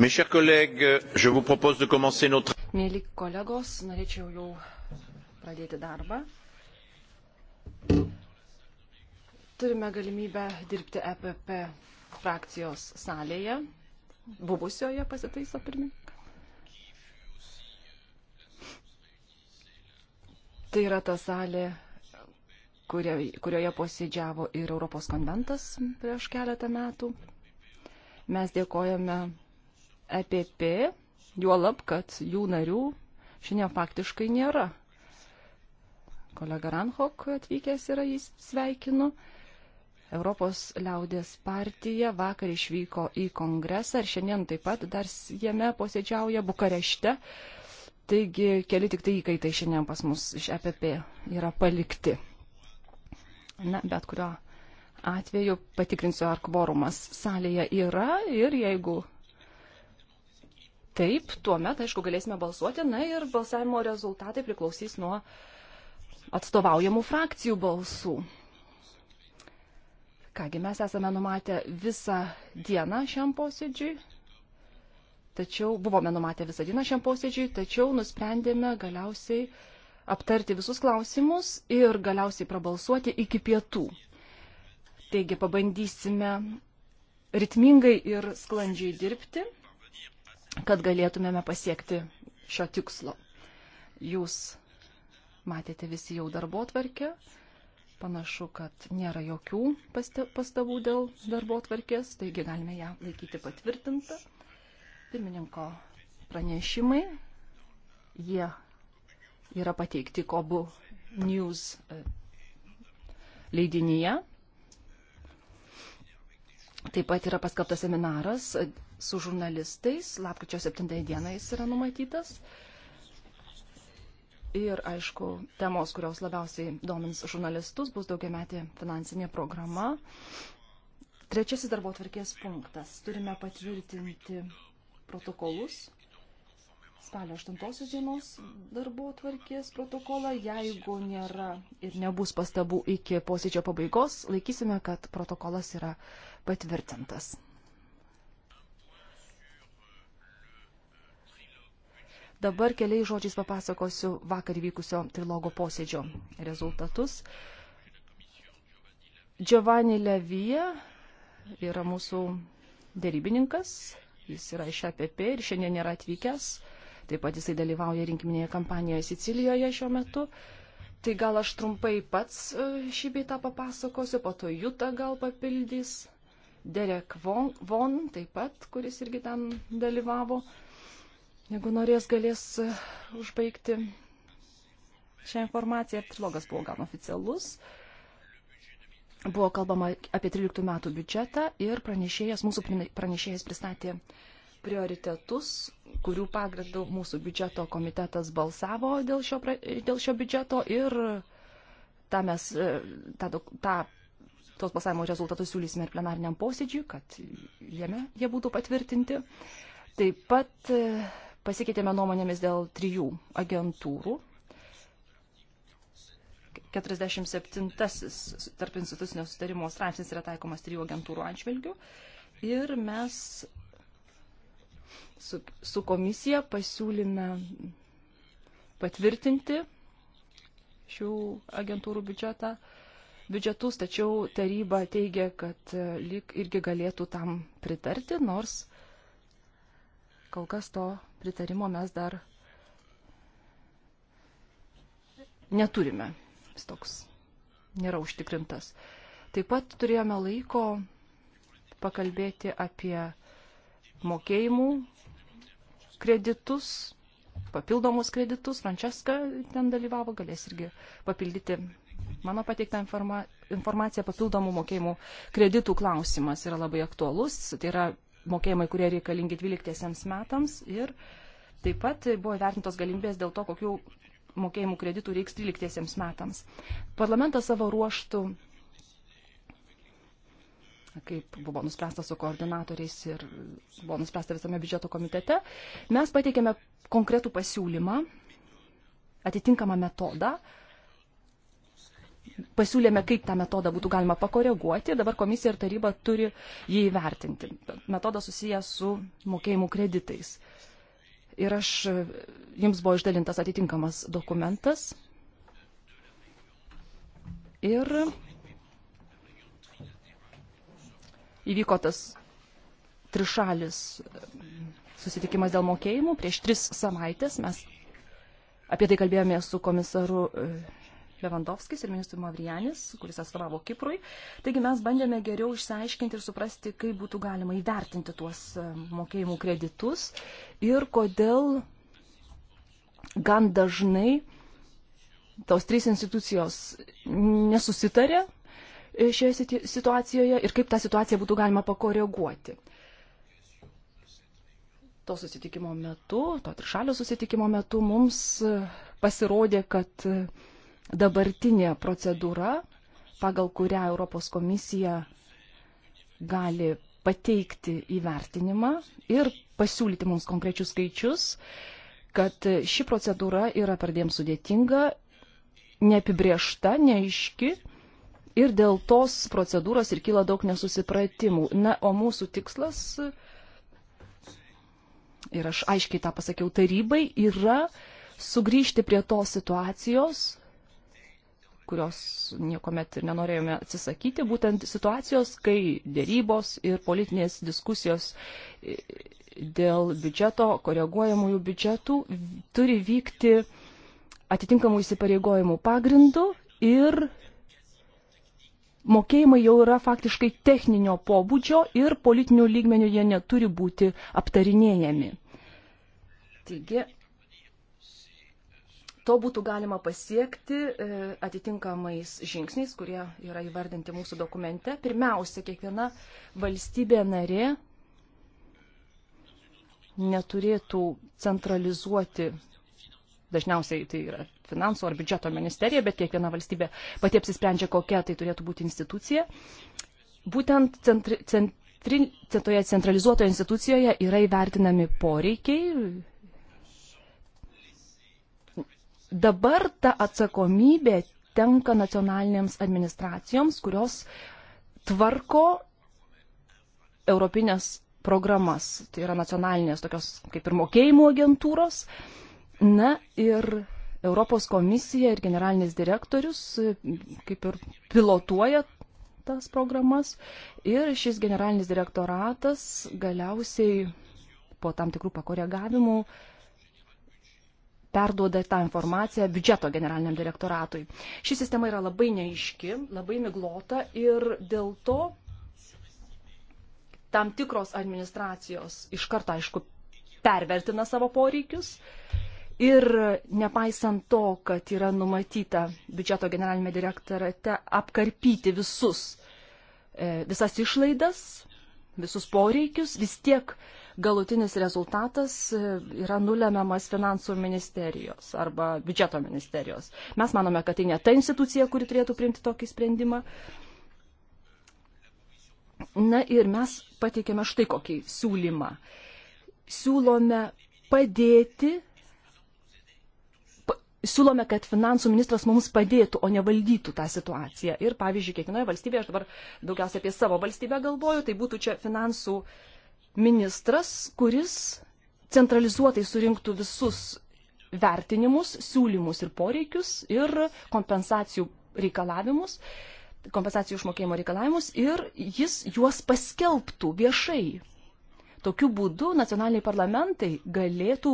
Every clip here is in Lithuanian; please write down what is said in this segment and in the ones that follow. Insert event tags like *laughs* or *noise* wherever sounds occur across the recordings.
Mes chers collègues, je vous propose de commencer notre. Mėly kolegos, norėčiau jau pradėti darbą. Turime galimybę dirbti EPP frakcijos salėje, buvusioje pasitaiso pirmininkas. Tai yra ta salė, kurioje, kurioje posėdžiavo ir Europos konventas prieš keletą metų. Mes dėkojame EPP, juolab, kad jų narių šiandien faktiškai nėra. Kolega Ranhok atvykęs yra, jis sveikinu. Europos liaudės partija vakar išvyko į kongresą ir šiandien taip pat dar jame posėdžiauja Bukarešte. Taigi keli tik tai įkaitai šiandien pas mus iš EPP yra palikti. Na, bet kurio atveju patikrinsiu, ar kvorumas salėje yra ir jeigu taip, tuomet, aišku, galėsime balsuoti. Na ir balsavimo rezultatai priklausys nuo atstovaujamų frakcijų balsų. Kągi, mes esame numatę visą dieną šiam posėdžiui. Tačiau buvome numatę visą dieną šiam posėdžiui, tačiau nusprendėme galiausiai aptarti visus klausimus ir galiausiai prabalsuoti iki pietų. Taigi pabandysime ritmingai ir sklandžiai dirbti kad galėtumėme pasiekti šio tikslo. Jūs matėte visi jau darbo tvarkę. Panašu, kad nėra jokių pastabų dėl darbo tvarkės, taigi galime ją laikyti patvirtintą. Pirmininko pranešimai, jie yra pateikti kobu news e, leidinyje. Taip pat yra paskaptas seminaras su žurnalistais. Lapkričio 7 dieną jis yra numatytas. Ir, aišku, temos, kurios labiausiai domins žurnalistus, bus daugiametė finansinė programa. Trečiasis darbo tvarkės punktas. Turime patvirtinti protokolus spalio 8 dienos darbo tvarkės protokolą. Jeigu nėra ir nebus pastabų iki posėdžio pabaigos, laikysime, kad protokolas yra patvirtintas. Dabar keliais žodžiais papasakosiu vakar vykusio trilogo posėdžio rezultatus. Giovanni Levija yra mūsų dėrybininkas, jis yra iš APP e ir šiandien nėra atvykęs. Taip pat jisai dalyvauja rinkiminėje kampanijoje Sicilijoje šiuo metu. Tai gal aš trumpai pats e, šį beitą papasakosiu, po to Juta gal papildys. Derek Von, Von taip pat, kuris irgi ten dalyvavo. Jeigu norės, galės e, užbaigti šią informaciją. Trilogas buvo gan oficialus. Buvo kalbama apie 13 metų biudžetą ir pranešėjas, mūsų pranešėjas pristatė prioritetus, kurių pagrindų mūsų biudžeto komitetas balsavo dėl šio, dėl šio biudžeto ir tą mes, e, tą, tą, tos balsavimo rezultatus siūlysime ir plenariniam posėdžiui, kad jame jie būtų patvirtinti. Taip pat e, Pasikeitėme nuomonėmis dėl trijų agentūrų. 47-asis tarp institucinio sutarimo straipsnis yra taikomas trijų agentūrų atžvilgių. Ir mes su, su komisija pasiūlyme patvirtinti šių agentūrų biudžetą, biudžetus, tačiau taryba teigia, kad lyg irgi galėtų tam pritarti, nors Kol kas to pritarimo mes dar neturime. Jis toks nėra užtikrintas. Taip pat turėjome laiko pakalbėti apie mokėjimų kreditus, papildomus kreditus. Frančeska ten dalyvavo, galės irgi papildyti mano pateiktą informa informaciją. Papildomų mokėjimų kreditų klausimas yra labai aktualus. Tai yra mokėjimai, kurie reikalingi 12 metams. Ir taip pat buvo įvertintos galimybės dėl to, kokių mokėjimų kreditų reiks 13 metams. Parlamentas savo ruoštų, kaip buvo nuspręsta su koordinatoriais ir buvo nuspręsta visame biudžeto komitete, mes pateikėme konkretų pasiūlymą, atitinkamą metodą, uh, pasiūlėme, kaip tą metodą būtų galima pakoreguoti, dabar komisija ir taryba turi jį įvertinti. Metodas susijęs su mokėjimų kreditais. Ir aš, jums buvo išdalintas atitinkamas dokumentas. Ir įvyko tas trišalis susitikimas dėl mokėjimų. Prieš tris savaitės mes apie tai kalbėjome su komisaru Levandovskis ir ministrui Mavrijanis, kuris atstovavo Kiprui. Taigi mes bandėme geriau išsiaiškinti ir suprasti, kaip būtų galima įvertinti tuos e, mokėjimų kreditus ir kodėl gan dažnai tos trys institucijos nesusitarė e, šioje situacijoje ir kaip tą situaciją būtų galima pakoreguoti. To susitikimo metu, to trišalio susitikimo metu mums e, pasirodė, kad dabartinė procedūra, pagal kurią Europos komisija gali pateikti įvertinimą ir pasiūlyti mums konkrečius skaičius, kad ši procedūra yra perdėm sudėtinga, neapibriešta, neaiški ir dėl tos procedūros ir kyla daug nesusipratimų. Na, o mūsų tikslas, ir aš aiškiai tą pasakiau tarybai, yra sugrįžti prie tos situacijos, kurios niekuomet ir nenorėjome atsisakyti, būtent situacijos, kai dėrybos ir politinės diskusijos e, dėl biudžeto, koreguojamųjų biudžetų turi vykti atitinkamų įsipareigojimų pagrindų ir mokėjimai jau yra faktiškai techninio pobūdžio ir politinių lygmenių jie neturi būti aptarinėjami. Taigi, To būtų galima pasiekti e, atitinkamais žingsniais, kurie yra įvardinti mūsų dokumente. Pirmiausia, kiekviena valstybė narė neturėtų centralizuoti, dažniausiai tai yra finansų ar biudžeto ministerija, bet kiekviena valstybė pati apsisprendžia, kokia tai turėtų būti institucija. Būtent centri, centri, toje centralizuotoje institucijoje yra įvertinami poreikiai dabar ta atsakomybė tenka nacionalinėms administracijoms, kurios tvarko europinės programas. Tai yra nacionalinės tokios kaip ir mokėjimų agentūros. Na ir Europos komisija ir generalinis direktorius kaip ir pilotuoja tas programas. Ir šis generalinis direktoratas galiausiai po tam tikrų pakoregavimų uh, perduoda tą informaciją biudžeto generaliniam direktoratui. Ši sistema yra labai neiški, labai miglota ir dėl to tam tikros administracijos iš karto, aišku, pervertina savo poreikius. Ir nepaisant to, kad yra numatyta biudžeto generalinėme direktorate apkarpyti visus, e, visas išlaidas, visus poreikius, vis tiek uh, galutinis rezultatas e, yra nulemiamas finansų ministerijos arba biudžeto ministerijos. Mes manome, kad tai ne ta institucija, kuri turėtų priimti tokį sprendimą. Na ir mes pateikėme štai kokį siūlymą. Siūlome padėti siūlome, kad finansų ministras mums padėtų, o ne valdytų tą situaciją. Ir pavyzdžiui, kiekvienoje valstybėje, aš dabar daugiausia apie savo valstybę galvoju, tai būtų čia finansų ministras, kuris centralizuotai surinktų visus vertinimus, siūlymus ir poreikius ir kompensacijų reikalavimus, kompensacijų išmokėjimo reikalavimus ir jis juos paskelbtų viešai. Tokiu būdu nacionaliniai parlamentai galėtų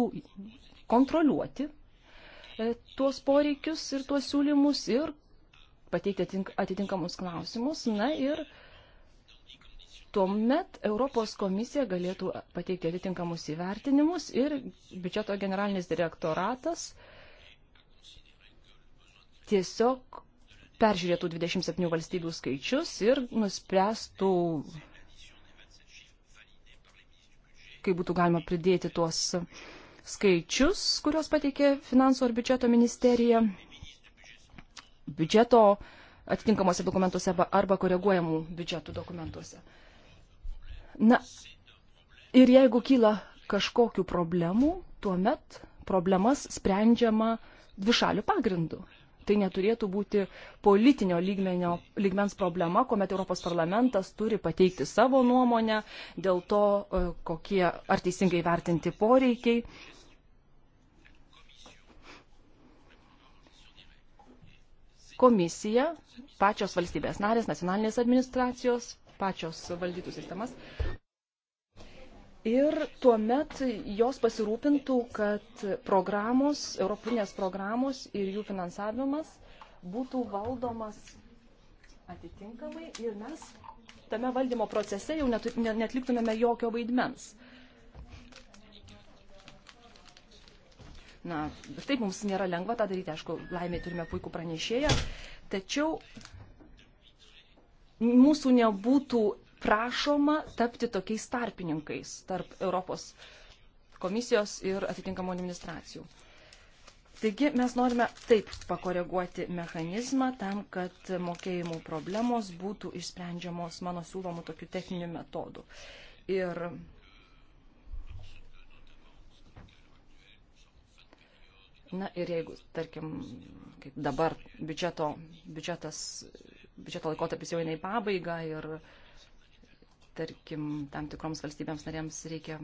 kontroliuoti e, tuos poreikius ir tuos siūlymus ir pateikti atitinkamus klausimus. Na ir uh, tuomet Europos komisija galėtų pateikti atitinkamus įvertinimus ir biudžeto generalinis direktoratas tiesiog peržiūrėtų 27 valstybių skaičius ir nuspręstų, kaip būtų galima pridėti tuos skaičius, kuriuos pateikė finansų ar biudžeto ministerija, biudžeto atitinkamuose dokumentuose arba koreguojamų biudžetų dokumentuose. Na, ir jeigu kyla kažkokių problemų, tuomet problemas sprendžiama dvišalių pagrindų. Tai neturėtų būti politinio lygmenio, lygmens problema, kuomet Europos parlamentas turi pateikti savo nuomonę dėl to, e, kokie ar teisingai vertinti poreikiai. Komisija, pačios valstybės narės, nacionalinės administracijos pačios valdytų sistemas. Ir tuomet jos pasirūpintų, kad programos, europinės programos ir jų finansavimas būtų valdomas atitinkamai ir mes tame valdymo procese jau netu, ne, netliktumėme jokio vaidmens. Na, ir taip mums nėra lengva tą daryti, aišku, laimė turime puikų pranešėją, tačiau mūsų nebūtų prašoma tapti tokiais tarpininkais tarp Europos komisijos ir atitinkamų administracijų. Taigi mes norime taip pakoreguoti mechanizmą tam, kad mokėjimų problemos būtų išsprendžiamos mano siūlomų tokių techninių metodų. Ir Na ir jeigu, tarkim, kaip dabar biudžeto, biudžetas biudžeto laikotarpis jau eina į pabaigą ir, tarkim, tam tikroms valstybėms narėms reikia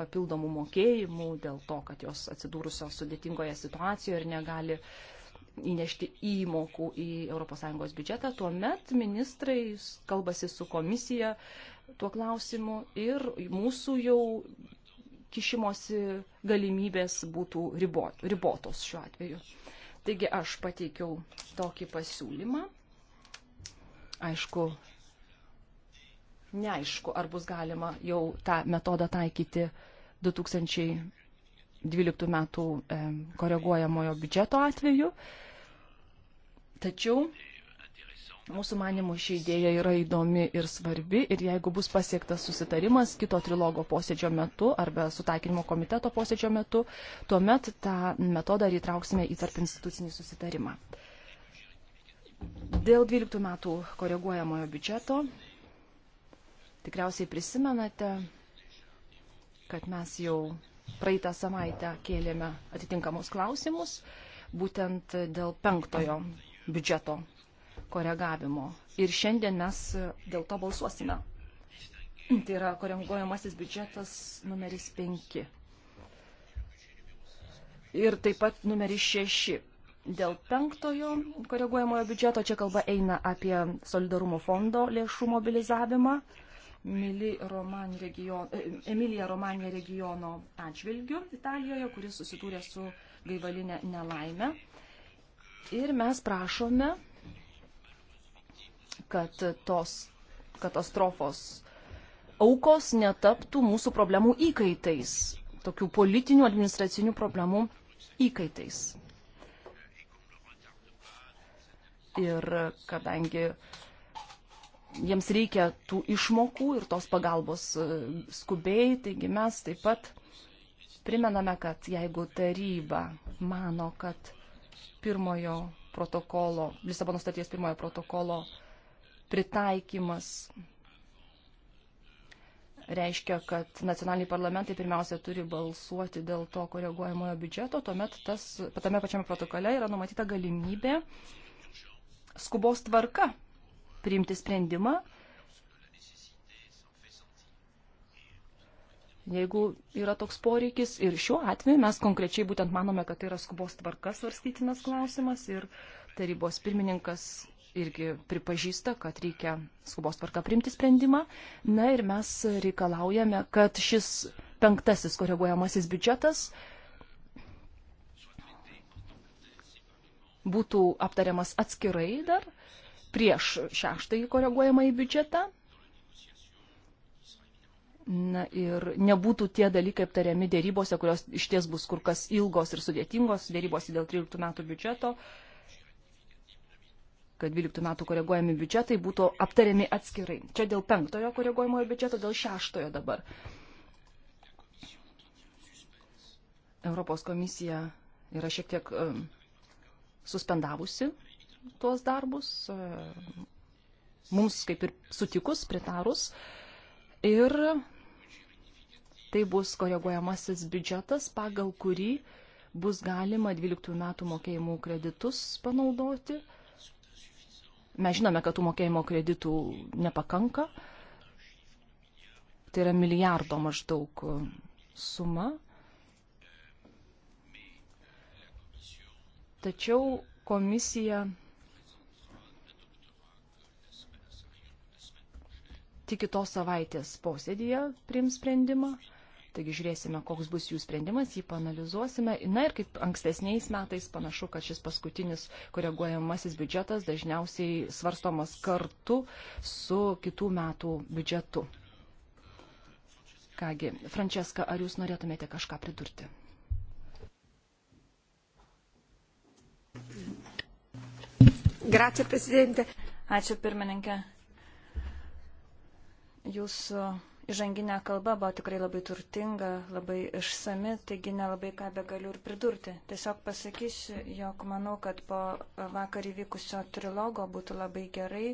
papildomų mokėjimų dėl to, kad jos atsidūrusios sudėtingoje situacijoje ir negali įnešti įmokų į ES biudžetą, tuomet ministrai kalbasi su komisija tuo klausimu ir mūsų jau kišimosi galimybės būtų ribotos šiuo atveju. Taigi aš pateikiau tokį pasiūlymą aišku, neaišku, ar bus galima jau tą metodą taikyti 2012 metų e, koreguojamojo biudžeto atveju. Tačiau mūsų manimų ši idėja yra įdomi ir svarbi ir jeigu bus pasiektas susitarimas kito trilogo posėdžio metu arba sutaikinimo komiteto posėdžio metu, tuomet tą metodą ir įtrauksime į tarp institucinį susitarimą. Dėl 12 metų koreguojamojo biudžeto tikriausiai prisimenate, kad mes jau praeitą savaitę kėlėme atitinkamus klausimus, būtent dėl penktojo biudžeto koregavimo. Ir šiandien mes dėl to balsuosime. Tai yra koreguojamasis biudžetas numeris 5. Ir taip pat numeris 6 Dėl penktojo koreguojamojo biudžeto čia kalba eina apie solidarumo fondo lėšų mobilizavimą Mili Roman region, e, Emilija Romanija regiono atžvilgiu Italijoje, kuris susidūrė su gaivalinė nelaime. Ir mes prašome, kad tos katastrofos aukos netaptų mūsų problemų įkaitais, tokių politinių administracinių problemų įkaitais. ir kadangi jiems reikia tų išmokų ir tos pagalbos e, skubiai, taigi mes taip pat primename, kad jeigu taryba mano, kad pirmojo protokolo, Lisabono staties pirmojo protokolo pritaikymas reiškia, kad nacionaliniai parlamentai pirmiausia turi balsuoti dėl to koreguojamojo biudžeto, tuomet tas, tame pačiame protokole yra numatyta galimybė uh, skubos tvarka priimti sprendimą, jeigu yra toks poreikis. Ir šiuo atveju mes konkrečiai būtent manome, kad tai yra skubos tvarka svarstytinas klausimas ir tarybos pirmininkas irgi pripažįsta, kad reikia skubos tvarka priimti sprendimą. Na ir mes reikalaujame, kad šis penktasis koreguojamasis biudžetas būtų aptariamas atskirai dar prieš šeštąjį koreguojamąjį biudžetą. Na ir nebūtų tie dalykai aptariami dėrybose, kurios iš ties bus kur kas ilgos ir sudėtingos, dėrybose dėl 13 metų biudžeto, kad 12 metų koreguojami biudžetai būtų aptariami atskirai. Čia dėl penktojo koreguojamojo biudžeto, dėl šeštojo dabar. Europos komisija yra šiek tiek um, suspendavusi tuos darbus, e, mums kaip ir sutikus, pritarus. Ir tai bus koreguojamasis biudžetas, pagal kurį bus galima 12 metų mokėjimų kreditus panaudoti. Mes žinome, kad tų mokėjimo kreditų nepakanka. Tai yra milijardo maždaug e, suma. Tačiau komisija tik kitos savaitės posėdėje priims sprendimą. Taigi žiūrėsime, koks bus jų sprendimas, jį panalizuosime. Na ir kaip ankstesniais metais panašu, kad šis paskutinis koreguojamasis biudžetas dažniausiai svarstomas kartu su kitų metų biudžetu. Kągi, Frančeska, ar jūs norėtumėte kažką pridurti? Grazie, prezidente. Ačiū, pirmininkė. Jūsų įžanginė kalba buvo tikrai labai turtinga, labai išsami, taigi nelabai ką be galiu ir pridurti. Tiesiog pasakysiu, jog manau, kad po vakar įvykusio trilogo būtų labai gerai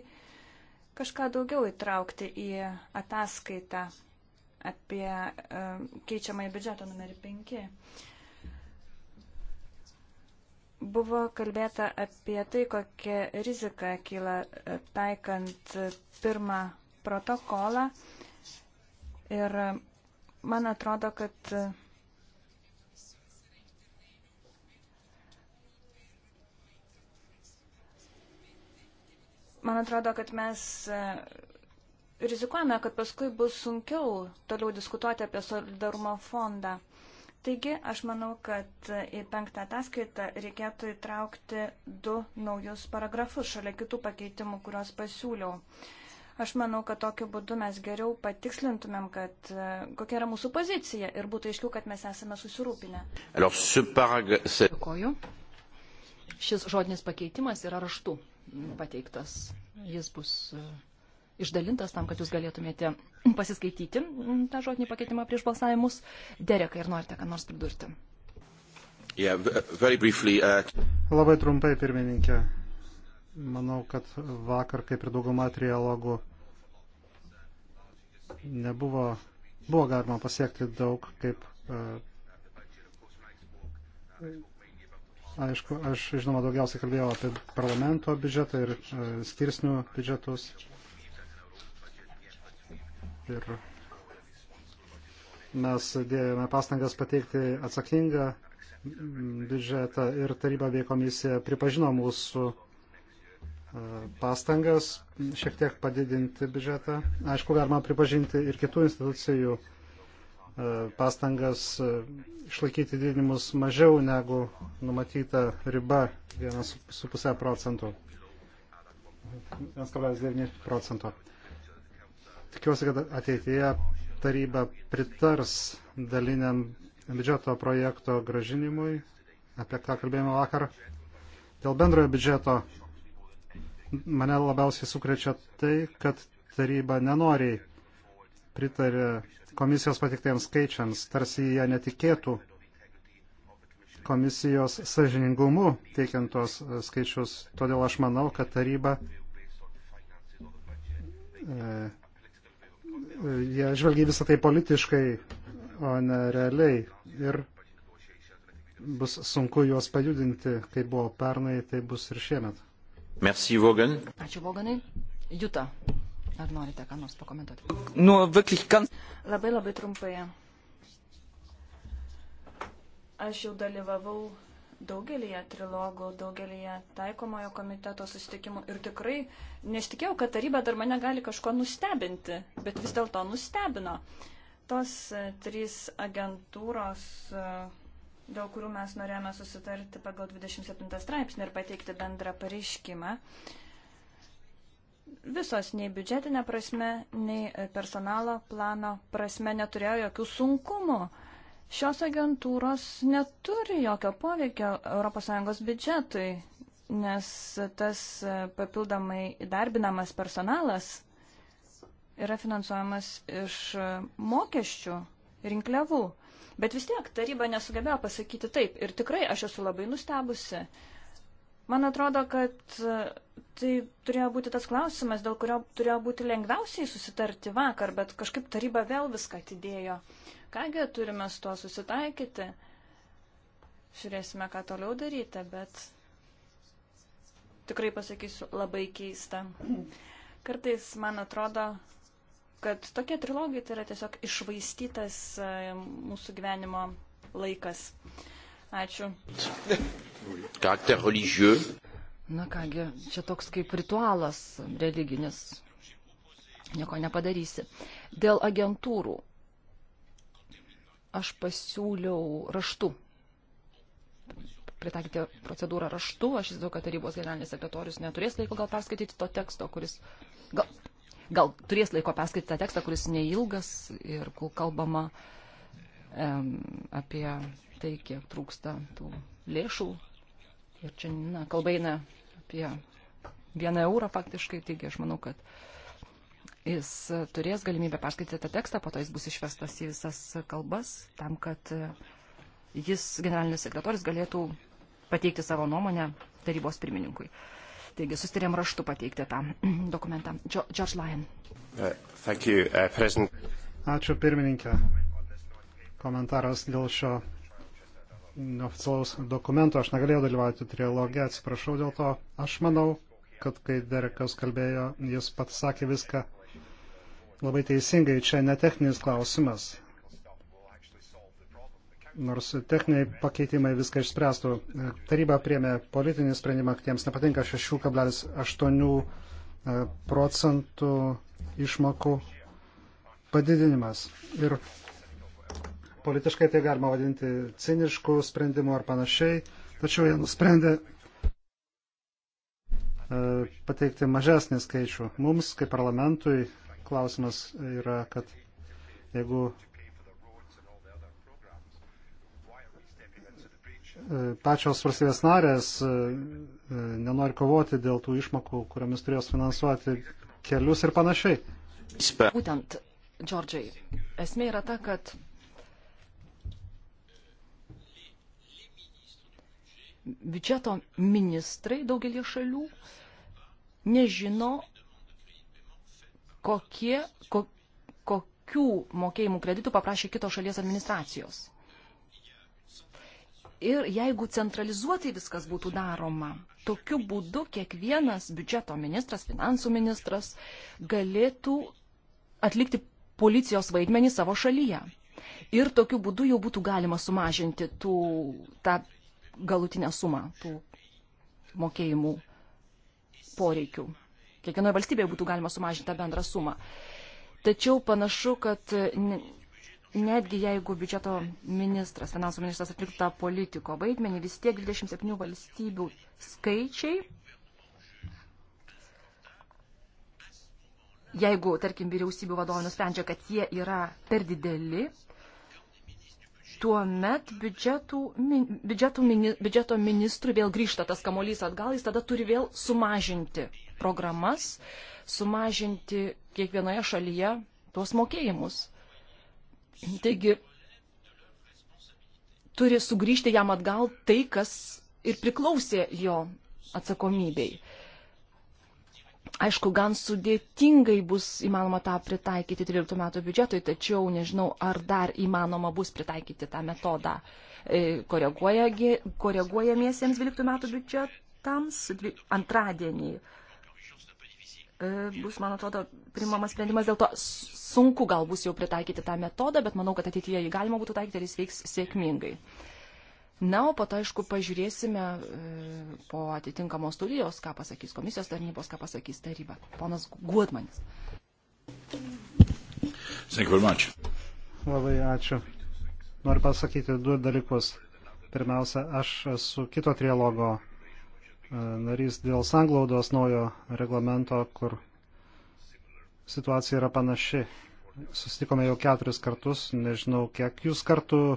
kažką daugiau įtraukti į ataskaitą apie e, keičiamąjį biudžetą numerį 5. Buvo kalbėta apie tai, kokia rizika kyla e, taikant e, pirmą protokolą. Ir e, man atrodo, kad man atrodo, kad mes rizikuojame, kad paskui bus sunkiau toliau diskutuoti apie solidarumo fondą. Taigi, aš manau, kad į penktą ataskaitą reikėtų įtraukti du naujus paragrafus šalia kitų pakeitimų, kuriuos pasiūliau. Aš manau, kad tokiu būdu mes geriau patikslintumėm, kad e, kokia yra mūsų pozicija ir būtų aiškiau, kad mes esame susirūpinę. Dėkoju. Šis žodinis pakeitimas yra raštu pateiktas. Jis bus e, išdalintas tam, kad jūs galėtumėte *clears throat* pasiskaityti mm, tą žodinį pakeitimą prieš balsavimus. Derekai, ar norite ką nors pridurti? Yeah, briefly, uh... Labai trumpai, pirmininkė. Manau, kad vakar, kaip ir dauguma trialogų, nebuvo, buvo galima pasiekti daug, kaip uh, Aišku, aš žinoma daugiausiai kalbėjau apie parlamento biudžetą ir e, skirsnių biudžetus. Ir mes dėjome pastangas pateikti atsakingą biudžetą ir taryba bei komisija pripažino mūsų e, pastangas šiek tiek padidinti biudžetą. Aišku, galima pripažinti ir kitų institucijų e, pastangas e, išlaikyti didinimus mažiau negu numatyta riba 1,5 procentų. 1,9 procento. Tikiuosi, kad ateityje taryba pritars daliniam biudžeto projekto gražinimui, apie ką kalbėjome vakar. Dėl bendrojo biudžeto mane labiausiai sukrečia tai, kad taryba nenoriai pritarė komisijos patiktiems skaičiams, tarsi jie netikėtų komisijos sažiningumu teikiant tos skaičius. Todėl aš manau, kad taryba e, jie žvelgia visą tai politiškai, o ne realiai. Ir bus sunku juos pajudinti, kaip buvo pernai, tai bus ir šiemet. Merci, Vogan. Ačiū, Voganai. Juta, ar norite ką nors pakomentuoti? Nu, wirklich ganz. Labai labai trumpai. Aš jau dalyvavau daugelį trilogų, daugelį taikomojo komiteto susitikimų ir tikrai nesitikėjau, kad taryba dar mane gali kažko nustebinti, bet vis dėlto nustebino. Tos e, trys agentūros, e, dėl kurių mes norėjome susitarti pagal 27 straipsnį ir pateikti bendrą pareiškimą, visos nei biudžetinė prasme, nei personalo plano prasme neturėjo jokių sunkumų Šios agentūros neturi jokio poveikio ES biudžetui, nes tas papildomai įdarbinamas personalas yra finansuojamas iš mokesčių rinkliavų. Bet vis tiek taryba nesugebėjo pasakyti taip. Ir tikrai aš esu labai nustebusi. Man atrodo, kad tai turėjo būti tas klausimas, dėl kurio turėjo būti lengviausiai susitarti vakar, bet kažkaip taryba vėl viską atidėjo. Kągi turime su tuo susitaikyti, žiūrėsime, ką toliau daryti, bet tikrai pasakysiu labai keista. Kartais man atrodo, kad tokie trilogai tai yra tiesiog išvaistytas e, mūsų gyvenimo laikas. Ačiū. Karakter religieux. Na kągi, čia toks kaip ritualas religinis. Nieko nepadarysi. Dėl agentūrų aš pasiūliau raštu pritaikyti procedūrą raštu. Aš įsivaizduoju, kad tarybos generalinis sekretorius neturės laiko gal perskaityti to teksto, kuris. Gal, gal turės laiko perskaityti tą tekstą, kuris neilgas ir kur kalbama um, apie tai, kiek trūksta tų lėšų. Ir čia na, kalba eina apie vieną eurą faktiškai, taigi aš manau, kad uh, Jis turės galimybę perskaityti tą tekstą, po to jis bus išvestas į visas kalbas, tam, kad e, jis, generalinis sekretorius, galėtų pateikti savo nuomonę tarybos pirmininkui. Taigi, sustarėm raštu pateikti tą *clears throat* dokumentą. George Lyon. Uh, uh, Ačiū pirmininkė. Komentaras dėl šio neoficialaus dokumento. Aš negalėjau dalyvauti trialogė, atsiprašau dėl to. Aš manau, kad kai Derekas kalbėjo, jis pats sakė viską, labai teisingai, čia netechninis klausimas. Nors techniniai pakeitimai viską išspręstų. Taryba priemė politinį sprendimą, tiems nepatinka 6,8 e, procentų išmokų padidinimas. Ir politiškai tai galima vadinti ciniškų sprendimų ar panašiai, tačiau jie nusprendė e, pateikti mažesnį skaičių. Mums, kaip parlamentui, klausimas yra, kad jeigu e, pačios valstybės narės e, e, nenori kovoti dėl tų išmokų, kuriamis turės finansuoti kelius ir panašiai. Būtent, Džordžiai, esmė yra ta, kad biudžeto ministrai daugelį šalių nežino, kokie, ko, kokių mokėjimų kreditų paprašė kitos šalies administracijos. Ir jeigu centralizuotai viskas būtų daroma, tokiu būdu kiekvienas biudžeto ministras, finansų ministras galėtų atlikti policijos vaidmenį savo šalyje. Ir tokiu būdu jau būtų galima sumažinti tų, tą galutinę sumą tų mokėjimų poreikių kiekvienoje valstybėje būtų galima sumažinti tą bendrą sumą. Tačiau panašu, kad netgi jeigu biudžeto ministras, finansų ministras atliktų tą politiko vaidmenį, vis tiek 27 valstybių skaičiai, jeigu, tarkim, vyriausybių vadovai nusprendžia, kad jie yra per dideli, tuomet biudžetų, biudžetų, biudžeto ministrui vėl grįžta tas kamolys atgal, jis tada turi vėl sumažinti programas, sumažinti kiekvienoje šalyje tuos mokėjimus. Taigi turi sugrįžti jam atgal tai, kas ir priklausė jo atsakomybei. Aišku, gan sudėtingai bus įmanoma tą pritaikyti 13 metų biudžetui, tačiau nežinau, ar dar įmanoma bus pritaikyti tą metodą e, koreguoja, koreguojamiesiems 12 metų biudžetams antradienį E, bus, man atrodo, primamas sprendimas, dėl to sunku gal bus jau pritaikyti tą metodą, bet manau, kad ateityje jį galima būtų taikyti ir jis veiks sėkmingai. Na, o po to, aišku, pažiūrėsime e, po atitinkamos studijos, ką pasakys komisijos tarnybos, ką pasakys taryba. Ponas Guodmanis. Labai ačiū. Noriu pasakyti du dalykus. Pirmiausia, aš esu kito trialogo E, narys dėl sanglaudos naujo reglamento, kur situacija yra panaši. Susitikome jau keturis kartus, nežinau, kiek jūs kartų e,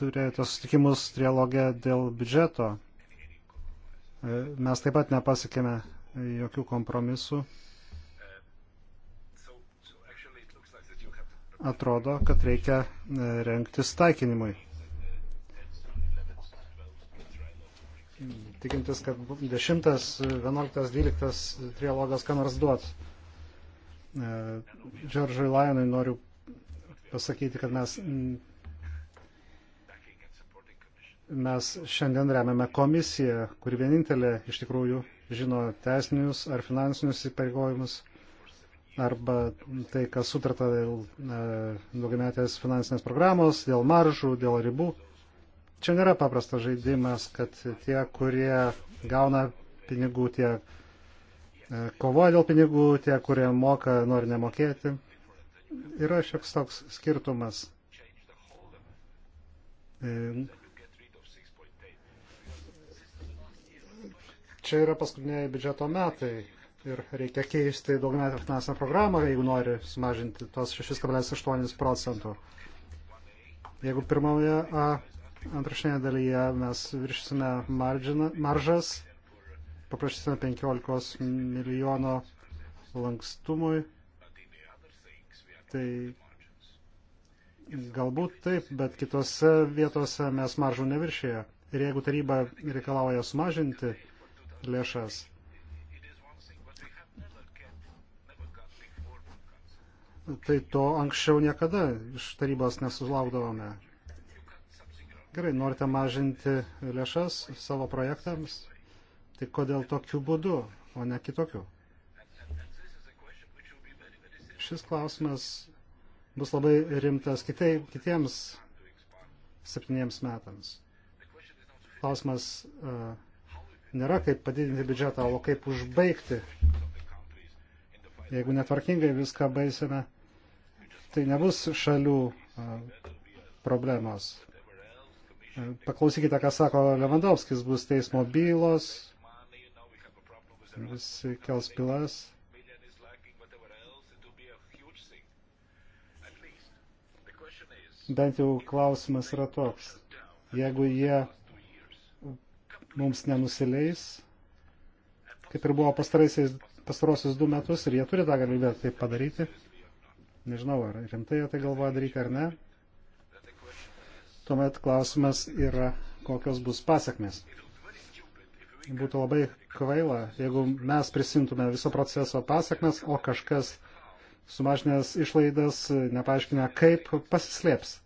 turėjote susitikimus trialogę dėl biudžeto. E, mes taip pat nepasiekėme jokių kompromisų. Atrodo, kad reikia renktis taikinimui. tikintis, kad 10, 11, 12 trialogas ką nors duot. E, Džordžui Lajonui noriu pasakyti, kad mes, mes šiandien remiame komisiją, kuri vienintelė iš tikrųjų žino teisinius ar finansinius įpareigojimus arba tai, kas sutarta dėl e, daugiametės finansinės programos, dėl maržų, dėl ribų. Čia nėra paprastas žaidimas, kad tie, kurie gauna pinigų, tie e, kovoja dėl pinigų, tie, kurie moka, nori nemokėti. Yra šioks toks skirtumas. E, čia yra paskutiniai biudžeto metai ir reikia keisti daugmetę finansinę programą, jeigu nori sumažinti tos 6,8 procentų. Jeigu pirmoje A antrašinėje dalyje mes viršysime maržiną, maržas, paprašysime 15 milijono lankstumui. Tai galbūt taip, bet kitose vietose mes maržų neviršėje. Ir jeigu taryba reikalauja sumažinti lėšas, tai to anksčiau niekada iš tarybos nesulaukdavome. Gerai, norite mažinti lėšas savo projektams, tai kodėl tokiu būdu, o ne kitokiu? Šis klausimas bus labai rimtas kitai, kitiems septyniems metams. Klausimas uh, nėra kaip padidinti biudžetą, o kaip užbaigti. Jeigu netvarkingai viską baisime, tai nebus šalių e, problemos. Paklausykite, ką sako Levandovskis, bus teismo bylos, visi kels pilas. Bent jau klausimas yra toks. Jeigu jie mums nenusileis, kaip ir buvo pastarosius du metus, ir jie turi tą galimybę tai padaryti, nežinau, ar rimtai jie tai galvoja daryti ar ne, tuomet klausimas yra, kokios bus pasiekmes. Būtų labai kvaila, jeigu mes prisimtume viso proceso pasiekmes, o kažkas sumažinęs išlaidas nepaaiškina, kaip pasislėps.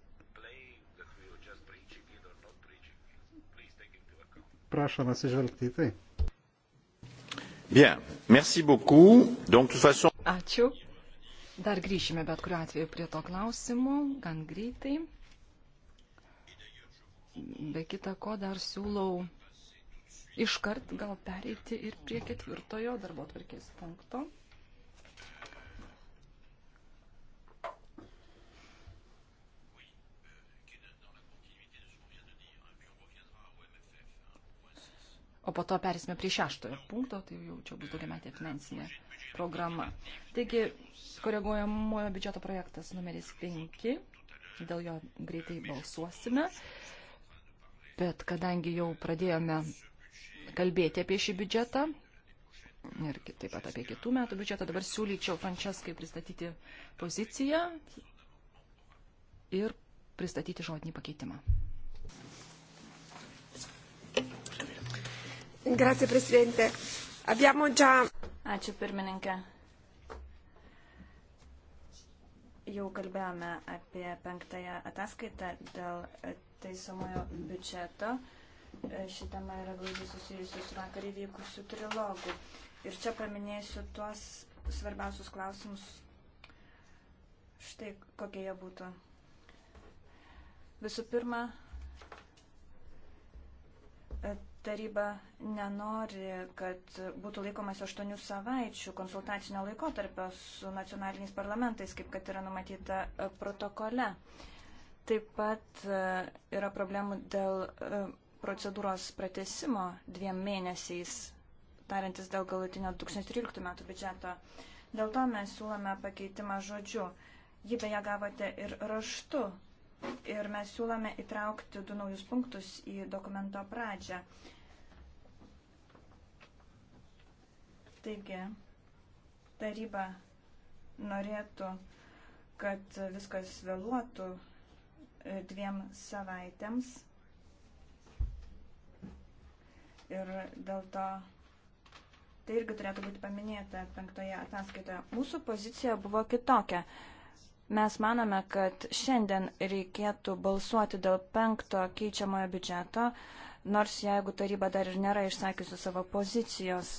Prašom atsižvelgti į tai. Bien, merci beaucoup. Donc, toute façon... Ačiū. Dar grįšime bet kuriuo atveju prie to klausimo, gan greitai. Be kita ko dar siūlau iškart gal pereiti ir prie ketvirtojo darbo tvarkės punkto. O po to perėsime prie šeštojo punkto, tai jau čia bus daugiametė finansinė programa. Taigi, koreguojamojo biudžeto projektas numeris 5, dėl jo greitai balsuosime. Uh, bet kadangi jau pradėjome kalbėti apie šį biudžetą ir taip pat apie kitų metų biudžetą, dabar siūlyčiau Frančeskai pristatyti poziciją ir pristatyti žodinį pakeitimą. Grazie, Presidente. Abbiamo già... Ačiū, pirmininkė. Jau kalbėjome apie penktąją ataskaitą dėl taisomojo biudžeto. E, ši tema yra glaudžiai susijusi su vakar įvykusiu trilogu. Ir čia paminėsiu tuos svarbiausius klausimus. Štai kokie jie būtų. Visų pirma, e, taryba nenori, kad būtų laikomas aštuonių savaičių konsultacinio laikotarpio su nacionaliniais parlamentais, kaip kad yra numatyta e, protokole. Uh, Taip pat e, yra problemų dėl e, procedūros pratesimo dviem mėnesiais, tariantis dėl galutinio 2013 metų biudžeto. Dėl to mes siūlome pakeitimą žodžiu. Jį beje gavote ir raštu. Ir mes siūlome įtraukti du naujus punktus į dokumento pradžią. Taigi, taryba norėtų, kad viskas vėluotų dviem savaitėms. Ir dėl to tai irgi turėtų būti paminėta penktoje ataskaitoje. Mūsų pozicija buvo kitokia. Mes manome, kad šiandien reikėtų balsuoti dėl penkto keičiamojo biudžeto, nors jeigu taryba dar ir nėra išsakiusi savo pozicijos.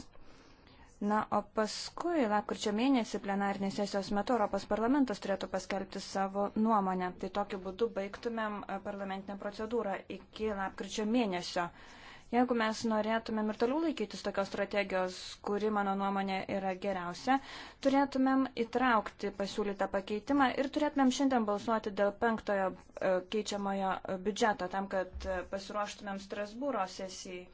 Na, o paskui, lakurčio mėnesį plenarnės sesijos metu Europos parlamentas turėtų paskelbti savo nuomonę. Tai tokiu būdu baigtumėm e, parlamentinę procedūrą iki lakurčio mėnesio. Jeigu mes norėtumėm ir toliau laikytis tokios strategijos, kuri, mano nuomonė, yra geriausia, turėtumėm įtraukti pasiūlytą pakeitimą ir turėtumėm šiandien balsuoti dėl penktojo e, keičiamojo e, biudžeto, tam, kad pasiruoštumėm Strasbūro sesijai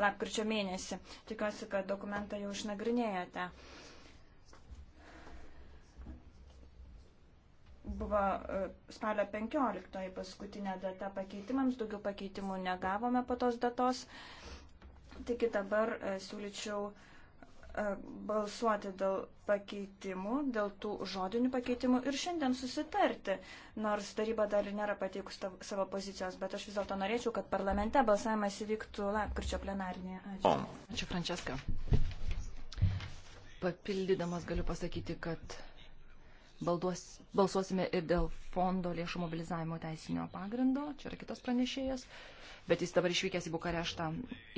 lapkričio mėnesį. Tikiuosi, kad dokumentą jau išnagrinėjote. Buvo e, spalio 15 paskutinė data pakeitimams, daugiau pakeitimų negavome po tos datos. Taigi dabar e, siūlyčiau uh, E, balsuoti dėl pakeitimų, dėl tų žodinių pakeitimų ir šiandien susitarti, nors taryba dar nėra pateikus savo pozicijos, bet aš vis dėlto norėčiau, kad parlamente balsavimas įvyktų lapkričio plenarnėje. Ačiū. Ačiū, Frančeska. Papildydamas galiu pasakyti, kad balduos, balsuosime ir dėl fondo lėšų mobilizavimo teisinio pagrindo, čia yra kitas pranešėjas, bet jis dabar išvykęs į Bukareštą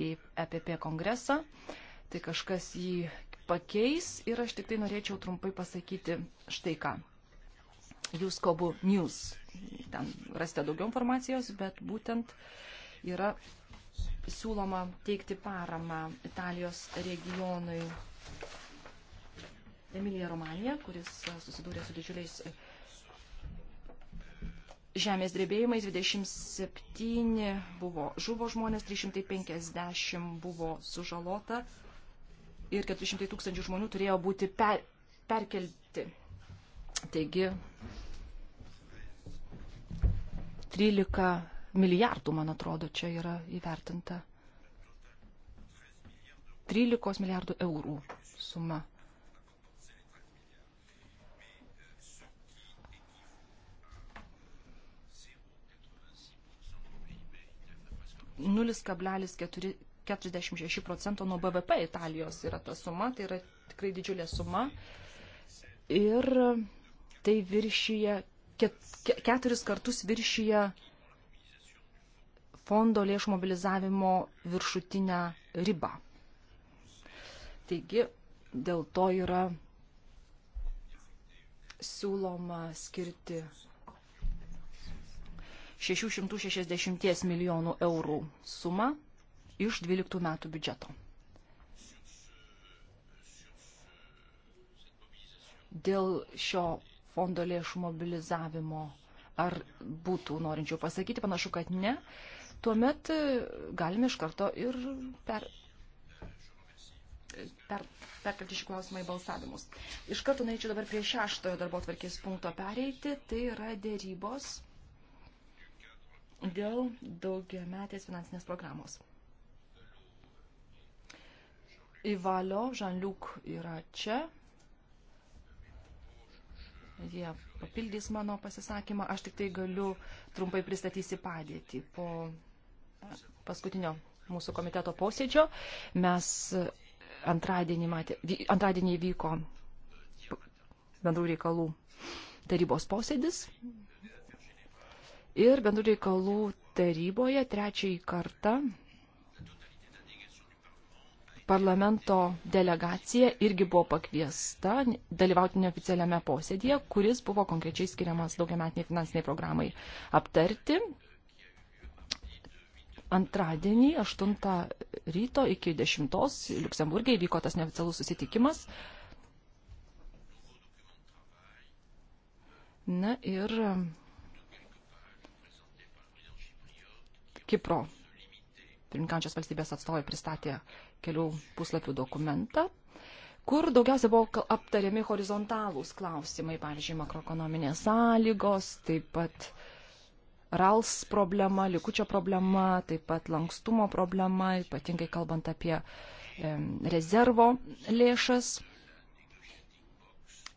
į EPP kongresą. Uh, tai kažkas jį pakeis ir aš tik tai norėčiau trumpai pasakyti štai ką. Jūs kobu news. Ten rasite daugiau informacijos, bet būtent yra siūloma teikti paramą Italijos regionui Emilija Romanija, kuris susidūrė su didžiuliais žemės drebėjimais 27 buvo žuvo žmonės, 350 buvo sužalota, ir 400 tūkstančių žmonių turėjo būti per, perkelti. Taigi 13 milijardų, man atrodo, čia yra įvertinta. 13 milijardų eurų suma. nulis kablelis keturi 46 procento nuo BVP Italijos yra ta suma, tai yra tikrai didžiulė suma. Ir tai viršyje, ket, keturis kartus viršyje fondo lėšų mobilizavimo viršutinę ribą. Taigi, dėl to yra siūloma skirti 660 milijonų eurų sumą iš 12 metų biudžeto. Dėl šio fondo lėšų mobilizavimo ar būtų norinčių pasakyti, panašu, kad ne, tuomet e, galime iš karto ir per, per, perkelti šį klausimą į balsavimus. Iš karto norėčiau dabar prie šeštojo darbo tvarkės punkto pereiti, tai yra dėrybos dėl daugiametės finansinės programos. Ivalio, Žanliuk yra čia. Jie papildys mano pasisakymą. Aš tik tai galiu trumpai pristatysi padėtį. Po paskutinio mūsų komiteto posėdžio mes antradienį, matė, antradienį vyko bendrų reikalų tarybos posėdis. Ir bendrų reikalų taryboje trečiąjį kartą parlamento delegacija irgi buvo pakviesta dalyvauti neoficialiame posėdėje, kuris buvo konkrečiai skiriamas daugiametiniai finansiniai programai aptarti. Antradienį 8 ryto iki 10 Luksemburgiai vyko tas neoficialus susitikimas. Na ir Kipro pirmininkančios valstybės atstovai pristatė kelių puslapių dokumentą, kur daugiausia buvo aptariami horizontalūs klausimai, pavyzdžiui, makroekonominės sąlygos, taip pat RALS problema, likučio problema, taip pat lankstumo problema, ypatingai kalbant apie rezervo lėšas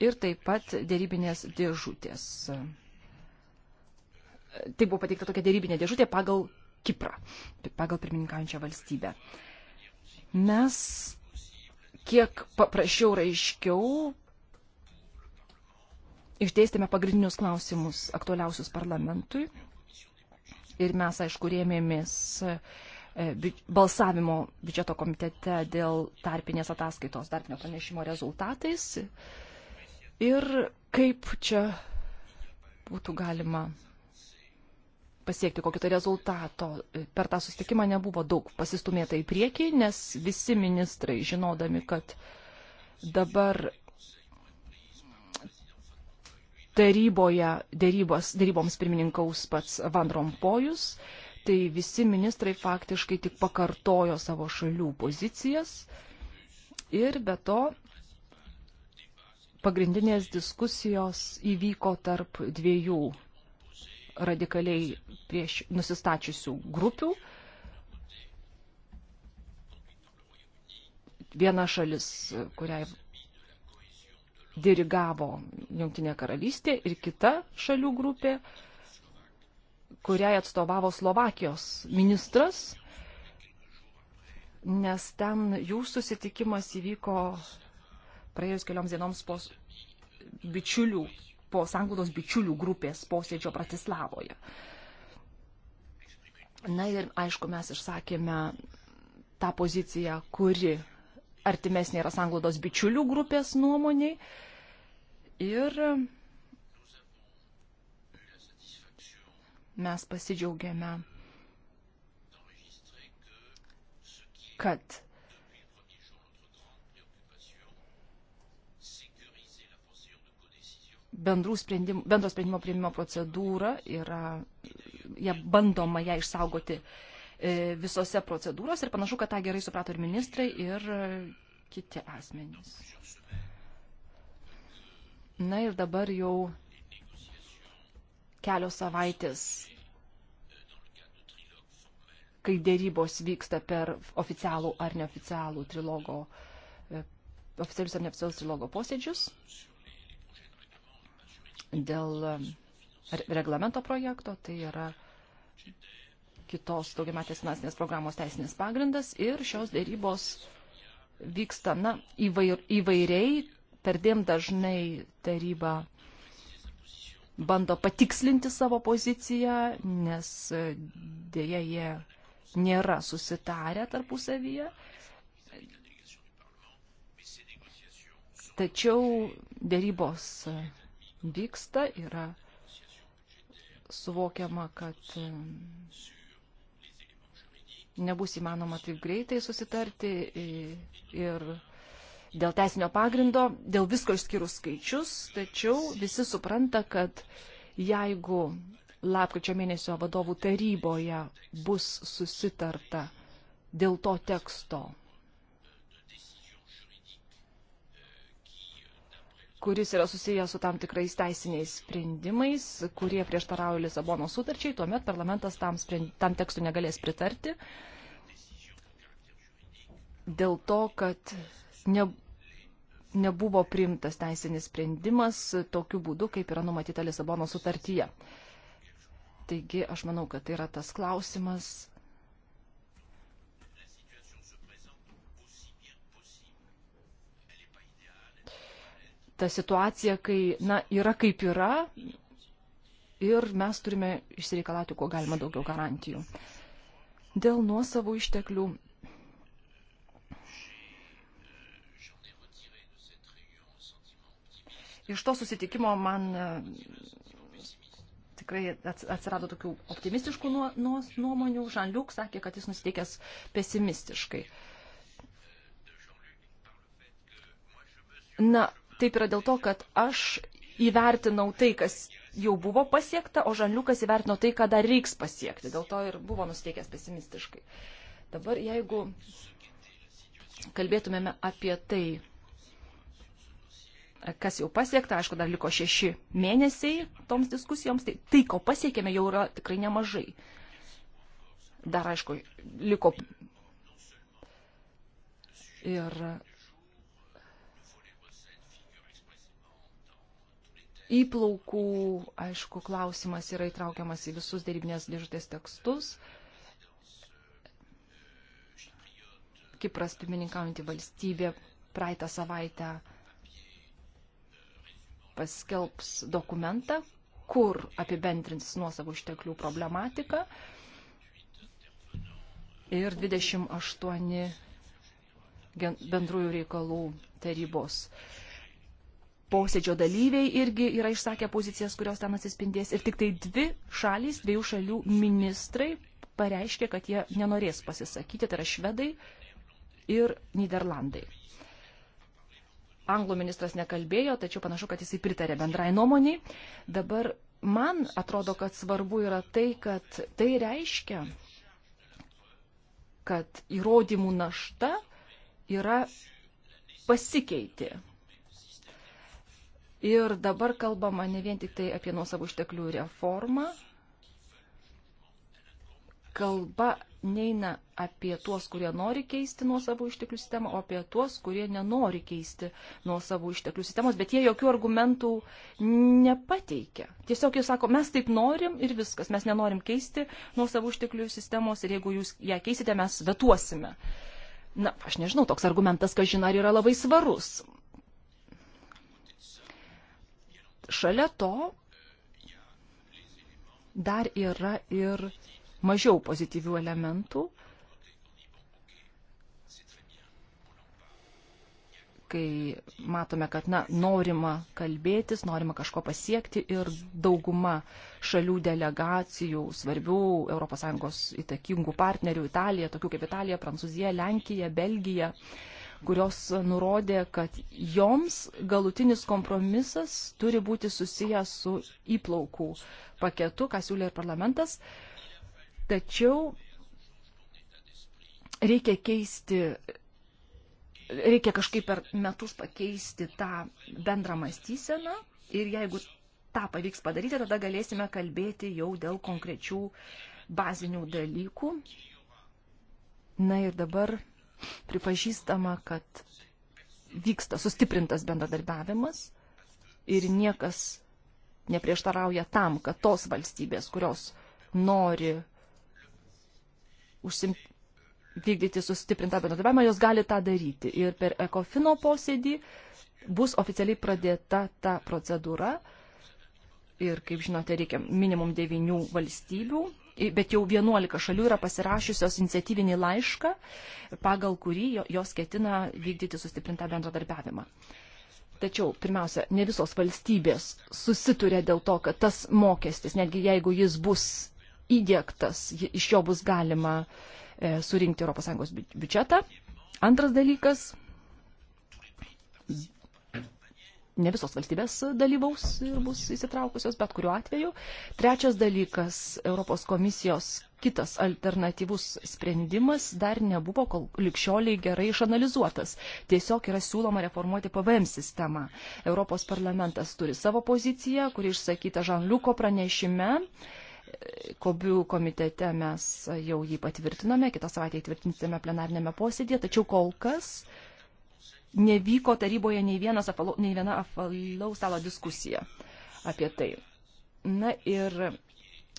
ir taip pat dėrybinės dėžutės. Tai buvo pateikta tokia dėrybinė dėžutė pagal Kiprą, pagal pirmininkaujančią valstybę. Mes kiek paprasčiau raiškiau išdėstėme pagrindinius klausimus aktualiausius parlamentui ir mes, aišku, rėmėmės e, balsavimo biudžeto komitete dėl tarpinės ataskaitos, tarpinio pranešimo rezultatais ir kaip čia būtų galima pasiekti kokio tai rezultato. Per tą susitikimą nebuvo daug pasistumėta į priekį, nes visi ministrai, žinodami, kad dabar taryboje dėrybos, dėryboms pirmininkaus pats Van Rompojus, tai visi ministrai faktiškai tik pakartojo savo šalių pozicijas ir be to pagrindinės diskusijos įvyko tarp dviejų radikaliai prieš nusistačiusių grupių. Viena šalis, kuriai dirigavo Junktinė karalystė ir kita šalių grupė, kuriai atstovavo Slovakijos ministras, nes ten jų susitikimas įvyko praėjus kelioms dienoms po bičiulių po sanglaudos bičiulių grupės posėdžio Bratislavoje. Na ir aišku, mes išsakėme tą poziciją, kuri artimesnė yra sanglaudos bičiulių grupės nuomoniai. Ir mes pasidžiaugiame, kad sprendimų, bendro sprendimo prieimimo procedūra yra, ja bandoma ją išsaugoti e, visose procedūros ir panašu, kad tą gerai suprato ir ministrai, ir e, kiti asmenys. Na ir dabar jau kelios savaitės, kai dėrybos vyksta per oficialų ar neoficialų trilogo, e, oficialius ar neoficialus trilogo posėdžius, dėl um, reglamento projekto, tai yra kitos daugiametės finansinės programos teisinės pagrindas ir šios dėrybos vyksta na, įvair, įvairiai, perdėm dažnai taryba bando patikslinti savo poziciją, nes dėja jie nėra susitarę tarpusavyje. Tačiau dėrybos vyksta, yra suvokiama, kad um, nebus įmanoma taip greitai susitarti ir dėl teisinio pagrindo, dėl visko išskyrus skaičius, tačiau visi supranta, kad jeigu lapkričio mėnesio vadovų taryboje bus susitarta dėl to teksto, kuris yra susijęs su tam tikrais teisiniais sprendimais, kurie prieštarauja Lisabono sutarčiai, tuomet parlamentas tam, sprend... tam tekstui negalės pritarti dėl to, kad ne... nebuvo priimtas teisinis sprendimas tokiu būdu, kaip yra numatyta Lisabono sutartyje. Taigi aš manau, kad tai yra tas klausimas, ta situacija, kai na, yra kaip yra ir mes turime išsireikalauti kuo galima daugiau garantijų. Dėl nuosavų išteklių. Iš to susitikimo man e, tikrai atsirado tokių optimistiškų nuomonių. Žanliuk sakė, kad jis nusiteikęs pesimistiškai. Na, Taip yra dėl to, kad aš įvertinau tai, kas jau buvo pasiekta, o Žanliukas įvertino tai, ką dar reiks pasiekti. Dėl to ir buvo nusteikęs pesimistiškai. Dabar jeigu kalbėtumėme apie tai, kas jau pasiekta, aišku, dar liko šeši mėnesiai toms diskusijoms, tai tai, ko pasiekėme, jau yra tikrai nemažai. Dar, aišku, liko. Ir Įplaukų, aišku, klausimas yra įtraukiamas į visus dėrybinės dėžutės tekstus. Kipras pirmininkaujantį valstybę praeitą savaitę paskelbs dokumentą, kur apibendrins nuosavų išteklių problematiką. Ir 28 bendrųjų reikalų tarybos posėdžio dalyviai irgi yra išsakę pozicijas, kurios ten atsispindės. Ir tik tai dvi šalys, dviejų šalių ministrai pareiškė, kad jie nenorės pasisakyti, tai yra švedai ir Niderlandai. Anglų ministras nekalbėjo, tačiau panašu, kad jisai pritarė bendrai nuomoniai. Dabar man atrodo, kad svarbu yra tai, kad tai reiškia, kad įrodymų našta yra pasikeitė Ir dabar kalbama ne vien tik tai apie nuosavų išteklių reformą, kalba neina apie tuos, kurie nori keisti nuo savo išteklių sistemą, o apie tuos, kurie nenori keisti nuo savo išteklių sistemos, bet jie jokių argumentų nepateikia. Tiesiog jie sako, mes taip norim ir viskas, mes nenorim keisti nuo savo išteklių sistemos ir jeigu jūs ją keisite, mes vetuosime. Na, aš nežinau, toks argumentas, kas žinai, ar yra labai svarus. šalia to dar yra ir mažiau pozityvių elementų, kai matome, kad na, norima kalbėtis, norima kažko pasiekti ir dauguma šalių delegacijų, svarbių ES įtakingų partnerių, Italija, tokių kaip Italija, Prancūzija, Lenkija, Belgija, kurios nurodė, kad joms galutinis kompromisas turi būti susijęs su įplaukų paketu, ką siūlė ir parlamentas. Tačiau reikia keisti, reikia kažkaip per metus pakeisti tą bendrą mąstyseną ir jeigu tą pavyks padaryti, tada galėsime kalbėti jau dėl konkrečių bazinių dalykų. Na ir dabar pripažįstama, kad vyksta sustiprintas bendradarbiavimas ir niekas neprieštarauja tam, kad tos valstybės, kurios nori užsim... vykdyti sustiprintą bendradarbiavimą, jos gali tą daryti. Ir per Ekofino posėdį bus oficialiai pradėta ta procedūra. Ir, kaip žinote, reikia minimum devinių valstybių bet jau 11 šalių yra pasirašiusios iniciatyvinį laišką, pagal kurį jos ketina vykdyti sustiprintą bendradarbiavimą. Tačiau, pirmiausia, ne visos valstybės susituria dėl to, kad tas mokestis, netgi jeigu jis bus įdėktas, iš jo bus galima e, surinkti ES biudžetą. Antras dalykas ne visos valstybės dalyvaus ir bus įsitraukusios, bet kuriuo atveju. Trečias dalykas - Europos komisijos kitas alternatyvus sprendimas dar nebuvo kol likščioliai gerai išanalizuotas. Tiesiog yra siūloma reformuoti PVM sistemą. Europos parlamentas turi savo poziciją, kuri išsakyta Žanliuko pranešime. Kobių komitete mes jau jį patvirtinome, kitą savaitę įtvirtinsime plenarnėme posėdėje, tačiau kol kas uh, nevyko taryboje nei, vienas, nei viena apvalaus stalo diskusija apie tai. Na ir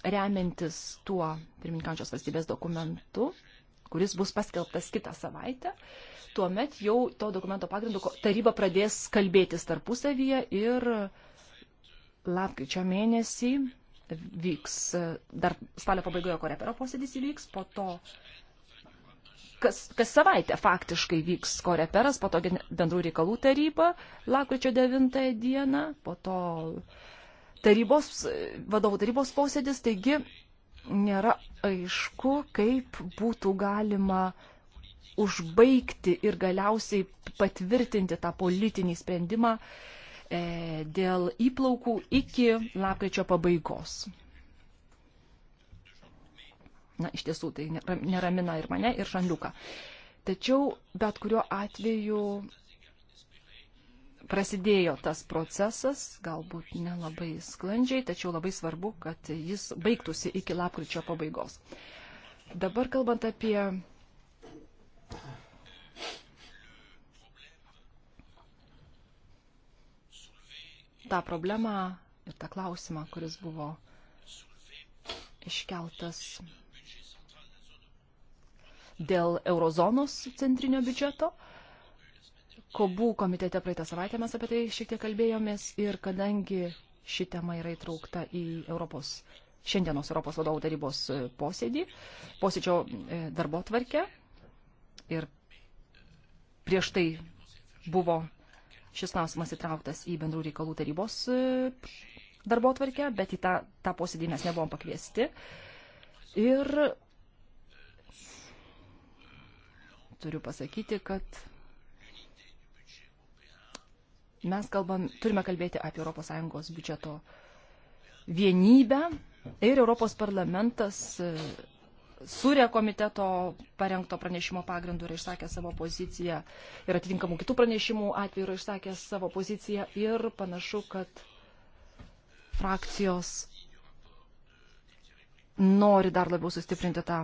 remiantis tuo pirmininkančios valstybės dokumentu, kuris bus paskelbtas kitą savaitę, tuomet jau to dokumento pagrindu taryba pradės kalbėtis tarpusavyje ir lapkričio mėnesį vyks, dar spalio pabaigoje korepero posėdis įvyks, po to kas, kas savaitę faktiškai vyks koreperas, po to bendrų reikalų taryba lakryčio 9 dieną, po to tarybos, vadovų tarybos posėdis, taigi nėra aišku, kaip būtų galima užbaigti ir galiausiai patvirtinti tą politinį sprendimą e, dėl įplaukų iki lapkričio pabaigos na, iš tiesų tai neramina ir mane, ir Žanliuką. Tačiau bet kuriuo atveju prasidėjo tas procesas, galbūt nelabai sklandžiai, tačiau labai svarbu, kad jis baigtųsi iki lapkričio pabaigos. Dabar kalbant apie tą problemą ir tą klausimą, kuris buvo iškeltas dėl eurozonos centrinio biudžeto. Kobų komitete praeitą savaitę mes apie tai šiek tiek kalbėjomės ir kadangi ši tema yra įtraukta į Europos, šiandienos Europos vadovų tarybos e, posėdį, posėdžio e, darbo tvarkę ir prieš tai buvo šis klausimas įtrauktas į bendrų reikalų tarybos e, darbo tvarkę, bet į tą, tą posėdį mes nebuvom pakviesti. Ir turiu pasakyti, kad mes kalbam, turime kalbėti apie ES biudžeto vienybę ir Europos parlamentas e, surė komiteto parengto pranešimo pagrindu yra išsakę savo poziciją ir atitinkamų kitų pranešimų atveju yra išsakę savo poziciją ir panašu, kad frakcijos nori dar labiau sustiprinti tą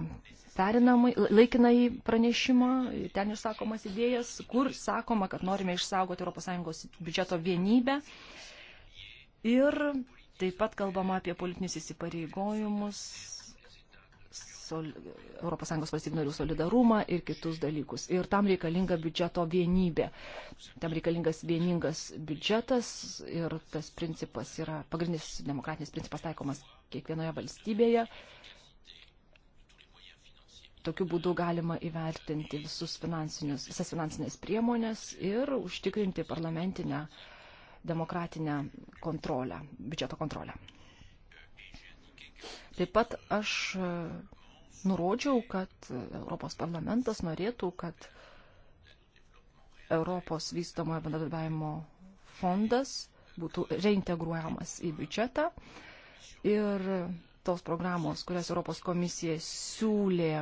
perinamai, laikinai pranešimą, ten išsakomas idėjas, kur sakoma, kad norime išsaugoti ES biudžeto vienybę. Ir taip pat kalbama apie politinius įsipareigojimus, sol, ES valstybių narių solidarumą ir kitus dalykus. Ir tam reikalinga biudžeto vienybė. Tam reikalingas vieningas biudžetas ir tas principas yra, pagrindinis demokratinis principas taikomas kiekvienoje valstybėje. Tokiu būdu galima įvertinti visus finansinius, visas finansinės priemonės ir užtikrinti parlamentinę demokratinę kontrolę, biudžeto kontrolę. Taip pat aš e, nurodžiau, kad Europos parlamentas norėtų, kad Europos vystomojo bendradarbiavimo fondas būtų reintegruojamas į biudžetą. Ir tos programos, kurias Europos komisija siūlė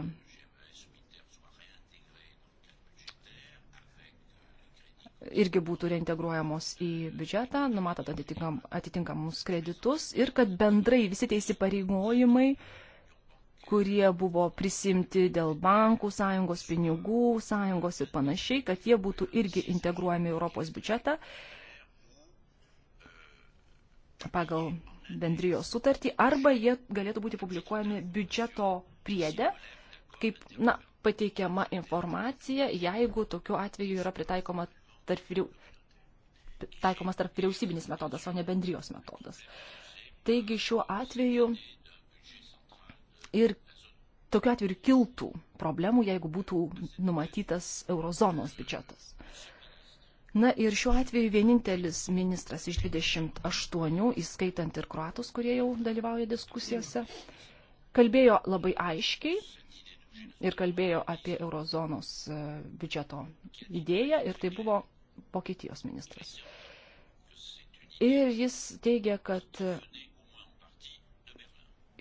irgi būtų reintegruojamos į biudžetą, numatant atitinkam, atitinkamus kreditus ir kad bendrai visi tie įsipareigojimai, kurie buvo prisimti dėl bankų sąjungos, pinigų sąjungos ir panašiai, kad jie būtų irgi integruojami į Europos biudžetą pagal bendrijos sutartį, arba jie galėtų būti publikuojami biudžeto priede, kaip, na, pateikiama informacija, jeigu tokiu atveju yra pritaikoma tarp vyriau... taikomas tarp vyriausybinis metodas, o ne bendrijos metodas. Taigi šiuo atveju ir tokiu atveju kiltų problemų, jeigu būtų numatytas eurozonos biudžetas. Na ir šiuo atveju vienintelis ministras iš 28, įskaitant ir kruatus, kurie jau dalyvauja diskusijose, kalbėjo labai aiškiai ir kalbėjo apie eurozonos e, biudžeto idėją ir tai buvo Vokietijos ministras. Ir jis teigia, kad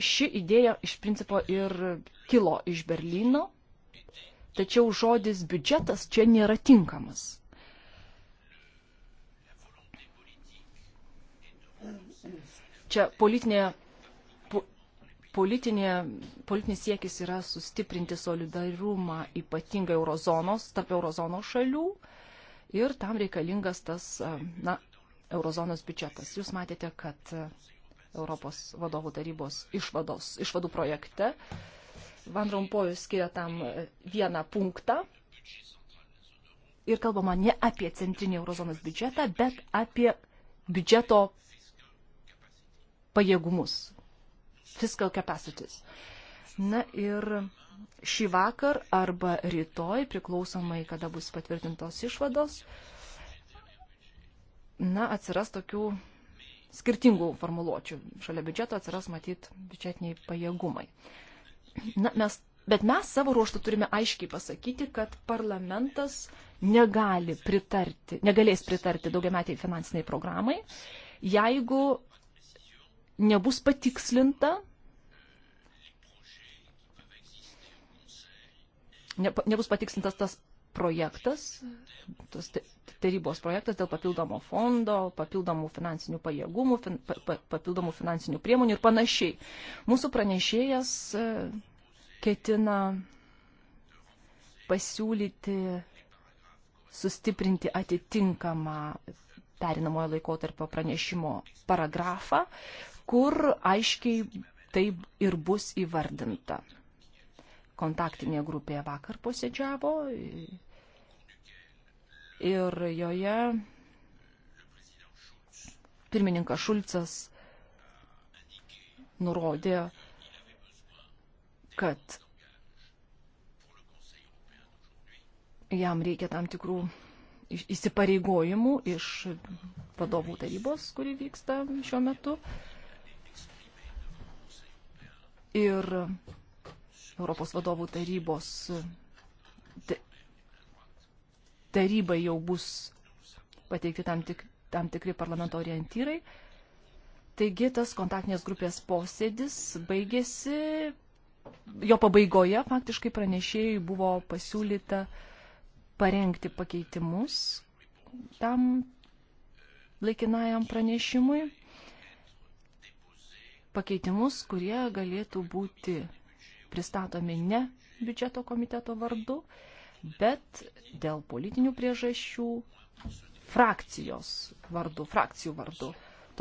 ši idėja iš principo ir kilo iš Berlyno, tačiau žodis biudžetas čia nėra tinkamas. Čia politinė politinė, politinis siekis yra sustiprinti solidarumą ypatingai eurozonos, tarp eurozonos šalių ir tam reikalingas tas, na, eurozonos biudžetas. Jūs matėte, kad Europos vadovų tarybos išvados, išvadų projekte Van Rompojus skiria tam vieną punktą ir kalbama ne apie centrinį eurozonos biudžetą, bet apie biudžeto pajėgumus, fiscal capacities. Na ir šį vakar arba rytoj, priklausomai, kada bus patvirtintos išvados. Na, atsiras tokių skirtingų formuluočių. Šalia biudžeto atsiras matyt biudžetiniai pajėgumai. Na, mes, bet mes savo ruoštų turime aiškiai pasakyti, kad parlamentas negali pritarti, negalės pritarti daugiametiai finansiniai programai, jeigu nebus patikslinta ne, nebus patiksintas tas projektas, tas tarybos projektas dėl papildomo fondo, papildomų finansinių pajėgumų, fin, pa, pa, papildomų finansinių priemonių ir panašiai. Mūsų pranešėjas e, ketina pasiūlyti sustiprinti atitinkamą perinamojo laikotarpio pranešimo paragrafą, kur aiškiai taip ir bus įvardinta kontaktinė grupė vakar posėdžiavo ir joje pirmininkas Šulcas nurodė, kad jam reikia tam tikrų įsipareigojimų iš vadovų tarybos, kuri vyksta šiuo metu. Ir Europos vadovų tarybos tarybai jau bus pateikti tam, tik, tam tikri parlamento orientyrai. Taigi tas kontaktinės grupės posėdis baigėsi, jo pabaigoje faktiškai pranešėjai buvo pasiūlyta parengti pakeitimus tam laikinajam pranešimui, pakeitimus, kurie galėtų būti pristatomi ne biudžeto komiteto vardu, bet dėl politinių priežasčių frakcijos vardu, frakcijų vardu.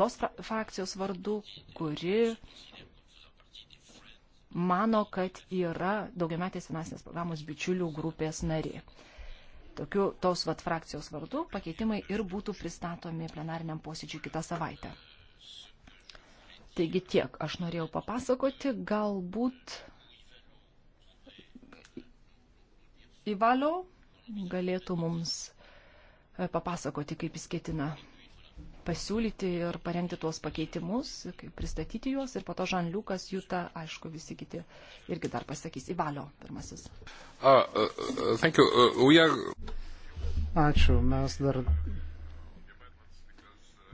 Tos fra frakcijos vardu, kuri mano, kad yra daugiametės finansinės programos bičiulių grupės narė. Tokiu tos vat frakcijos vardu pakeitimai ir būtų pristatomi plenariniam posėdžiui kitą savaitę. Taigi tiek aš norėjau papasakoti, galbūt Ivalo galėtų mums e, papasakoti, kaip jis ketina pasiūlyti ir parengti tuos pakeitimus, pristatyti juos ir po to Žanliukas, Juta, aišku, visi kiti irgi dar pasakys. Ivalio pirmasis. Uh, uh, uh, are... Ačiū, mes dar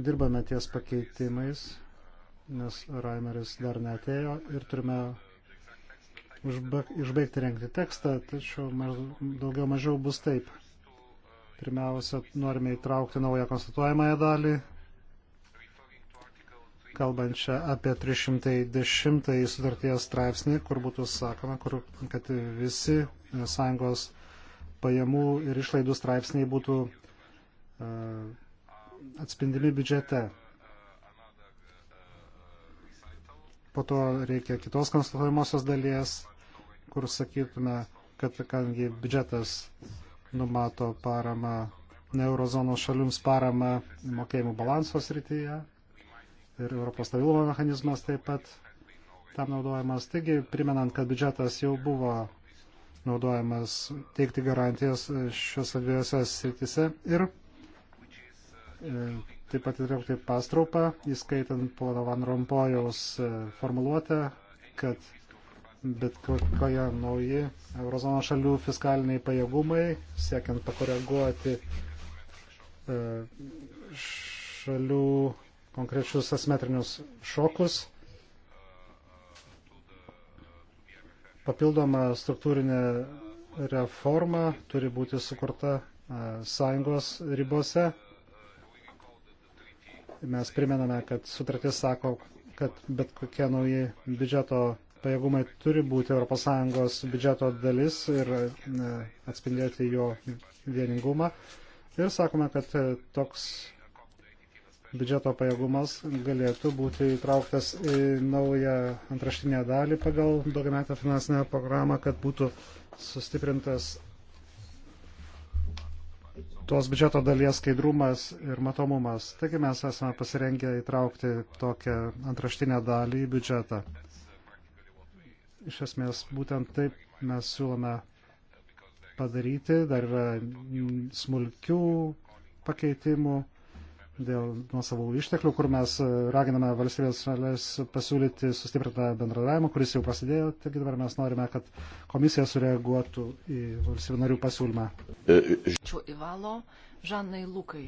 dirbame ties pakeitimais, nes Raimeris dar netėjo ir turime užbaigti renkti tekstą, tačiau maž, daugiau mažiau bus taip. Pirmiausia, norime įtraukti naują konstatuojamąją dalį, kalbančią apie 310 sutarties straipsnį, kur būtų sakoma, kur, kad visi sąjungos pajamų ir išlaidų straipsniai būtų uh, atspindimi biudžete. po to reikia kitos konstatuojamosios dalies, kur sakytume, kad kadangi biudžetas numato paramą ne eurozonos šalims paramą mokėjimų balansos rytyje ir Europos stabilumo mechanizmas taip pat tam naudojamas. Taigi, primenant, kad biudžetas jau buvo naudojamas teikti garantijas šiuose dviejose srityse ir E, taip pat įtraukti pastraupą, įskaitant pono Van Rompojaus e, formuluotę, kad bet kokie nauji eurozono šalių fiskaliniai pajėgumai, siekiant pakoreguoti e, šalių konkrečius asmetrinius šokus, papildoma struktūrinė reforma turi būti sukurta sąjungos ribose Mes primename, kad sutartis sako, kad bet kokie nauji biudžeto pajėgumai turi būti ES biudžeto dalis ir e, atspindėti jo vieningumą. Ir sakome, kad e, toks biudžeto pajėgumas galėtų būti įtrauktas į naują antraštinę dalį pagal daugiametę finansinę programą, kad būtų sustiprintas tos biudžeto dalies skaidrumas ir matomumas. Taigi mes esame pasirengę įtraukti tokią antraštinę dalį į biudžetą. Iš esmės, būtent taip mes siūlome padaryti. Dar yra smulkių pakeitimų dėl nuosavų išteklių, kur mes raginame valstybės šalės pasiūlyti sustiprintą bendradavimą, kuris jau prasidėjo, taigi dabar mes norime, kad komisija sureaguotų į valstybių narių pasiūlymą. E, e, Ačiū Ivalo, Žanai Lukai.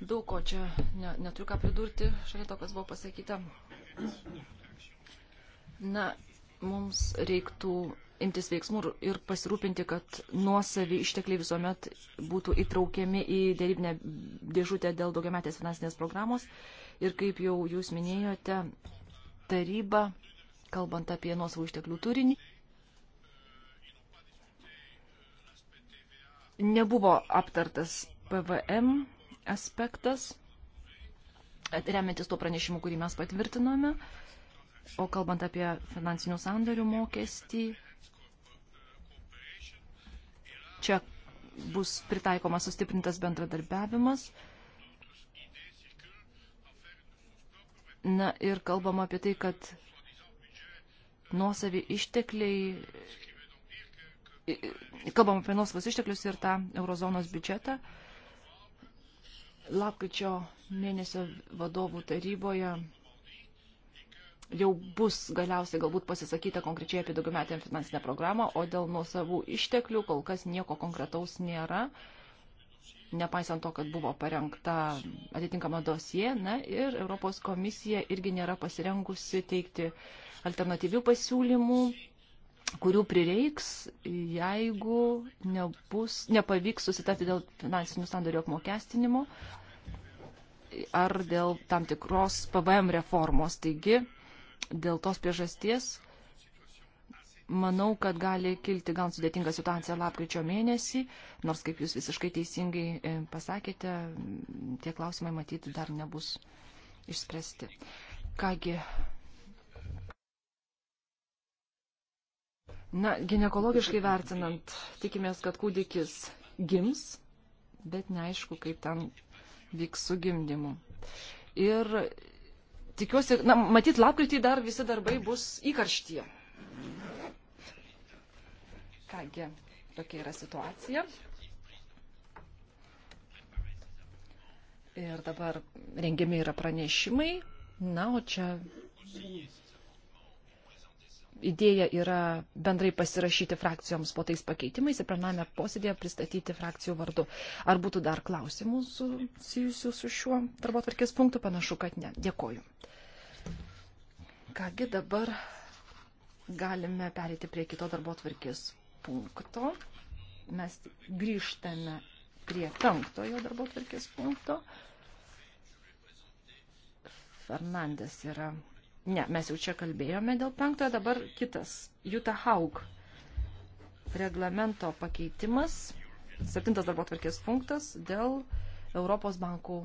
Daug ko čia ne, neturiu ką pridurti, šalia to, kas buvo pasakyta. Na, mums reiktų imtis veiksmų ir pasirūpinti, kad nuosavi ištekliai visuomet būtų įtraukiami į dėrybinę dėžutę dėl daugiametės finansinės programos. Ir kaip jau jūs minėjote, taryba, kalbant apie nuosavų išteklių turinį, nebuvo aptartas PVM aspektas, remiantis tuo pranešimu, kurį mes patvirtinome. O kalbant apie finansinių sandorių mokestį, Čia bus pritaikomas sustiprintas bendradarbiavimas. Na ir kalbama apie tai, kad nuosavi ištekliai, kalbam apie nuosavus išteklius ir tą eurozonos biudžetą. Lapkričio mėnesio vadovų taryboje jau bus galiausiai galbūt pasisakyta konkrečiai apie daugiametę finansinę programą, o dėl nuosavų išteklių kol kas nieko konkretaus nėra, nepaisant to, kad buvo parengta atitinkama dosie, na ir Europos komisija irgi nėra pasirengusi teikti alternatyvių pasiūlymų kurių prireiks, jeigu nebus, nepavyks susitarti dėl finansinių sandorių apmokestinimo ar dėl tam tikros PVM reformos. Taigi, Dėl tos priežasties manau, kad gali kilti gan sudėtinga situacija lapkričio mėnesį, nors, kaip jūs visiškai teisingai e, pasakėte, tie klausimai matyti dar nebus išspręsti. Kągi. Na, gynekologiškai vertinant, tikimės, kad kūdikis gims, bet neaišku, kaip ten vyks su gimdymu. Ir tikiuosi, na, matyt, lapkritį dar visi darbai bus įkarštie. Kągi, tokia yra situacija. Ir dabar rengiami yra pranešimai. Na, o čia idėja yra bendrai pasirašyti frakcijoms po tais pakeitimais ir plename posėdėje pristatyti frakcijų vardu. Ar būtų dar klausimų susijusių su šiuo darbo tvarkės punktu? Panašu, kad ne. Dėkoju. Kągi dabar galime perėti prie kito darbo tvarkės punkto. Mes grįžtame prie penktojo darbo tvarkės punkto. Fernandes yra Ne, mes jau čia kalbėjome dėl penktojo, dabar kitas. Juta Haug. Reglamento pakeitimas. Septintas darbo tvarkės punktas dėl Europos bankų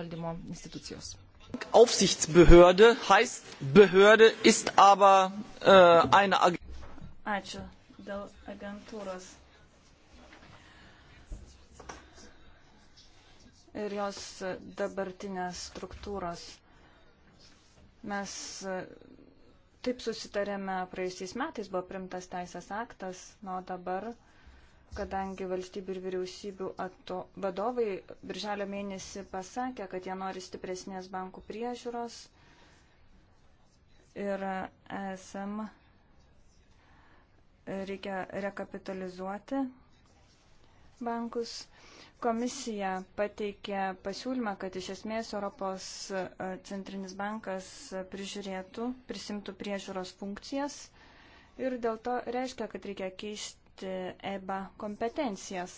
valdymo institucijos. Aufsichtsbehörde heißt Behörde ist aber äh, eine Agentur. Ačiū dėl agentūros. Ir jos dabartinės struktūros. Mes e, taip susitarėme praėjusiais metais, buvo primtas teisės aktas, nuo dabar, kadangi valstybių ir vyriausybių ato, vadovai birželio mėnesį pasakė, kad jie nori stipresnės bankų priežiūros ir ESM reikia rekapitalizuoti bankus. Komisija pateikė pasiūlymą, kad iš esmės Europos e, centrinis bankas prižiūrėtų, prisimtų priežiūros funkcijas ir dėl to reiškia, kad reikia keisti EBA kompetencijas.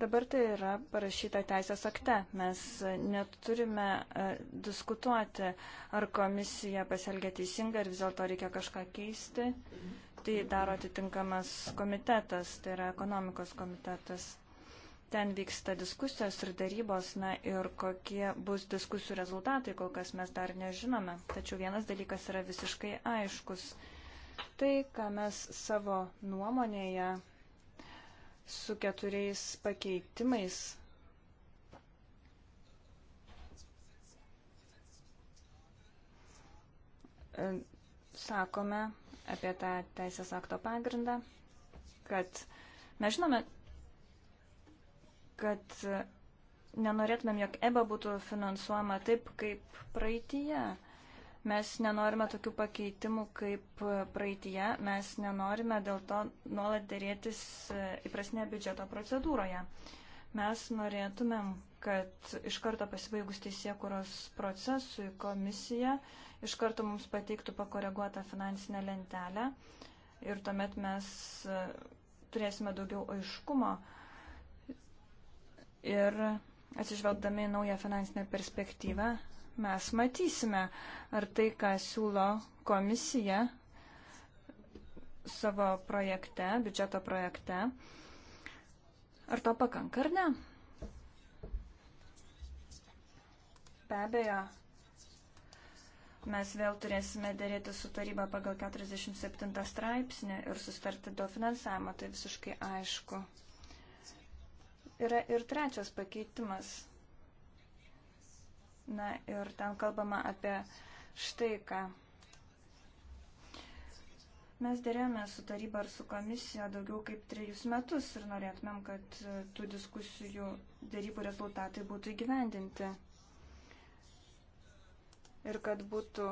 Dabar tai yra parašyta teisės akte. Mes e, neturime e, diskutuoti, ar komisija pasielgia teisingai, ar vis dėlto reikia kažką keisti tai daro atitinkamas komitetas, tai yra ekonomikos komitetas. Ten vyksta diskusijos ir darybos, na ir kokie bus diskusijų rezultatai, kol kas mes dar nežinome. Tačiau vienas dalykas yra visiškai aiškus. Tai, ką mes savo nuomonėje su keturiais pakeitimais e, sakome, apie tą teisės akto pagrindą, kad mes žinome, kad nenorėtumėm, jog EBA būtų finansuojama taip, kaip praeitie. Mes nenorime tokių pakeitimų kaip praeitie, mes nenorime dėl to nuolat dėrėtis įprasnė biudžeto procedūroje. Mes norėtumėm, kad iš karto pasibaigus teisėkuros procesui komisija iš karto mums pateiktų pakoreguotą finansinę lentelę ir tuomet mes e, turėsime daugiau aiškumo ir atsižvelgdami į naują finansinę perspektyvą mes matysime, ar tai, ką siūlo komisija savo projekte, biudžeto projekte, ar to pakanka ar ne. Be abejo, mes vėl turėsime dėrėti su taryba pagal 47 straipsnį ir sustarti dėl finansavimo, tai visiškai aišku. Yra ir trečias pakeitimas. Na ir ten kalbama apie štai ką. Mes dėrėjome su taryba ir su komisija daugiau kaip trejus metus ir norėtumėm, kad tų diskusijų dėrybų rezultatai būtų įgyvendinti ir kad būtų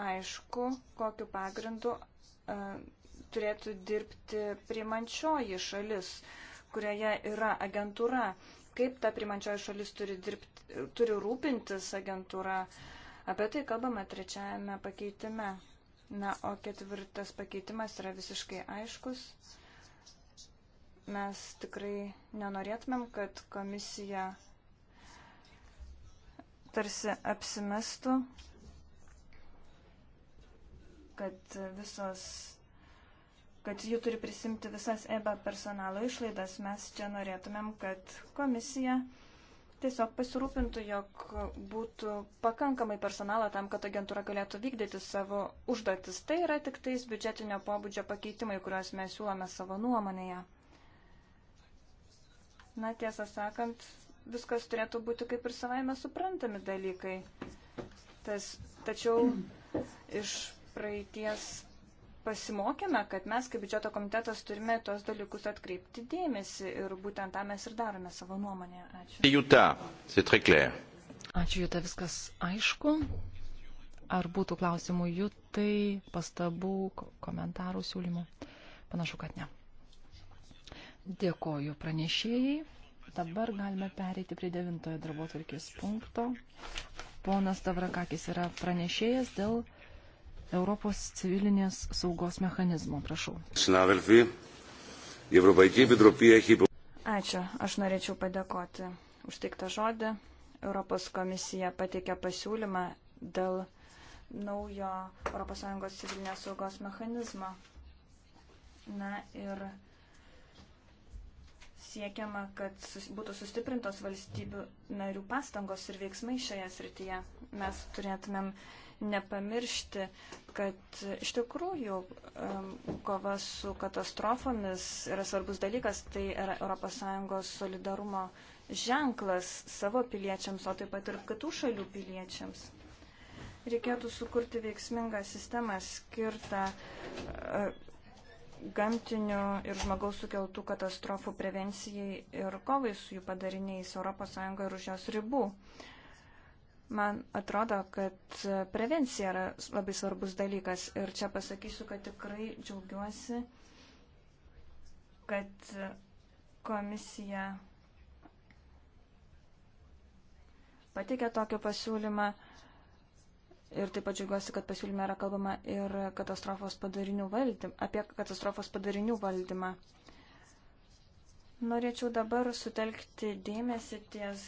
aišku, kokiu pagrindu e, turėtų dirbti primančioji šalis, kurioje yra agentūra, kaip ta primančioji šalis turi, dirbti, turi rūpintis agentūra. Apie tai kalbama trečiajame pakeitime. Na, o ketvirtas pakeitimas yra visiškai aiškus. Mes tikrai nenorėtumėm, kad komisija tarsi apsimestų, kad visos kad jų turi prisimti visas EBA personalo išlaidas. Mes čia norėtumėm, kad komisija tiesiog pasirūpintų, jog būtų pakankamai personalo tam, kad agentūra galėtų vykdyti savo užduotis. Tai yra tik tais biudžetinio pobūdžio pakeitimai, kuriuos mes siūlome savo nuomonėje. Na, tiesą sakant, viskas turėtų būti kaip ir savaime suprantami dalykai. Tas, tačiau iš praeities pasimokėme, kad mes kaip biudžeto komitetas turime tuos dalykus atkreipti dėmesį ir būtent tą mes ir darome savo nuomonėje. Ačiū. Tai Jūta, Ačiū, Jūta, viskas aišku. Ar būtų klausimų Jūtai, pastabų, komentarų, siūlymų? Panašu, kad ne. Dėkoju pranešėjai. Dabar galime pereiti prie devintojo darbo tvarkės punkto. Ponas Tavrakakis yra pranešėjas dėl Europos civilinės saugos mechanizmo. Prašau. Ačiū. Aš norėčiau padėkoti už teiktą žodį. Europos komisija pateikė pasiūlymą dėl naujo ES civilinės saugos mechanizmo. Na ir Siekiama, kad sus, būtų sustiprintos valstybių narių pastangos ir veiksmai šioje srityje. Mes turėtumėm nepamiršti, kad iš tikrųjų kova su katastrofomis yra svarbus dalykas, tai yra ES solidarumo ženklas savo piliečiams, o taip pat ir kitų šalių piliečiams. Reikėtų sukurti veiksmingą sistemą skirtą e, gamtinių ir žmogaus sukeltų katastrofų prevencijai ir kovai su jų padariniais ES ir už jos ribų. Man atrodo, kad prevencija yra labai svarbus dalykas ir čia pasakysiu, kad tikrai džiaugiuosi, kad komisija patikė tokį pasiūlymą. Ir taip pat džiugiuosi, kad pasiūlyme yra kalbama ir katastrofos padarinių valdym, apie katastrofos padarinių valdymą. Norėčiau dabar sutelkti dėmesį ties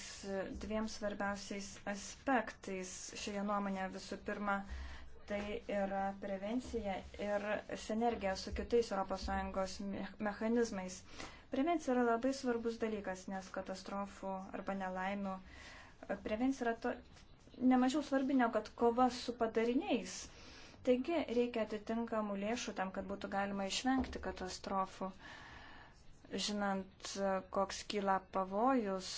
dviem svarbiausiais aspektais šioje nuomonė. Visų pirma, tai yra prevencija ir sinergija su kitais ES mechanizmais. Prevencija yra labai svarbus dalykas, nes katastrofų arba nelaimių prevencija yra to, nemažiau svarbi negu kad kova su padariniais. Taigi reikia atitinkamų lėšų tam, kad būtų galima išvengti katastrofų. Žinant, koks kyla pavojus,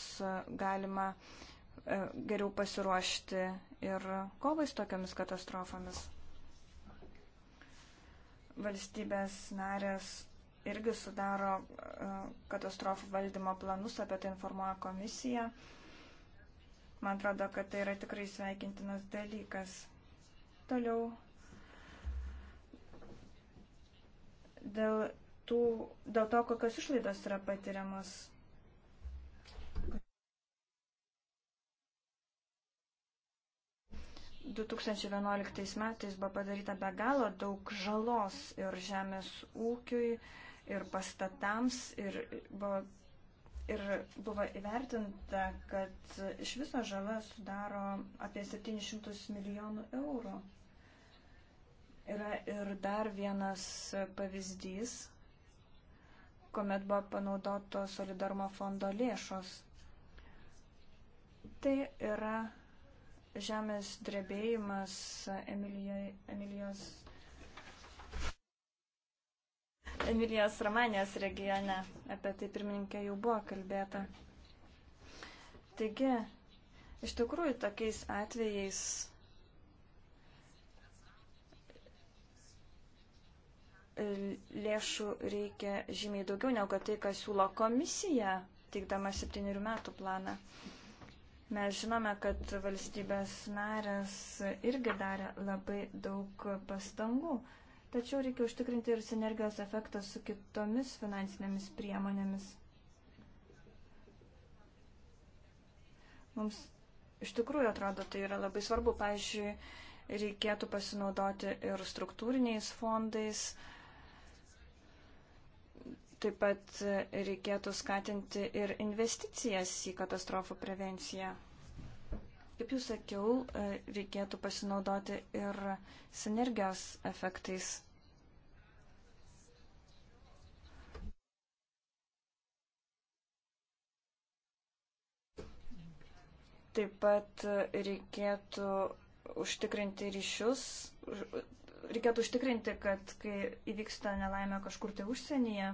galima e, geriau pasiruošti ir kovai su tokiamis katastrofomis. Valstybės narės irgi sudaro e, katastrofų valdymo planus, apie tai informuoja komisija. Man atrodo, kad tai yra tikrai sveikintinas dalykas. Toliau dėl, tų, dėl to, kokios išlaidos yra patiriamos. metais buvo padaryta be galo daug žalos ir žemės ūkiui, ir pastatams, ir buvo ir buvo įvertinta, kad iš viso žala sudaro apie 700 milijonų eurų. Yra ir dar vienas pavyzdys, kuomet buvo panaudoto solidarumo fondo lėšos. Tai yra žemės drebėjimas Emilijos Emilijos Romanijos regione. Apie tai pirmininkė jau buvo kalbėta. Taigi, iš tikrųjų, tokiais atvejais lėšų reikia žymiai daugiau negu tai, ką siūlo komisija, teikdama septyniarių metų planą. Mes žinome, kad valstybės narės irgi darė labai daug pastangų. Tačiau reikia užtikrinti ir sinergijos efektą su kitomis finansinėmis priemonėmis. Mums iš tikrųjų atrodo tai yra labai svarbu. Pavyzdžiui, reikėtų pasinaudoti ir struktūriniais fondais. Taip pat reikėtų skatinti ir investicijas į katastrofų prevenciją. Kaip jau sakiau, e, reikėtų pasinaudoti ir sinergijos efektais. Taip pat e, reikėtų užtikrinti ryšius, reikėtų užtikrinti, kad kai įvyksta nelaimė kažkur tai užsienyje,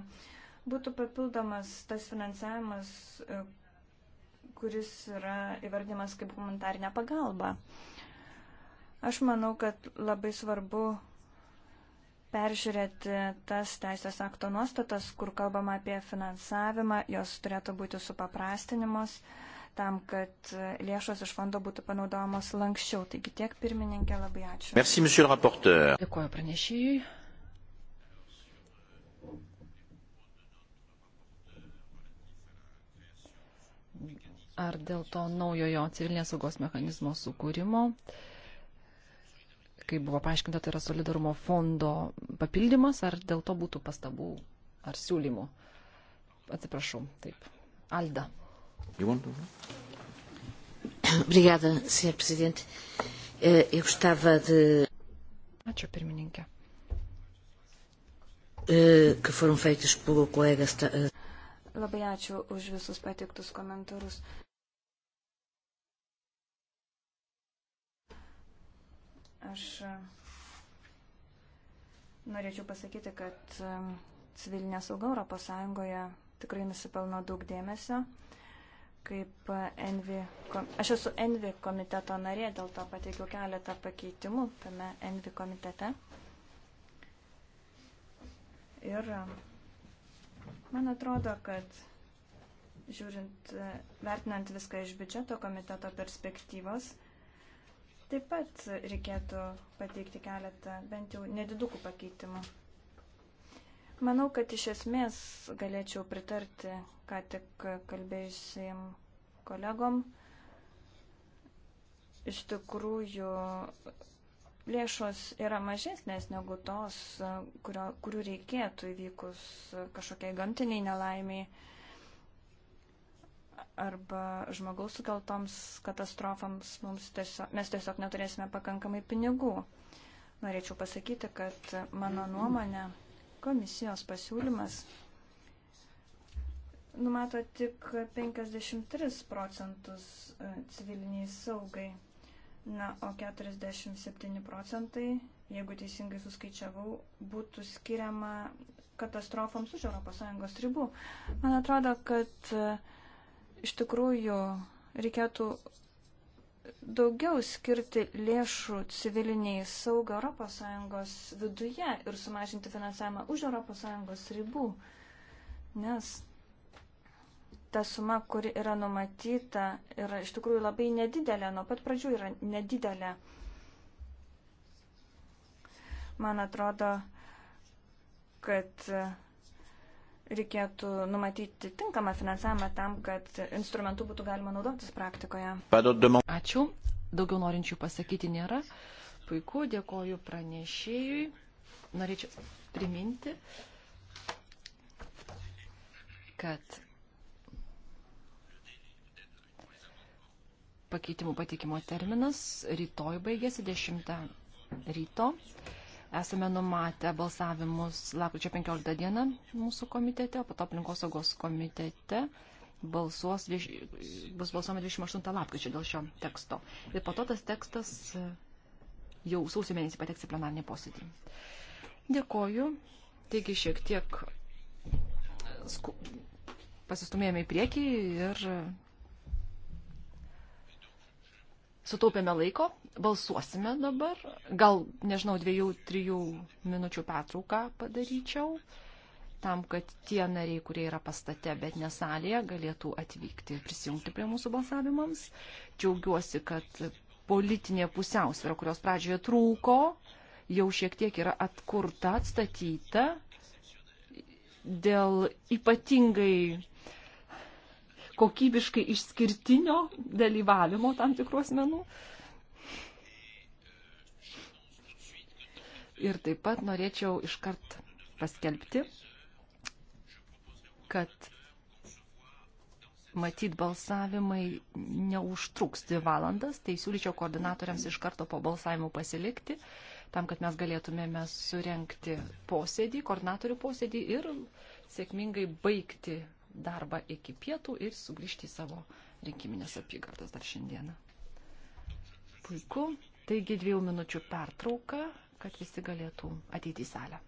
būtų papildomas tas finansavimas, e, kuris yra įvardymas kaip humanitarinė pagalba. Aš manau, kad labai svarbu peržiūrėti tas teisės akto nuostatas, kur kalbama apie finansavimą, jos turėtų būti supaprastinimos tam, kad lėšos iš fondo būtų panaudojamos lankščiau. Taigi tiek pirmininkė, labai ačiū. Merci, Dėkuoju pranešėjui. ar dėl to naujojo civilinės saugos mechanizmo sukūrimo, kaip buvo paaiškinta, tai yra solidarumo fondo papildymas, ar dėl to būtų pastabų ar siūlymų. Atsiprašau, taip. Alda. Obrigada, Sr. Presidente. Eh, eu gostava de. Ačiū, pirmininkė. Eh, que foram feitos pelo colega. Eh, Labai ačiū už visus patiktus komentarus. Aš e, norėčiau pasakyti, kad e, civilinė sauga Europos Sąjungoje tikrai nusipelno daug dėmesio. Kaip e, Envi, aš esu Envi komiteto narė, dėl to pateikiau keletą pakeitimų tame Envi komitete. Ir man atrodo, kad žiūrint, vertinant viską iš biudžeto komiteto perspektyvos, Taip pat reikėtų pateikti keletą bent jau nedidukų pakeitimų. Manau, kad iš esmės galėčiau pritarti, ką tik kalbėjusim kolegom. Iš tikrųjų, lėšos yra mažesnės negu tos, kurio, kurių reikėtų įvykus kažkokiai gamtiniai nelaimiai arba žmogaus sukeltoms katastrofams mums tiesiog, mes tiesiog neturėsime pakankamai pinigų. Norėčiau pasakyti, kad mano nuomonė komisijos pasiūlymas numato tik 53 procentus e, civiliniai saugai, na, o 47 procentai, jeigu teisingai suskaičiavau, būtų skiriama katastrofoms už ES ribų. Man atrodo, kad e, iš tikrųjų reikėtų daugiau skirti lėšų civiliniai saugą ES viduje ir sumažinti finansavimą už ES ribų, nes ta suma, kuri yra numatyta, yra iš tikrųjų labai nedidelė, nuo pat pradžių yra nedidelė. Man atrodo, kad reikėtų numatyti tinkamą finansavimą tam, kad instrumentų būtų galima naudotis praktikoje. Ačiū. Daugiau norinčių pasakyti nėra. Puiku, dėkoju pranešėjui. Norėčiau priminti, kad pakeitimų patikimo terminas rytoj baigėsi 10 ryto esame numatę balsavimus lapkričio 15 dieną mūsų komitete, o po to aplinkosaugos komitete balsuos, bus balsuoma 28 lapkričio dėl šio teksto. Ir po to tas tekstas e, jau sausio mėnesį pateks į plenarinį posėdį. Dėkoju. Taigi šiek tiek e, sku... pasistumėjome į priekį ir e, sutaupėme laiko balsuosime dabar. Gal, nežinau, dviejų, trijų minučių pertrauką padaryčiau, tam, kad tie nariai, kurie yra pastate, bet nesalėje, galėtų atvykti ir prisijungti prie mūsų balsavimams. Džiaugiuosi, kad politinė pusiausvėra, kurios pradžioje trūko, jau šiek tiek yra atkurta, atstatyta dėl ypatingai kokybiškai išskirtinio dalyvavimo tam tikrų asmenų. Uh, Ir taip pat norėčiau iškart paskelbti, kad matyt balsavimai neužtruks dvi valandas, tai siūlyčiau koordinatoriams iš karto po balsavimų pasilikti, tam, kad mes galėtumėme surenkti posėdį, koordinatorių posėdį ir sėkmingai baigti darbą iki pietų ir sugrįžti į savo rinkiminės apygardas dar šiandieną. Puiku. Taigi dviejų minučių pertrauka kad visi galėtų ateiti į salę.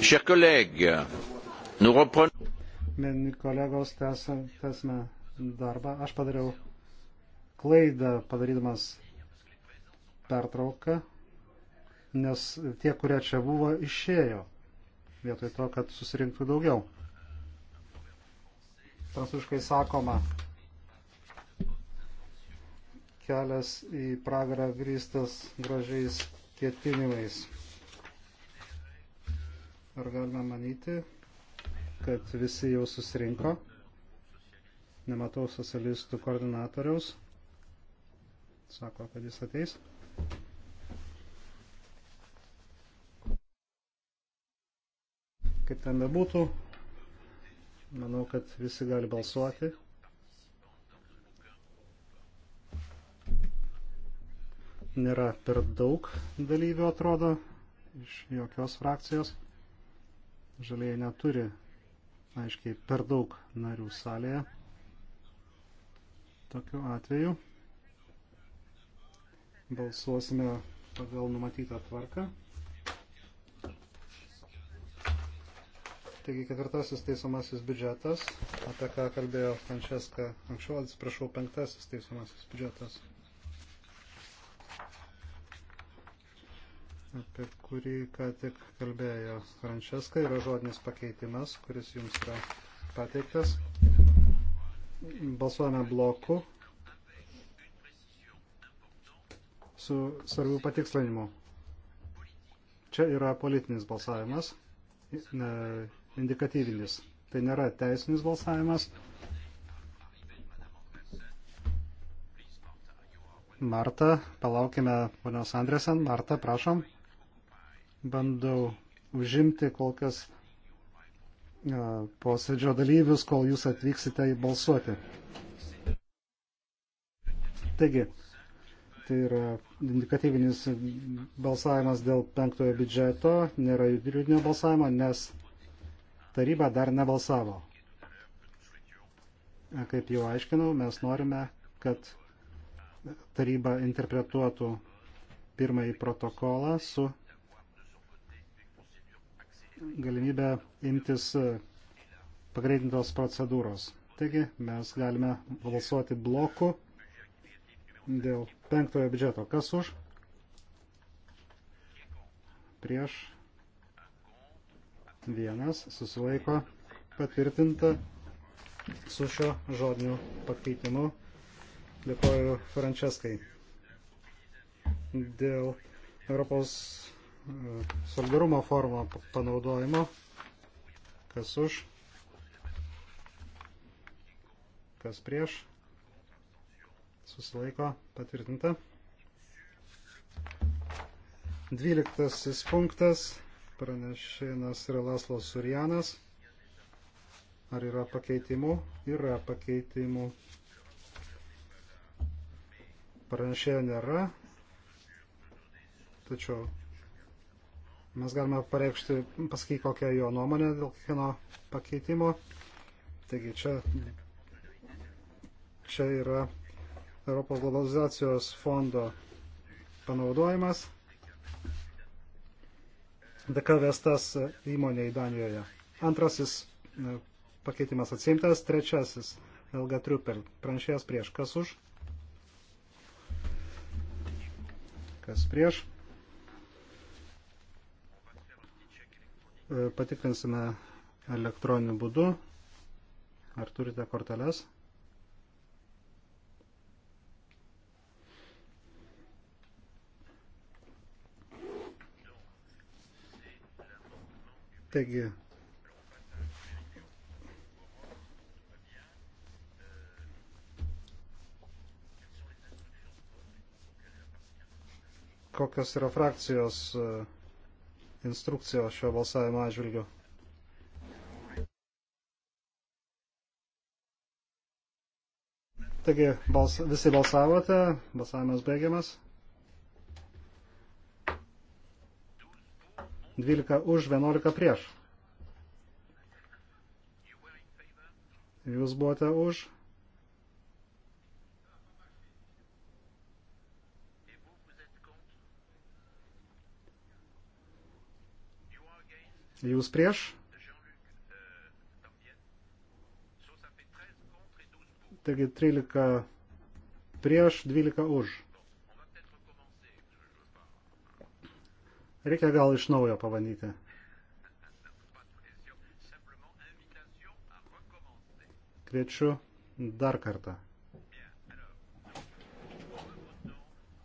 Chers collègues, nous reprenons. Mėly kolegos, tęsime darbą. Aš padariau klaidą padarydamas pertrauką, nes tie, kurie čia buvo, išėjo vietoj to, kad susirinktų daugiau. Prancūziškai sakoma, kelias į pragarą grįstas gražiais ketinimais. Ar galima manyti, kad visi jau susirinko? Nematau socialistų koordinatoriaus. Sako, kad jis ateis. Kaip ten bebūtų, manau, kad visi gali balsuoti. Nėra per daug dalyvių, atrodo, iš jokios frakcijos žalieji neturi, aiškiai, per daug narių salėje. Tokiu atveju balsuosime pagal numatytą tvarką. Taigi ketvirtasis teisomasis biudžetas, apie ką kalbėjo Frančeska anksčiau, atsiprašau, penktasis teisomasis biudžetas. apie kurį ką tik kalbėjo Frančeska, yra žodinis pakeitimas, kuris jums yra pateiktas. Balsuojame bloku su svarbių patikslinimu. Čia yra politinis balsavimas, ne, indikatyvinis. Tai nėra teisinis balsavimas. Marta, palaukime ponios Andresen. Marta, prašom bandau užimti kol kas e, posėdžio dalyvius, kol jūs atvyksite į balsuoti. Taigi, tai yra indikatyvinis balsavimas dėl penktojo biudžeto, nėra juridinio balsavimo, nes taryba dar nebalsavo. E, kaip jau aiškinau, mes norime, kad taryba interpretuotų pirmąjį protokolą su galimybę imtis e, pagreitintos procedūros. Taigi mes galime balsuoti bloku dėl penktojo biudžeto. Kas už? Prieš. Vienas susilaiko patvirtinta su šio žodiniu pakeitimu. Dėkoju Frančeskai. Dėl Europos solidarumo formo panaudojimo. Kas už? Kas prieš? Susilaiko patvirtinta. Dvyliktasis punktas. Pranešėjas yra Laslas Surjanas. Ar yra pakeitimų? Yra pakeitimų. Pranešėjo nėra. Tačiau Mes galime pareikšti, pasakyti, kokia jo nuomonė dėl kiekvieno pakeitimo. Taigi čia, čia yra Europos globalizacijos fondo panaudojimas. Deka vestas įmonėje Danijoje. Antrasis e, pakeitimas atsimtas. Trečiasis Elga Triupel. Pranšėjas prieš. Kas už? Kas prieš? patikrinsime elektroniniu būdu. Ar turite korteles? Taigi, kokios yra frakcijos instrukcijos šio balsavimo atžvilgiu. Taigi bals, visi balsavote, balsavimas baigiamas. 12 už, 11 prieš. Jūs buvote už. Jūs prieš? Taigi 13 prieš, 12 už. Reikia gal iš naujo pabandyti. Kviečiu dar kartą.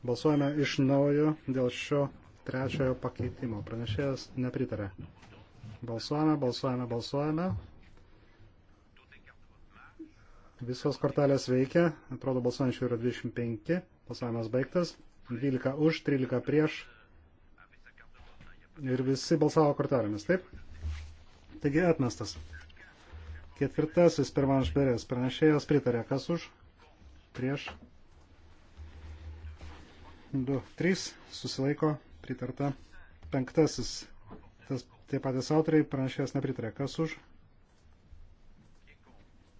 Balsuojame iš naujo dėl šio trečiojo pakeitimo. Pranešėjas nepritarė. Balsuojame, balsuojame, balsuojame. Visos kortelės veikia. Atrodo, balsuojančių yra 25. Balsavimas baigtas. 12 už, 13 prieš. Ir visi balsavo kortelėmis, taip? Taigi atmestas. Ketvirtasis pirmanas perės pranešėjas pritarė. Kas už? Prieš. 2, 3. Susilaiko. Pritarta. Penktasis Taip patys autoriai pranešėjas nepritarė. Kas už?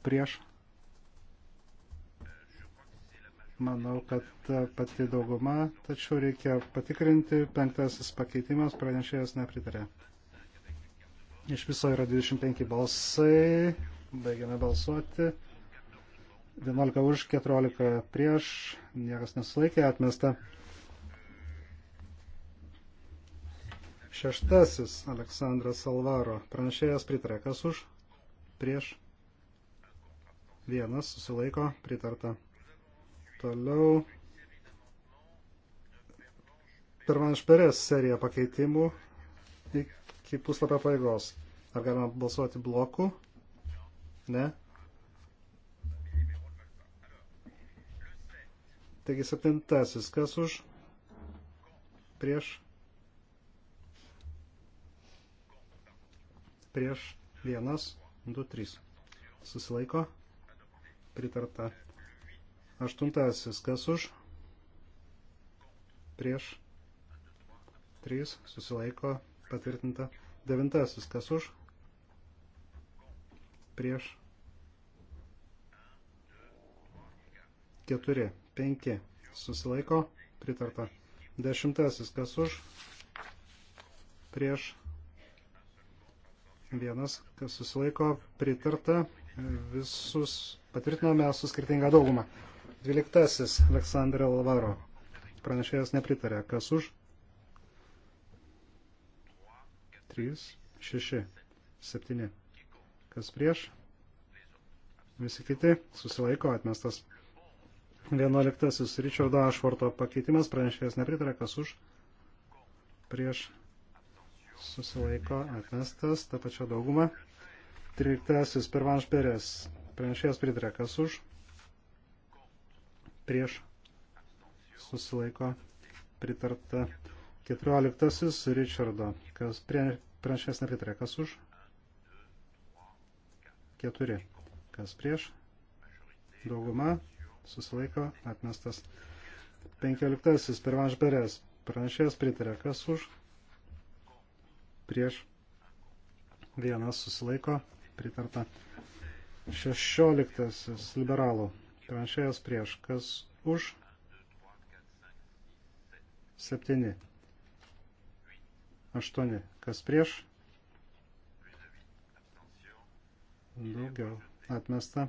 Prieš? Manau, kad pati dauguma, tačiau reikia patikrinti. Penktasis pakeitimas pranešėjas nepritarė. Iš viso yra 25 balsai. Baigiame balsuoti. 11 už, 14 prieš. Niekas nesilaikė, atmesta. Šeštasis Aleksandras Alvaro. Pranešėjas pritarė. Kas už? Prieš. Vienas susilaiko. Pritarta. Toliau. Pirmanš perės serija pakeitimų iki puslapio paėgos. Ar galima balsuoti bloku? Ne. Taigi septintasis. Kas už? Prieš prieš 1, 2, 3. Susilaiko. Pritarta. Aštuntasis. Kas už? Prieš 3. Susilaiko. Patvirtinta. Devintasis. Kas už? Prieš 4, 5. Susilaiko. Pritarta. Dešimtasis. Kas už? Prieš 3 vienas, kas susilaiko, pritarta, visus patvirtiname su skirtinga dauguma. Dvyliktasis Aleksandrė Alvaro. Pranešėjas nepritarė. Kas už? 3, 6, 7. Kas prieš? Visi kiti susilaiko atmestas. Vienuoliktasis Richardo Ašvarto pakeitimas. Pranešėjas nepritarė. Kas už? Prieš susilaiko atmestas, ta pačia dauguma. 13. Pervanš Perės, pranešėjas pritarė, kas už, prieš, susilaiko pritarta. 14. Richardo, kas pranešėjas nepritarė, kas už, 4. Kas prieš, dauguma, susilaiko atmestas. 15. Pervanš Perės, pranešėjas pritarė, kas už, 4 prieš, vienas susilaiko, pritarta. Šešioliktasis liberalų pranešėjas prieš, kas už, septyni, aštuoni, kas prieš, daugiau, atmesta.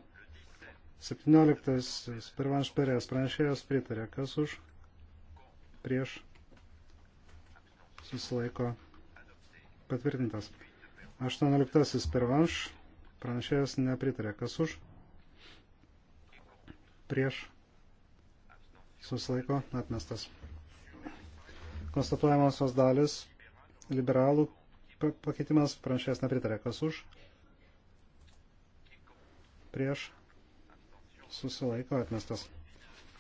Septynioliktas pirmanš perės pranešėjas pritarė, kas už, prieš, susilaiko, prieš patvirtintas. 18 pervanš, pranešėjas nepritarė. Kas už? Prieš susilaiko atmestas. Konstatuojamosios dalis liberalų pakeitimas pranešėjas nepritarė. Kas už? Prieš susilaiko atmestas.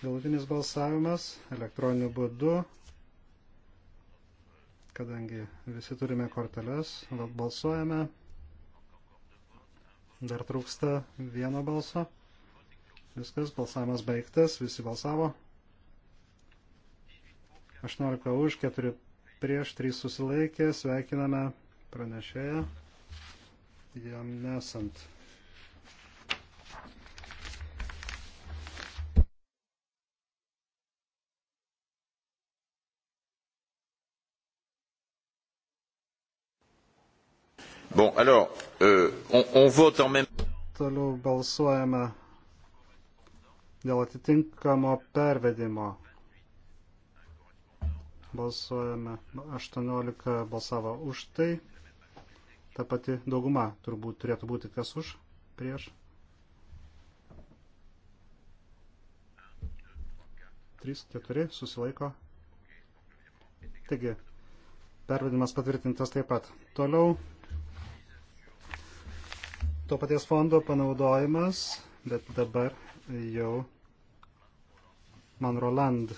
Galutinis balsavimas elektroniniu būdu kadangi visi turime korteles, balsuojame. Dar trūksta vieno balso. Viskas, balsavimas baigtas, visi balsavo. 18 už, 4 prieš, 3 susilaikė, sveikiname pranešėją jam nesant. Bon, alors, euh, on, on vote en même Toliau balsuojame dėl atitinkamo pervedimo. Balsuojame 18 nu, balsavo už tai. Ta pati dauguma turbūt turėtų būti kas už, prieš. 3, 4 susilaiko. Taigi, pervedimas patvirtintas taip pat. Toliau to paties fondo panaudojimas, bet dabar jau Manroland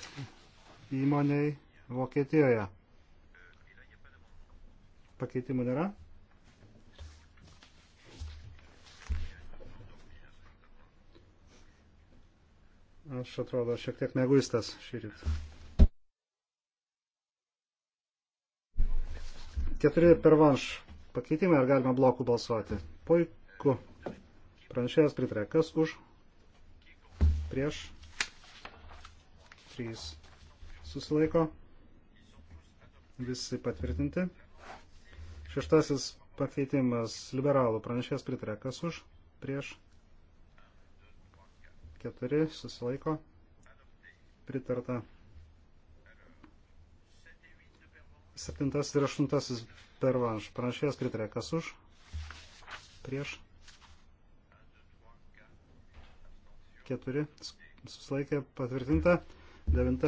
įmoniai Vokietijoje. Pakeitimų nėra? Aš atrodo šiek tiek neguistas šį rytą. Keturi per vanš pakeitimai, ar galima blokų balsuoti? Puiku. Ku. Pranešėjas pritarė. Kas už? Prieš. 3. Susilaiko. Visi patvirtinti. Šeštasis pakeitimas liberalų pranešėjas pritarė. Kas už? Prieš. 4. Susilaiko. Pritarta. Septintas ir aštuntasis pervanš. Pranešėjas pritarė. Kas už? Prieš. 4 susilaikė patvirtinta, 9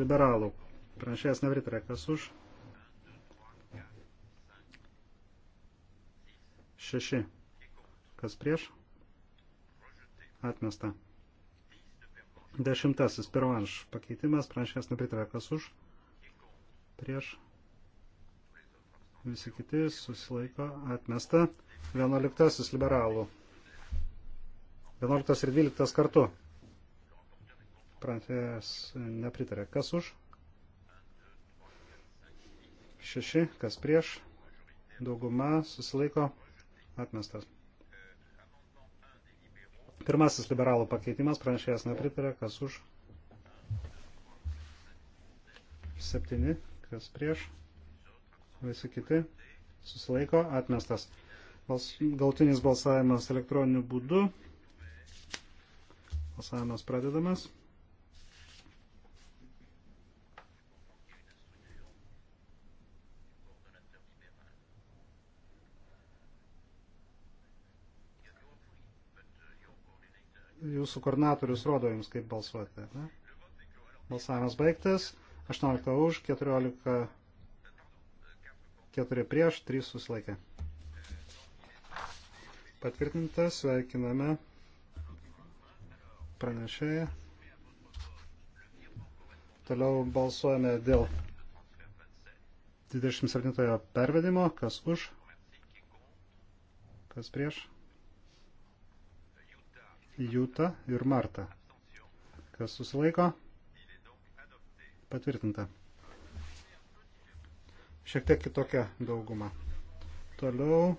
liberalų. Pranešėjas nepritarė, kas už? 6. Kas prieš? Atmesta. Dešimtasis pirmanš pakeitimas, pranešėjas nepritarė, kas už? Prieš? Visi kiti susilaiko atmesta. Vienuoliktasis liberalų 11 ir 12 kartu. Pranešėjas nepritarė. Kas už? 6. Kas prieš? Dauguma susilaiko. Atmestas. Pirmasis liberalų pakeitimas. Pranešėjas nepritarė. Kas už? 7. Kas prieš? Visi kiti. Susilaiko. Atmestas. Galtinis balsavimas elektroniniu būdu. Balsavimas pradedamas. Jūsų koordinatorius rodo jums, kaip balsuoti. Ne? Balsavimas baigtas. 18 už, 14, 4 prieš, 3 susilaikė. Patvirtinta, sveikiname pranešėją. Toliau balsuojame dėl 27 pervedimo, kas už, kas prieš. Jūta ir Marta. Kas susilaiko? Patvirtinta. Šiek tiek kitokia dauguma. Toliau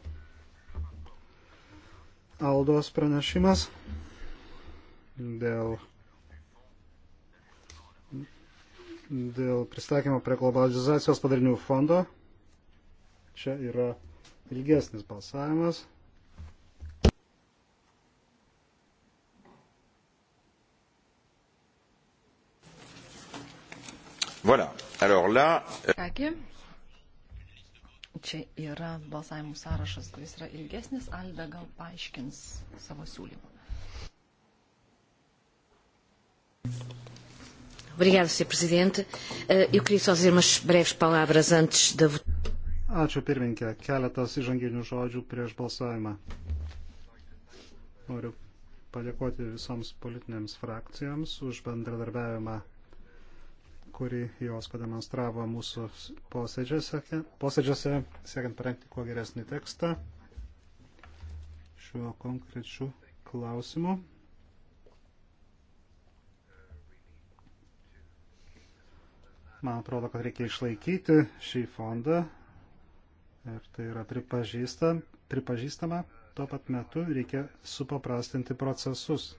Aldos pranešimas dėl, dėl pristatymo prie globalizacijos padarinių fondo. Čia yra ilgesnis balsavimas. Voilà. Alors là. Euh, Kągi, čia yra balsavimų sąrašas, kuris yra ilgesnis. Alda gal paaiškins savo siūlymą. Obrigada, Sr. Presidente. Eh, eu queria só dizer umas breves palavras antes da votação. Ačiū pirmininkė. Keletas įžanginių žodžių prieš balsavimą. Noriu padėkoti visoms politinėms frakcijoms už bendradarbiavimą, kurį jos pademonstravo mūsų posėdžiuose, posėdžiuose siekiant parengti kuo geresnį tekstą šiuo konkrečiu klausimu. Man atrodo, kad reikia išlaikyti šį fondą ir tai yra pripažįsta, pripažįstama. Tuo pat metu reikia supaprastinti procesus,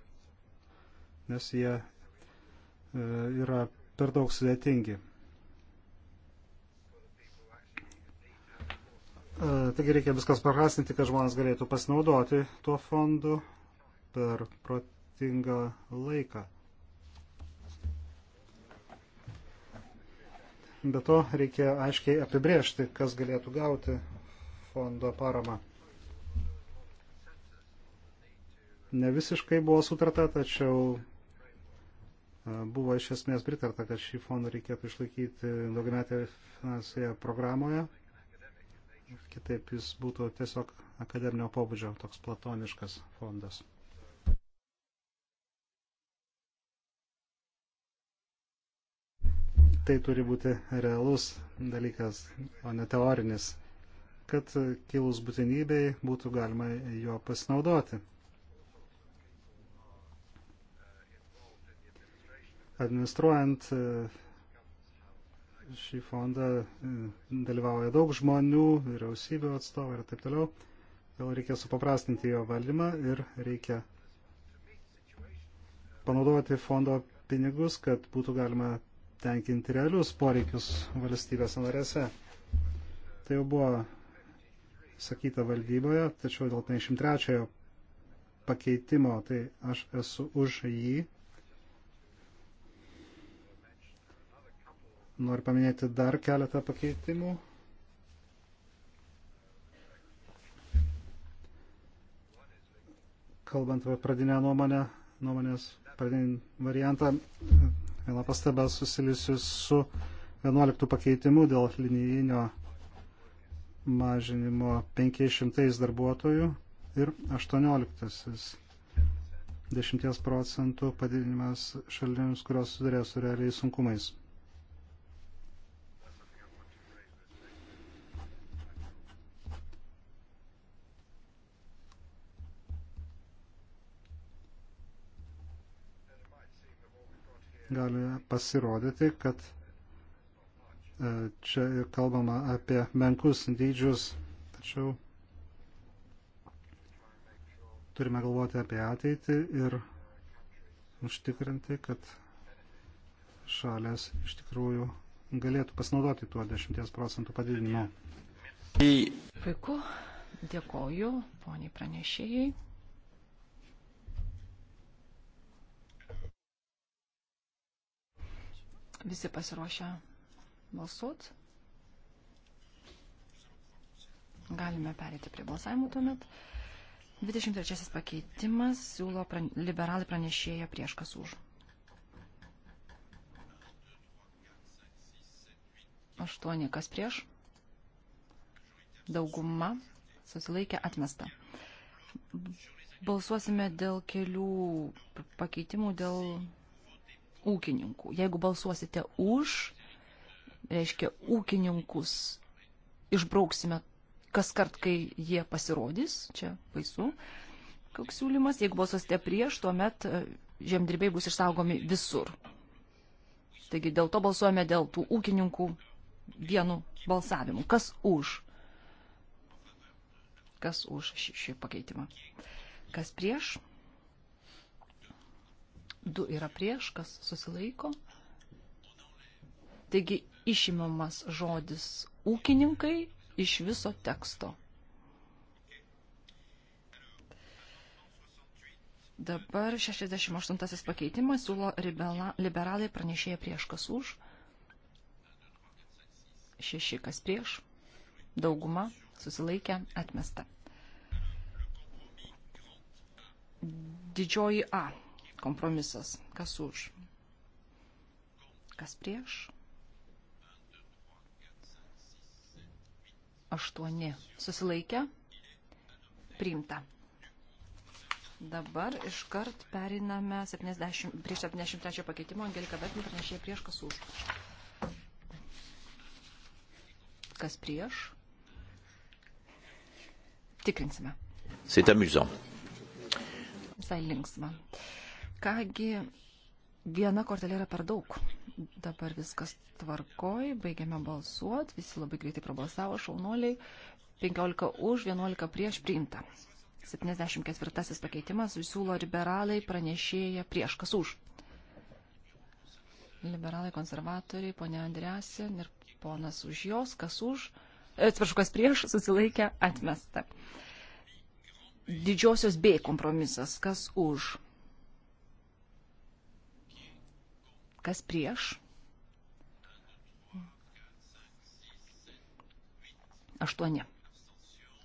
nes jie e, yra per daug sudėtingi. E, taigi reikia viskas paprastinti, kad žmonės galėtų pasinaudoti tuo fondu per protingą laiką. Be to reikia aiškiai apibriežti, kas galėtų gauti fondo paramą. Ne visiškai buvo sutarta, tačiau e, buvo iš esmės pritarta, kad šį fondą reikėtų išlaikyti daugiametėje finansinėje programoje. Kitaip jis būtų tiesiog akademinio pobūdžio toks platoniškas fondas. tai turi būti realus dalykas, o ne teorinis, kad kilus būtinybei būtų galima jo pasinaudoti. Administruojant e, šį fondą e, dalyvauja daug žmonių, vyriausybių atstovai ir taip toliau. Gal reikia supaprastinti jo valdymą ir reikia panaudoti fondo pinigus, kad būtų galima tenkinti realius poreikius valstybės narėse. Tai jau buvo sakyta valdyboje, tačiau dėl 53 pakeitimo, tai aš esu už jį. Noriu paminėti dar keletą pakeitimų. Kalbant apie pradinę nuomonę, nuomonės pradinį variantą, Viena pastaba susijusi su 11 pakeitimu dėl linijinio mažinimo 500 darbuotojų ir 18 10 procentų padidinimas šalims, kurios sudarė su realiais sunkumais. gali pasirodyti, kad e, čia kalbama apie menkus dydžius, tačiau turime galvoti apie ateitį ir užtikrinti, kad šalės iš tikrųjų galėtų pasinaudoti tuo 10 procentų padidinimu. Puiku, dėkoju poniai pranešėjai. Visi pasiruošę balsuot. Galime perėti prie balsavimų tuomet. 23 pakeitimas siūlo pran liberalai pranešėja prieš kas už. 8 kas prieš. Dauguma susilaikė atmesta. Balsuosime dėl kelių pakeitimų, dėl ūkininkų. Jeigu balsuosite už, reiškia, ūkininkus išbrauksime kas kart, kai jie pasirodys, čia baisu, koks siūlymas, jeigu balsuosite prieš, tuomet e, žemdirbiai bus išsaugomi visur. Taigi dėl to balsuojame dėl tų ūkininkų vienu balsavimu. Kas už? Kas už šį, šį pakeitimą? Kas prieš? du yra prieš, kas susilaiko. Taigi išimamas žodis ūkininkai iš viso teksto. Dabar 68 pakeitimas siūlo liberalai pranešėję prieš kas už. Šeši kas prieš. Dauguma susilaikė atmesta. Didžioji A kompromisas. Kas už? Kas prieš? Aštuoni. Susilaikę? Priimta. Dabar iškart periname 70, prie 73 pakeitimo. Angelika Bertin pranešė prieš kas už. Kas prieš? Tikrinsime. C'est amusant. Visai linksma. Kągi, viena kortelė yra per daug. Dabar viskas tvarkoj, baigiame balsuoti, visi labai greitai prabalsavo, šaunuoliai, 15 už, 11 prieš priimta. 74 pakeitimas siūlo liberalai pranešėję prieš kas už. Liberalai konservatoriai, ponia Andrėsė ir ponas už jos, kas už, e, atsiprašau, kas prieš, susilaikė atmesta. Didžiosios B kompromisas, kas už Kas prieš? Aštuoni.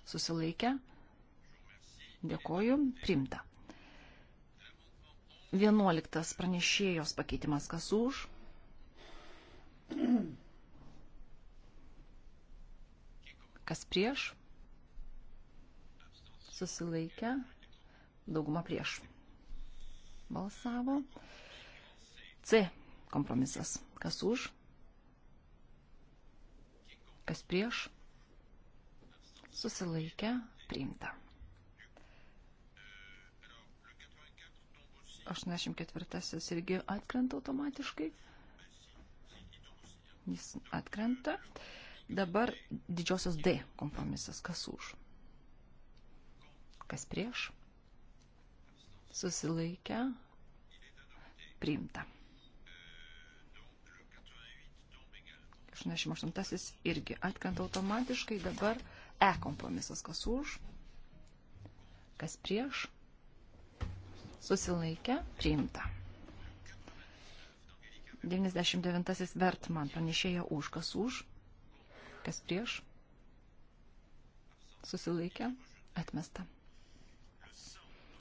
Susilaikę. Dėkoju. Primta. Vienuoliktas pranešėjos pakeitimas. Kas už? Kas prieš? Susilaikę. Dauguma prieš. Balsavo. C kompromisas. Kas už? Kas prieš? Susilaikę, priimta. 84 irgi atkrenta automatiškai. Jis atkrenta. Dabar didžiosios D kompromisas. Kas už? Kas prieš? Susilaikę, priimta. 88 irgi atkrenta automatiškai. Dabar E kompromisas kas už, kas prieš, susilaikę, priimta. 99 Vertman pranešėja už, kas už, kas prieš, susilaikę, atmesta.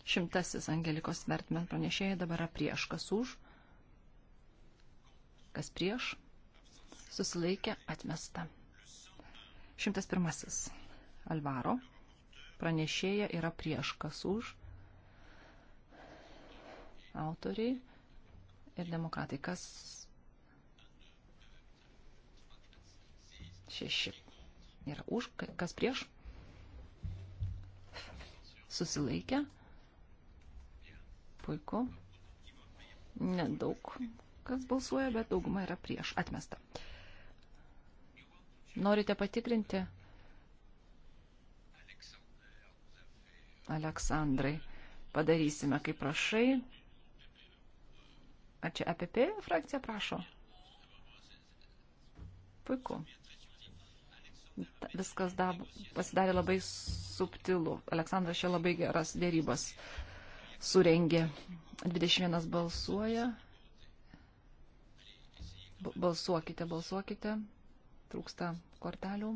Šimtasis Angelikos Vertman pranešėja dabar prieš, kas už, kas prieš, susilaikė atmesta. 101. Alvaro. Pranešėja yra prieš kas už. Autoriai ir demokratai. Kas? Šeši. Yra už. Kas prieš? Susilaikė. Puiku. Nedaug kas balsuoja, bet dauguma yra prieš. Atmesta. Norite patikrinti? Aleksandrai, padarysime, kaip prašai. Ar čia APP e frakcija prašo? Puiku. Viskas da, pasidarė labai subtilu. Aleksandras čia labai geras dėrybas surengė. 21 balsuoja. Balsuokite, balsuokite trūksta kortelių.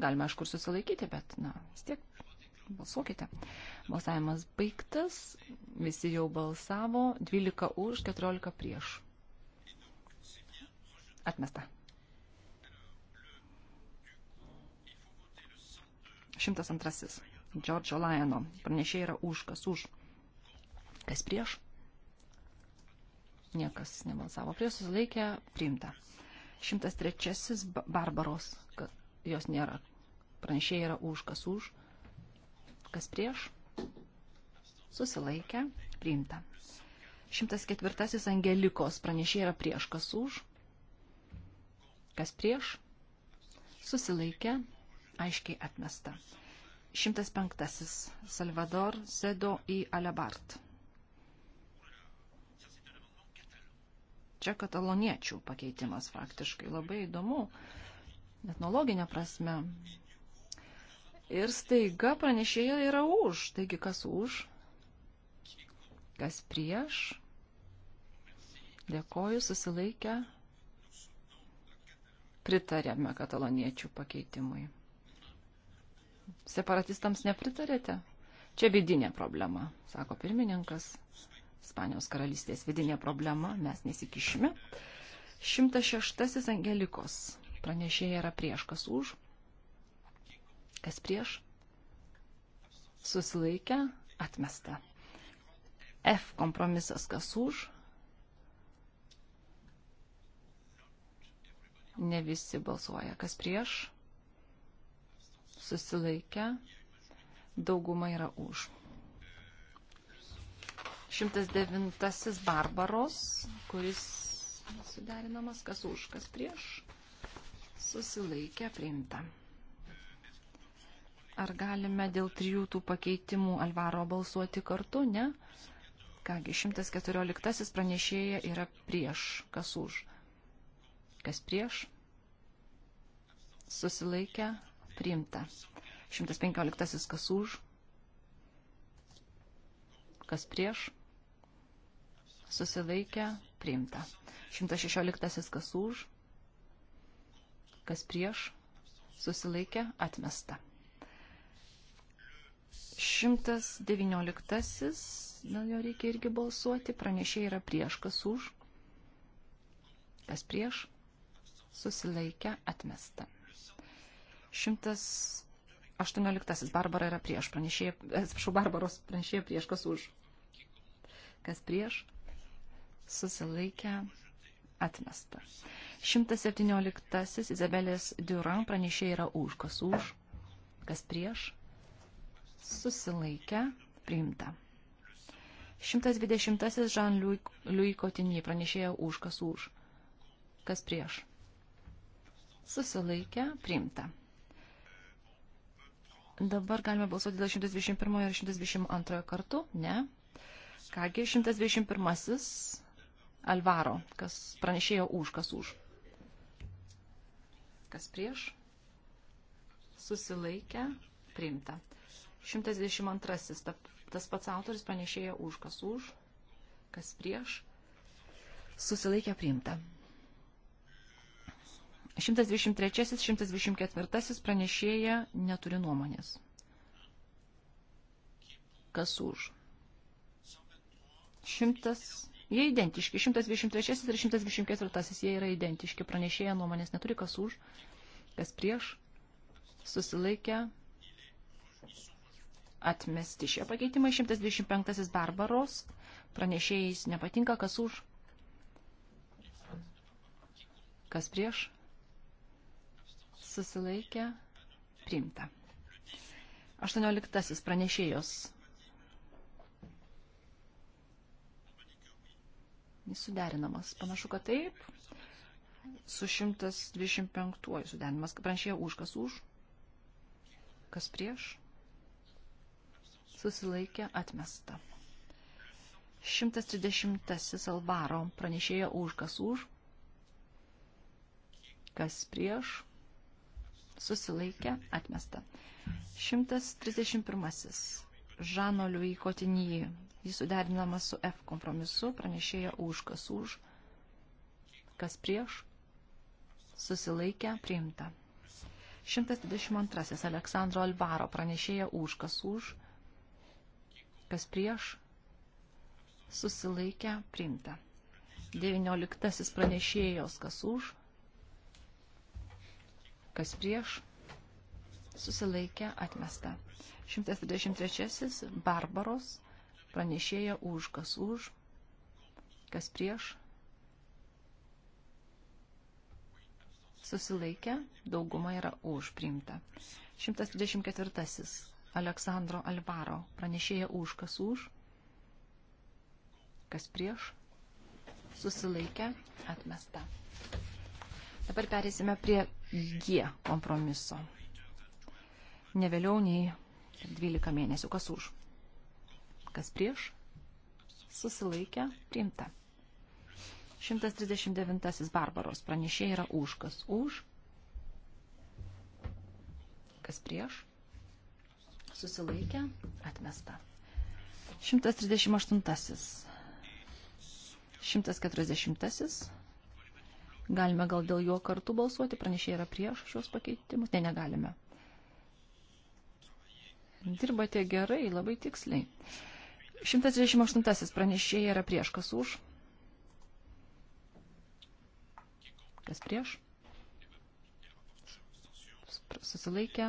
Galime, aišku, susilaikyti, bet, na, vis tiek balsuokite. Balsavimas baigtas, visi jau balsavo, 12 už, 14 prieš. Atmesta. 102. Džordžo Lajano. Pranešė yra už, kas už. Kas prieš? Niekas nebalsavo prieš, susilaikė, priimta. 103 Barbaros, kad jos nėra. Pranešėjai yra už, kas už, kas prieš. Susilaikę, priimta. 104 Angelikos pranešėjai yra prieš, kas už, kas prieš. Susilaikę, aiškiai atmesta. 105 Salvador Zedo į Alebart čia kataloniečių pakeitimas faktiškai labai įdomu, etnologinė prasme. Ir staiga pranešėja yra už, taigi kas už, kas prieš, dėkoju susilaikę, pritarėme kataloniečių pakeitimui. Separatistams nepritarėte? Čia vidinė problema, sako pirmininkas. Ispanijos karalystės vidinė problema, mes nesikišime. 106 Angelikos pranešėja yra prieš, kas už, kas prieš, susilaikę, atmesta. F kompromisas, kas už, ne visi balsuoja, kas prieš, susilaikę, dauguma yra už. 109 Barbaros, kuris suderinamas, kas už, kas prieš, susilaikė priimta. Ar galime dėl trijų tų pakeitimų Alvaro balsuoti kartu, ne? Kągi, 114 pranešėja yra prieš, kas už, kas prieš, susilaikė priimta. 115 kas už, kas prieš, susilaikė, priimta. 116 kas už, kas prieš, susilaikė, atmesta. 119, dėl jo reikia irgi balsuoti, pranešė yra prieš, kas už, kas prieš, susilaikė, atmesta. 118, Barbara yra prieš, pranešė, atsiprašau, Barbaros pranešė prieš, kas už, kas prieš, susilaikę, atmesta. 117. Izabelės Duran pranešė yra už, kas už, kas prieš, susilaikę, priimta. 120. Jean-Louis Cotigny pranešėjo už, kas už, kas prieš, susilaikę, priimta. Dabar galime balsuoti dėl 121 ir 122 kartų, ne? Kągi, 121 Alvaro, kas pranešėjo už, kas už. Kas prieš? Susilaikę, priimta. 122. Ta, tas pats autoris pranešėjo už, kas už, kas prieš. Susilaikę, priimta. 123, 124 pranešėja neturi nuomonės. Kas už? 100. Jie identiški. 123 ir 124 jie yra identiški. Pranešėja nuomonės neturi kas už, kas prieš. Susilaikę. Atmesti šie pakeitimai. 125 Barbaros. Pranešėjais nepatinka kas už. Kas prieš? Susilaikę. Priimta. 18 pranešėjos Jis suderinamas. Panašu, kad taip. Su 125 suderinamas. Pranešėja už, kas už, kas prieš. Susilaikė atmesta. 130 Alvaro pranešėjo už, kas už, kas prieš. Susilaikė atmesta. 131. Žano Liui Kotinijai Jis suderinamas su F kompromisu, pranešėja už, kas už, kas prieš, susilaikę, priimta. 122. Aleksandro Alvaro pranešėja už, kas už, kas prieš, susilaikę, priimta. 19. Pranešėjos, kas už, kas prieš, susilaikę, atmesta. 123. Barbaros pranešėja pranešėja už, kas už, kas prieš. Susilaikę, dauguma yra už priimta. 124. Aleksandro Alvaro pranešėja už, kas už, kas prieš. Susilaikę, atmesta. Dabar perėsime prie G kompromiso. Ne vėliau nei 12 mėnesių. Kas už? Kas prieš? Susilaikė. Priimta. 139 Barbaros. Pranešė yra už. Kas už? Kas prieš? Susilaikė. Atmesta. 138. 140. Galime gal dėl jo kartu balsuoti, pranešėjai yra prieš šios pakeitimus. Ne, negalime. Dirbate gerai, labai tiksliai. 138 pranešėjai yra prieš, kas už? Kas prieš? Susilaikė,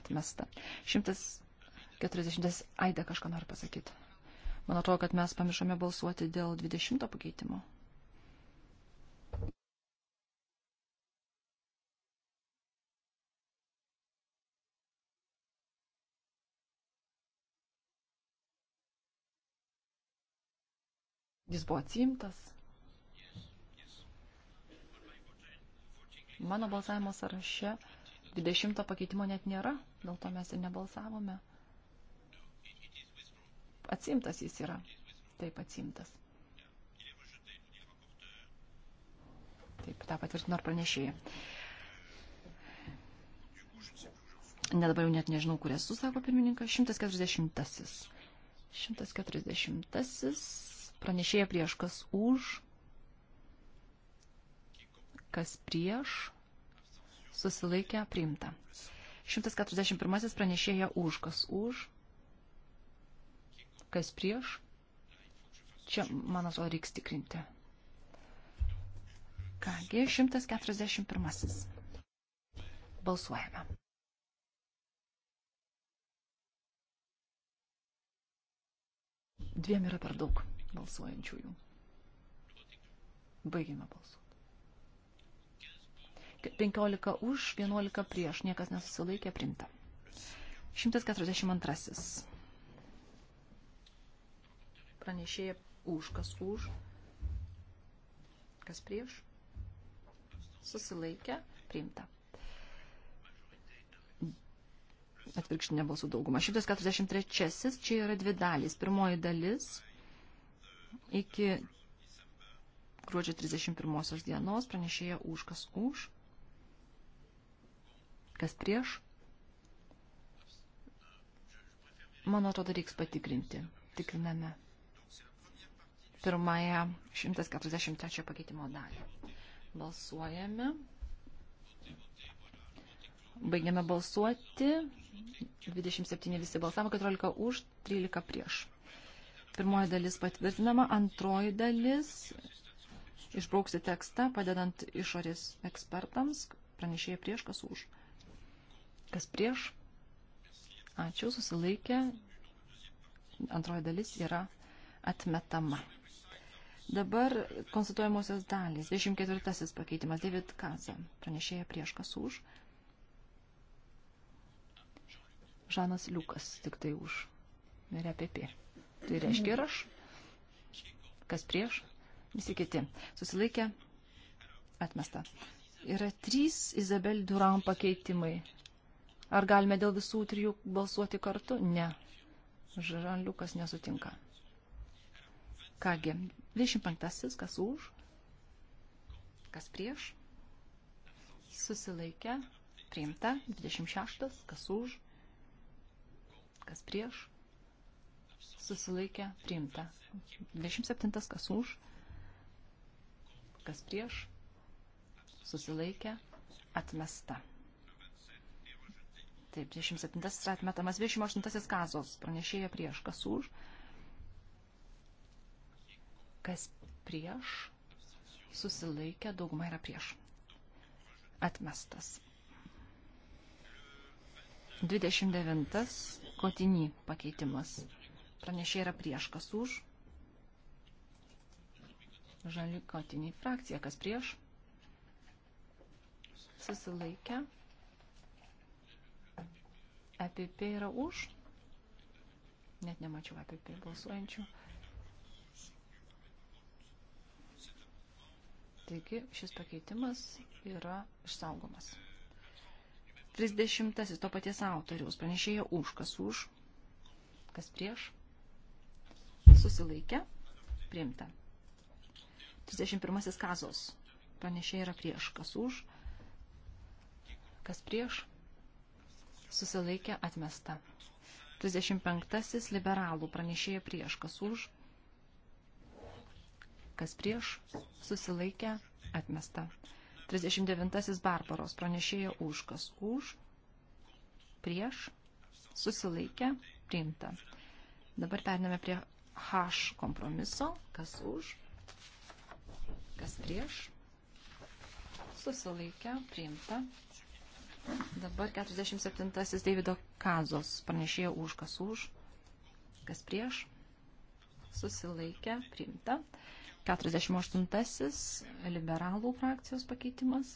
atmesta. 140 Aida kažką nori pasakyti. Man atrodo, kad mes pamiršome balsuoti dėl 20 pakeitimo. Jis buvo atsimtas. Mano balsavimo sąraše 20 pakeitimo net nėra, dėl to mes ir nebalsavome. Atsimtas jis yra. Taip atsimtas. Taip, tą patvirtino ir pranešėjai. Net dabar jau net nežinau, kur esu, sako pirmininkas. 140. 140 pranešėja prieš, kas už, kas prieš, susilaikę priimta. 141 pranešėja už, kas už, kas prieš. Čia, man atrodo, reiks tikrinti. Kągi, 141. Balsuojame. Dviem yra per daug balsuojančiųjų. Baigime balsuoti. 15 už, 11 prieš, niekas nesusilaikė, primta. 142. Pranešėja už, kas už, kas prieš, susilaikė, primta. Atvirkštinė balsų dauguma. 143. Čia yra dvi dalys. Pirmoji dalis iki gruodžio 31 dienos pranešėja už kas už, kas prieš. Man atrodo, reiks patikrinti. Tikriname pirmąją 143 pakeitimo dalį. Balsuojame. Baigiame balsuoti. 27 visi balsavo, 14 už, 13 prieš. Pirmoji dalis patvirtinama, antroji dalis išbrauksti tekstą, padedant išorės ekspertams, pranešėjai prieš, kas už. Kas prieš? Ačiū, susilaikė. Antroji dalis yra atmetama. Dabar konstatuojamosios dalys. 24 pakeitimas. David Kaza. Pranešėja prieš kas už. Žanas Liukas tik tai už. Ir apie pie. Tai reiškia ir aš. Kas prieš? Visi kiti. Susilaikė. Atmesta. Yra trys Izabel Duran pakeitimai. Ar galime dėl visų trijų balsuoti kartu? Ne. Žaranliukas nesutinka. Kągi, 25. Kas už? Kas prieš? Susilaikė. Priimta. 26. Kas už? Kas prieš? susilaikė priimta. 27 kas už, kas prieš, susilaikė atmesta. Taip, 27 atmetamas, 28 kazos pranešėjo prieš, kas už, kas prieš, susilaikė, dauguma yra prieš. Atmestas. 29 kotinį pakeitimas Pranešė yra prieš, kas už. Žali kotiniai frakcija, kas prieš. Susilaikę. EPP yra už. Net nemačiau EPP balsuojančių. Taigi šis pakeitimas yra išsaugomas. 30. To paties autoriaus pranešėjo už, kas už, kas prieš susilaikė, priimta. 31 kazos. Pranešė yra prieš. Kas už? Kas prieš? Susilaikė atmesta. 35 liberalų pranešėja prieš. Kas už? Kas prieš? Susilaikė atmesta. 39 barbaros pranešėja už. Kas už? Prieš? Susilaikė priimta. Dabar perneme prie H kompromiso, kas už, kas prieš, susilaikę, priimta. Dabar 47-asis Davido Kazos pranešėjo už, kas už, kas prieš, susilaikę, priimta. 48-asis liberalų frakcijos pakeitimas.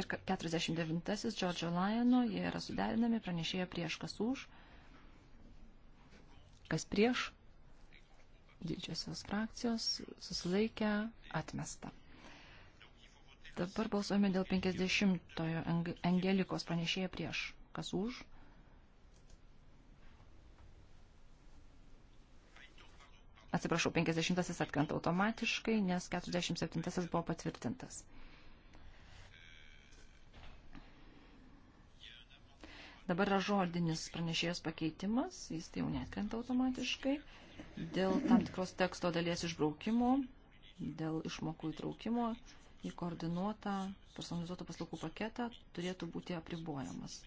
Ir 49-asis Džordžio Lajono, jie yra suderinami, pranešėjo prieš, kas už, prieš Kas prieš? Didžiosios frakcijos susilaikę atmesta. Dabar balsuojame dėl 50-ojo Angelikos pranešėja prieš. Kas už? Atsiprašau, 50-asis atkrenta automatiškai, nes 47-asis buvo patvirtintas. Dabar yra žodinis pranešėjos pakeitimas, jis tai jau netkrenta automatiškai, dėl tam tikros teksto dalies išbraukimo, dėl išmokų įtraukimo į koordinuotą personalizuotą paslaugų paketą turėtų būti apribojamas.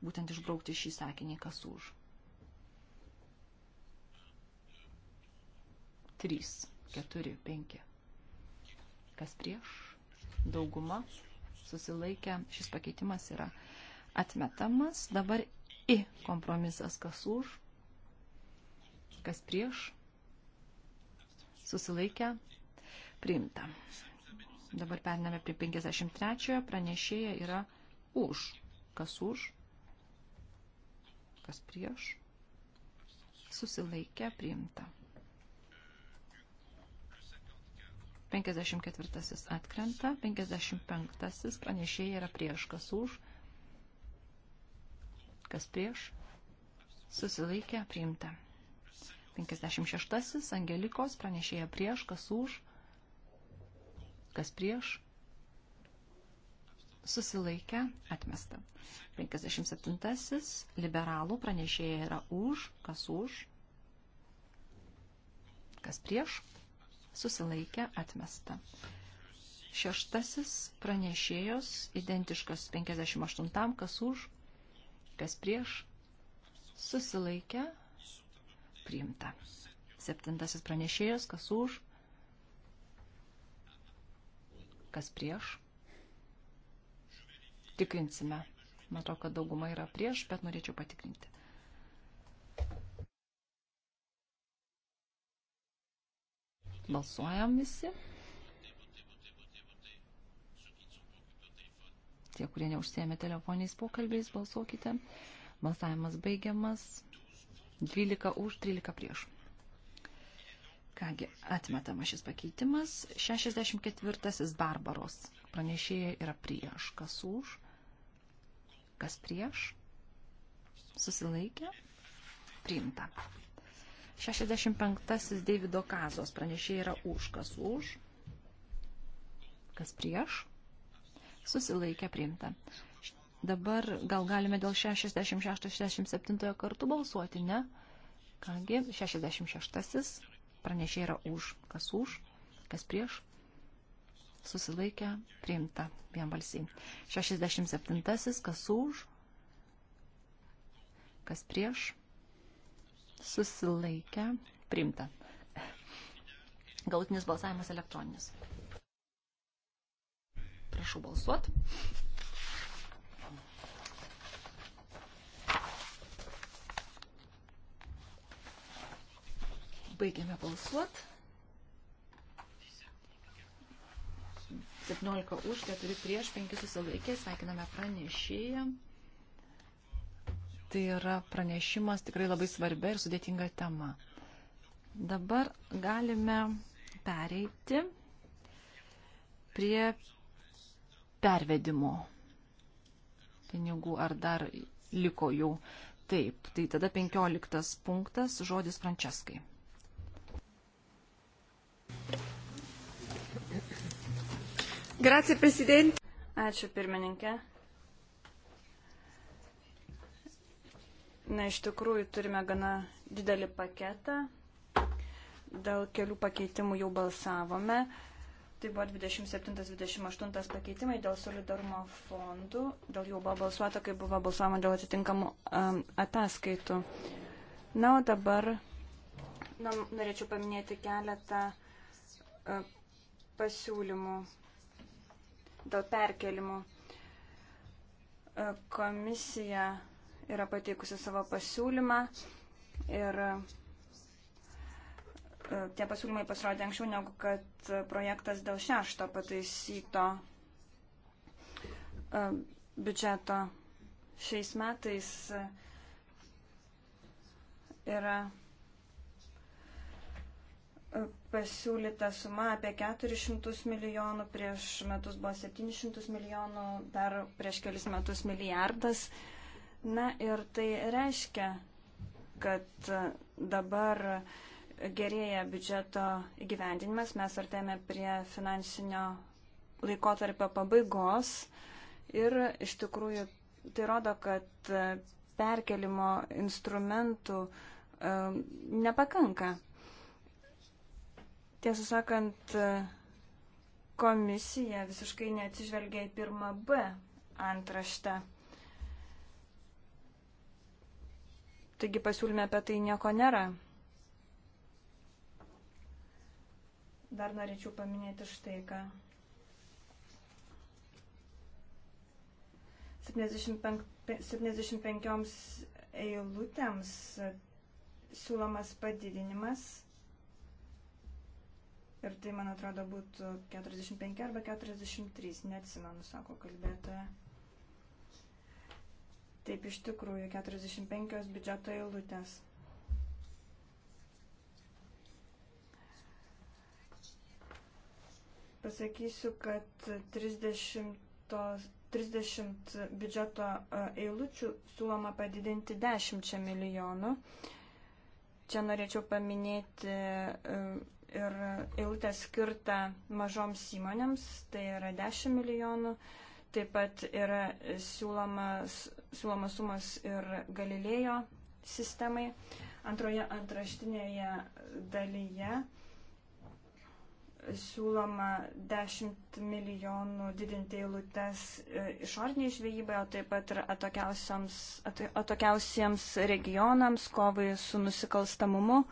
Būtent išbraukti šį sakinį, kas už. 3, 4, 5. Kas prieš? Dauguma susilaikę. Šis pakeitimas yra atmetamas. Dabar I kompromisas, kas už, kas prieš, susilaikę, priimta. Dabar pername prie 53, pranešėja yra už, kas už, kas prieš, susilaikę, priimta. 54 atkrenta, 55 pranešėja yra prieš, kas už, kas prieš, susilaikė, priimta. 56. Angelikos pranešėja prieš, kas už, kas prieš, susilaikė, atmesta. 57. Liberalų pranešėja yra už, kas už, kas prieš, susilaikė, atmesta. Šeštasis pranešėjos identiškas 58, kas už, kas prieš, susilaikė, priimta. Septintasis pranešėjas, kas už, kas prieš. Tikrinsime. Matau, kad dauguma yra prieš, bet norėčiau patikrinti. Balsuojam visi. Tie, kurie neužsėmė telefoniais pokalbiais, balsuokite. Balsavimas baigiamas. 12 už, 13 prieš. Kągi, atmetama šis pakeitimas. 64 Barbaros. Pranešėjai yra prieš. Kas už? Kas prieš? Susilaikė? Priimta. 65 Deivido Kazos pranešėjai yra už. Kas už? Kas prieš? susilaikė priimta. Dabar gal galime dėl 66-67 kartų balsuoti, ne? Kągi, 66 pranešė yra už, kas už, kas prieš, susilaikė priimta vienbalsiai. 67 kas už, kas prieš, susilaikė priimta. Galutinis balsavimas elektroninis. Prašau balsuot. Baigiame balsuot. 17 už, 4 prieš, 5 susilaikė, sveikiname pranešėją. Tai yra pranešimas tikrai labai svarbia ir sudėtinga tema. Dabar galime pereiti prie pervedimo pinigų ar dar liko jų. Taip, tai tada 15 punktas, žodis Franceskai. Grazie, prezidentė. Ačiū, pirmininkė. Na, iš tikrųjų, turime gana didelį paketą. Dėl kelių pakeitimų jau balsavome. Uh, Tai buvo 27-28 pakeitimai dėl solidarumo fondų, dėl jų buvo balsuota, kai buvo balsuojama dėl atitinkamų um, ataskaitų. Na, o dabar na, norėčiau paminėti keletą uh, pasiūlymų dėl perkelimų. Uh, komisija yra pateikusi savo pasiūlymą ir uh, E, tie pasiūlymai pasirodė anksčiau negu kad projektas dėl šešto pataisyto e, biudžeto šiais metais e, yra pasiūlyta suma apie 400 milijonų, prieš metus buvo 700 milijonų, dar prieš kelis metus milijardas. Na ir tai reiškia, kad dabar uh, gerėja biudžeto įgyvendinimas, mes artėme prie finansinio laikotarpio pabaigos ir iš tikrųjų tai rodo, kad e, perkelimo instrumentų e, nepakanka. Tiesą sakant, e, komisija visiškai neatsižvelgia į pirmą B antraštę. Taigi pasiūlyme apie tai nieko nėra. dar norėčiau paminėti štai ką. 75, 75 eilutėms siūlomas padidinimas. Ir tai, man atrodo, būtų 45 arba 43, neatsimenu, sako kalbėtoja. Taip iš tikrųjų, 45 biudžeto eilutės. pasakysiu, kad 30, 30 biudžeto eilučių siūloma padidinti 10 milijonų. Čia norėčiau paminėti ir eilutę skirtą mažoms įmonėms, tai yra 10 milijonų. Taip pat yra siūlomas, siūlomas sumas ir Galilėjo sistemai. Antroje antraštinėje dalyje siūloma 10 milijonų didinti eilutes e, išorniai žvejybai, o taip pat ir atokiausiems regionams, kovai su nusikalstamumu.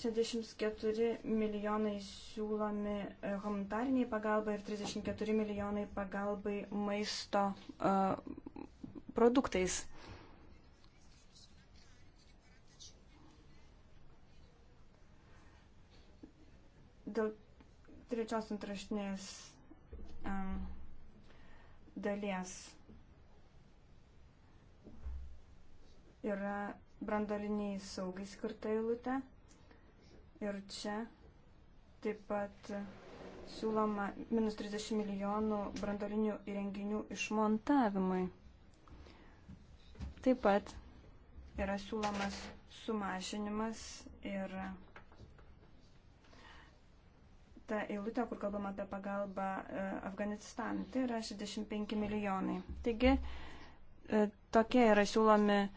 64 milijonai siūlomi e, humanitariniai pagalbai ir 34 milijonai pagalbai maisto uh, produktais. Dėl trečios antraštinės um, dalies yra brandoliniai saugai skirta eilutė. Ir čia taip pat siūloma minus 30 milijonų brandolinių įrenginių išmontavimui. Taip pat yra siūlomas sumažinimas ir ta eilutė, kur kalbama apie pagalbą e, Afganistanui. Tai yra 65 milijonai. Taigi e, tokie yra siūlomi e,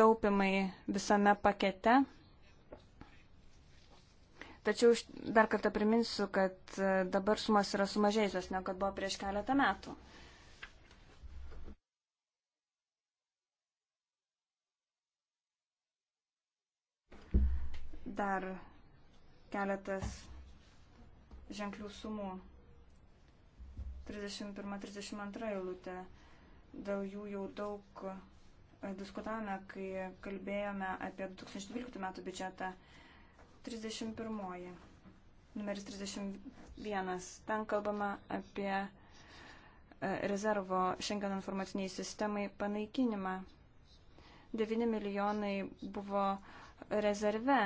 taupimai visame pakete. Tačiau dar kartą priminsiu, kad dabar sumas yra sumažėjusios, negu kad buvo prieš keletą metų. Dar keletas ženklių sumų. 31-32 eilutė. Dėl jų jau daug e, diskutavome, kai kalbėjome apie 2012 metų biudžetą. 31. Numeris 31. Ten kalbama apie e, rezervo šiandien informaciniai sistemai panaikinimą. 9 milijonai buvo rezerve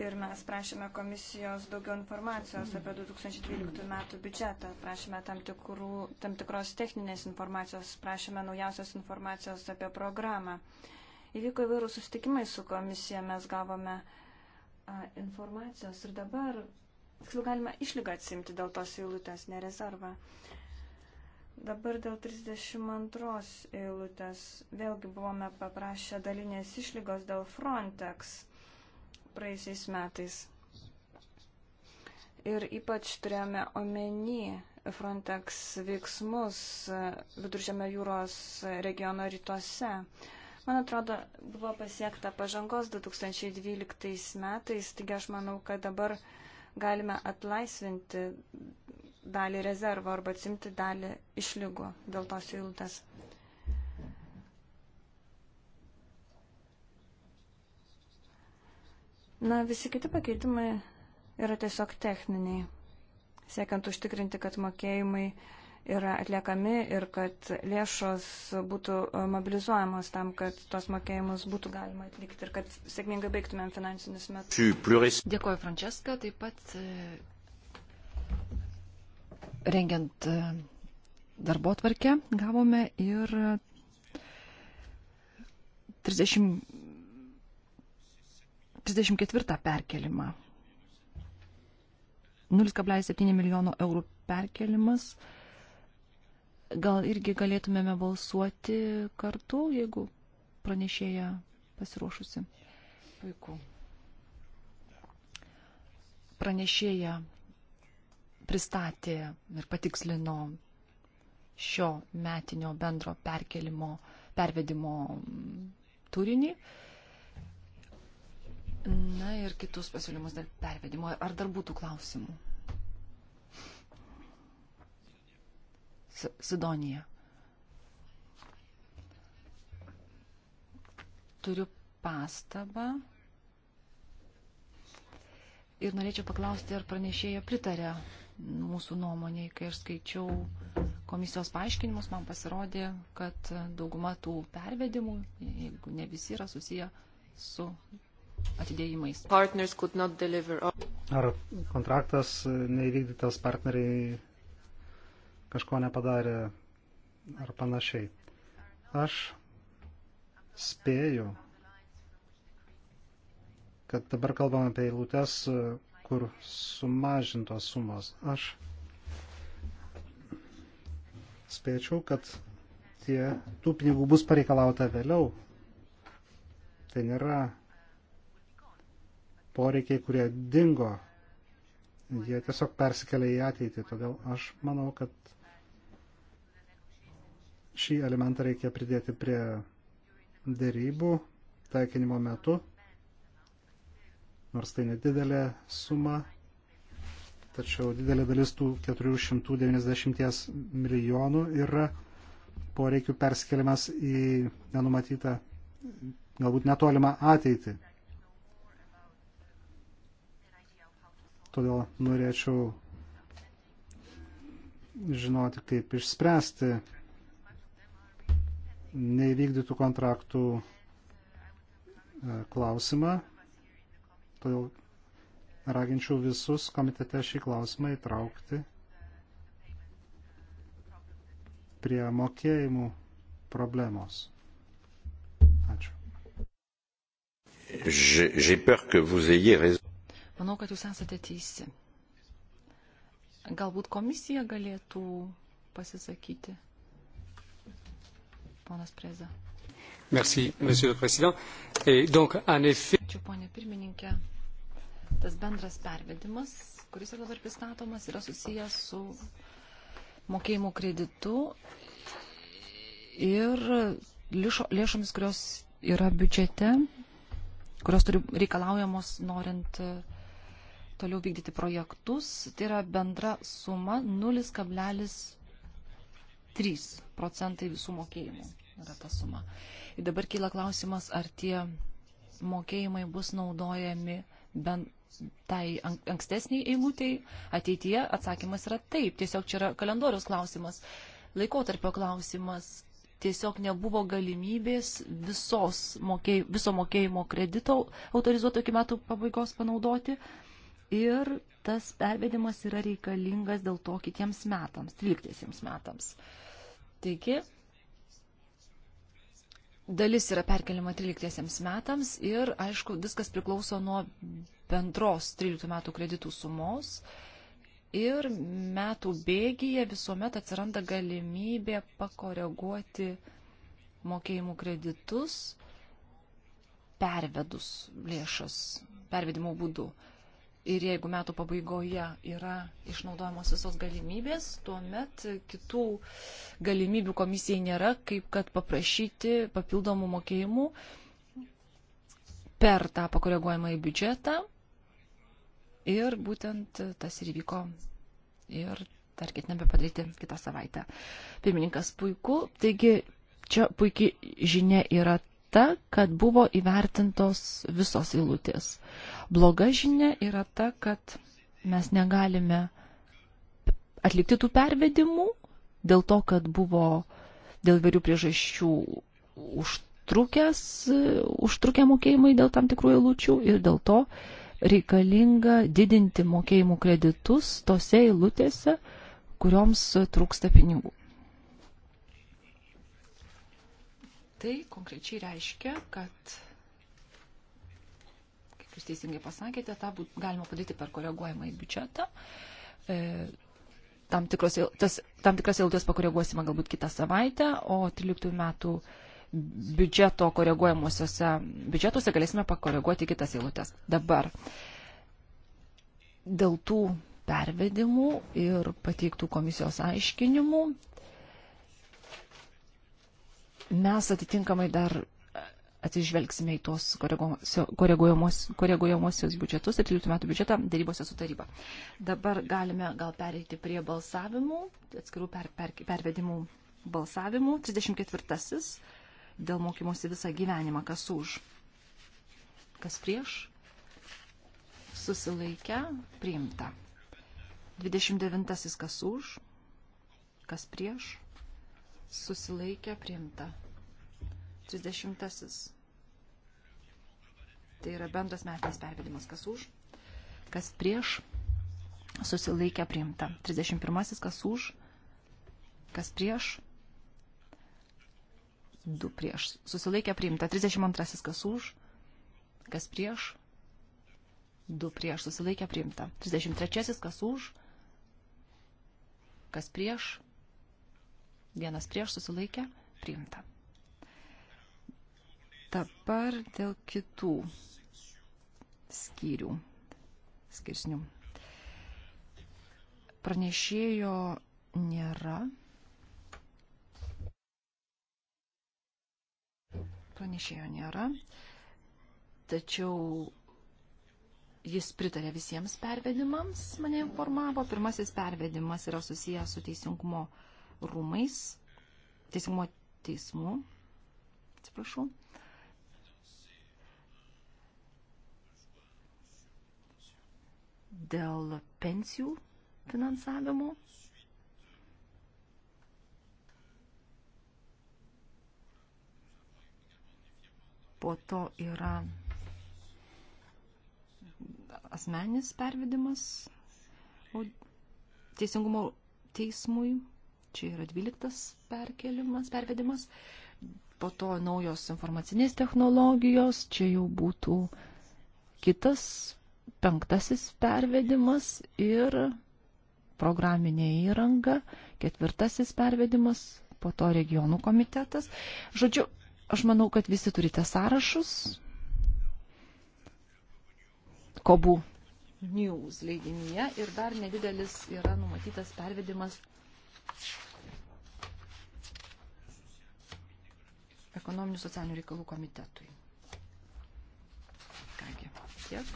ir mes prašėme komisijos daugiau informacijos apie 2012 metų biudžetą, prašėme tam, tikrų, tam tikros techninės informacijos, prašėme naujausios informacijos apie programą. Įvyko įvairių susitikimai su komisija, mes gavome a, informacijos ir dabar, tiksliau, galime išlygą atsimti dėl tos eilutės, ne rezervą. Dabar dėl 32 eilutės vėlgi buvome paprašę dalinės išlygos dėl Frontex praeisiais metais. Ir ypač turėjome omeny Frontex veiksmus Viduržėme jūros regiono rytuose. Man atrodo, buvo pasiekta pažangos 2012 metais, taigi aš manau, kad dabar galime atlaisvinti dalį rezervo arba atsimti dalį išlygų dėl tos eilutės. Na, visi kiti pakeitimai yra tiesiog techniniai, siekiant užtikrinti, kad mokėjimai yra atliekami ir kad lėšos būtų e, mobilizuojamos tam, kad tos mokėjimus būtų galima atlikti ir kad sėkmingai baigtumėm finansinius metus. Dėkuoju, Frančeska, taip pat e, rengiant e, darbo tvarkę gavome ir 30 34 perkelimą. 0,7 milijono eurų perkelimas. Gal irgi galėtumėme balsuoti kartu, jeigu pranešėja pasiruošusi. Puiku. Pranešėja pristatė ir patikslino šio metinio bendro perkelimo, pervedimo turinį. Na ir kitus pasiūlymus dėl pervedimo. Ar dar būtų klausimų? S Sidonija. Turiu pastabą. Ir norėčiau paklausti, ar pranešėja pritarė mūsų nuomonėje, kai aš skaičiau komisijos paaiškinimus, man pasirodė, kad dauguma tų pervedimų, jeigu ne visi, yra susiję su atidėjimais. Ar kontraktas neįvykdytas partneriai kažko nepadarė ar panašiai. Aš spėju, kad dabar kalbam apie eilutes, kur sumažintos sumos. Aš spėčiau, kad tie, tų pinigų bus pareikalauta vėliau. Tai nėra poreikiai, kurie dingo. Jie tiesiog persikelia į ateitį. Todėl aš manau, kad šį elementą reikia pridėti prie dėrybų taikinimo metu, nors tai nedidelė suma, tačiau didelė dalis tų 490 milijonų yra poreikių perskelimas į nenumatytą, galbūt netolimą ateitį. Todėl norėčiau žinoti, kaip išspręsti neįvykdytų kontraktų e, klausimą. Todėl raginčiau visus komitete šį klausimą įtraukti prie mokėjimų problemos. Ačiū. J'ai peur que vous ayez raison. Manau, kad jūs esate teisi. Galbūt komisija galėtų pasisakyti. Ponas Preza. Merci, monsieur le président. Et donc, en effet... Ačiū, ponė pirmininkė. Tas bendras pervedimas, kuris yra dabar pristatomas, yra susijęs su mokėjimų kreditu ir lišo, lėšomis, kurios yra biudžete, kurios turi reikalaujamos norint uh, toliau vykdyti projektus, tai yra bendra suma 0,3 procentai visų mokėjimų yra ta suma. Ir dabar kyla klausimas, ar tie mokėjimai bus naudojami bent tai ankstesniai eilutei ateityje atsakymas yra taip. Tiesiog čia yra kalendoriaus klausimas, laikotarpio klausimas. Tiesiog nebuvo galimybės visos mokėj, viso mokėjimo kredito autorizuoto iki metų pabaigos panaudoti. Uh, ir tas pervedimas yra reikalingas dėl to kitiems metams, 13 metams. Taigi, dalis yra perkeliama 13 metams ir, aišku, viskas priklauso nuo bendros 13 metų kreditų sumos. Ir metų bėgyje visuomet atsiranda galimybė pakoreguoti mokėjimų kreditus, pervedus lėšas pervedimo būdu ir jeigu metų pabaigoje yra išnaudojamos visos galimybės, tuomet kitų galimybių komisijai nėra, kaip kad paprašyti papildomų mokėjimų per tą pakoreguojamą į biudžetą. Ir būtent tas ir vyko. Ir dar ketiname padaryti kitą savaitę. Pirmininkas puiku. Taigi čia puikiai žinia yra ta, kad buvo įvertintos visos eilutės. Bloga žinia yra ta, kad mes negalime atlikti tų pervedimų dėl to, kad buvo dėl vairių priežasčių užtrukęs, užtrukę mokėjimai dėl tam tikrų eilučių ir dėl to reikalinga didinti mokėjimų kreditus tose eilutėse, kurioms trūksta pinigų. Tai konkrečiai reiškia, kad, kaip jūs teisingai pasakėte, tą būt, galima padaryti per koreguojamą į biudžetą. E, tam, tikros, tas, tam tikras eilutės pakoreguosime galbūt kitą savaitę, o 13 metų biudžeto koreguojamosiose biudžetuose galėsime pakoreguoti kitas eilutės. Dabar dėl tų pervedimų ir pateiktų komisijos aiškinimų, mes atitinkamai dar e, atsižvelgsime į tuos koreguojamosios biudžetus ir 13 metų biudžetą darybose su taryba. Dabar galime gal pereiti prie balsavimų, atskirų per, per, pervedimų balsavimų. 34-asis dėl mokymosi visą gyvenimą, kas už, kas prieš, susilaikę, priimta. 29-asis kas už, kas prieš, susilaikė priimta. 30. Tai yra bendras metinis pervedimas, kas už, kas prieš, susilaikė priimta. 31. kas už, kas prieš, 2 prieš, susilaikė priimta. 32. kas už, kas prieš, 2 prieš, susilaikė priimta. 33. kas už, kas prieš, vienas prieš susilaikė, priimta. Dabar dėl kitų skyrių, skirsnių. Pranešėjo nėra. Pranešėjo nėra, tačiau jis pritarė visiems pervedimams, mane informavo. Pirmasis pervedimas yra susijęs su teisingumo uh, rūmais, teisingumo teismu, atsiprašau. Dėl pensijų finansavimo. Po to yra asmenis pervedimas teisingumo teismui Čia yra 12 perkelimas, pervedimas. Po to naujos informacinės technologijos, čia jau būtų kitas penktasis pervedimas ir programinė įranga, ketvirtasis pervedimas, po to regionų komitetas. Žodžiu, aš manau, kad visi turite sąrašus. Kobų News leidinyje ir dar nedidelis yra numatytas pervedimas ekonominių socialinių reikalų komitetui. Kągi, tiek.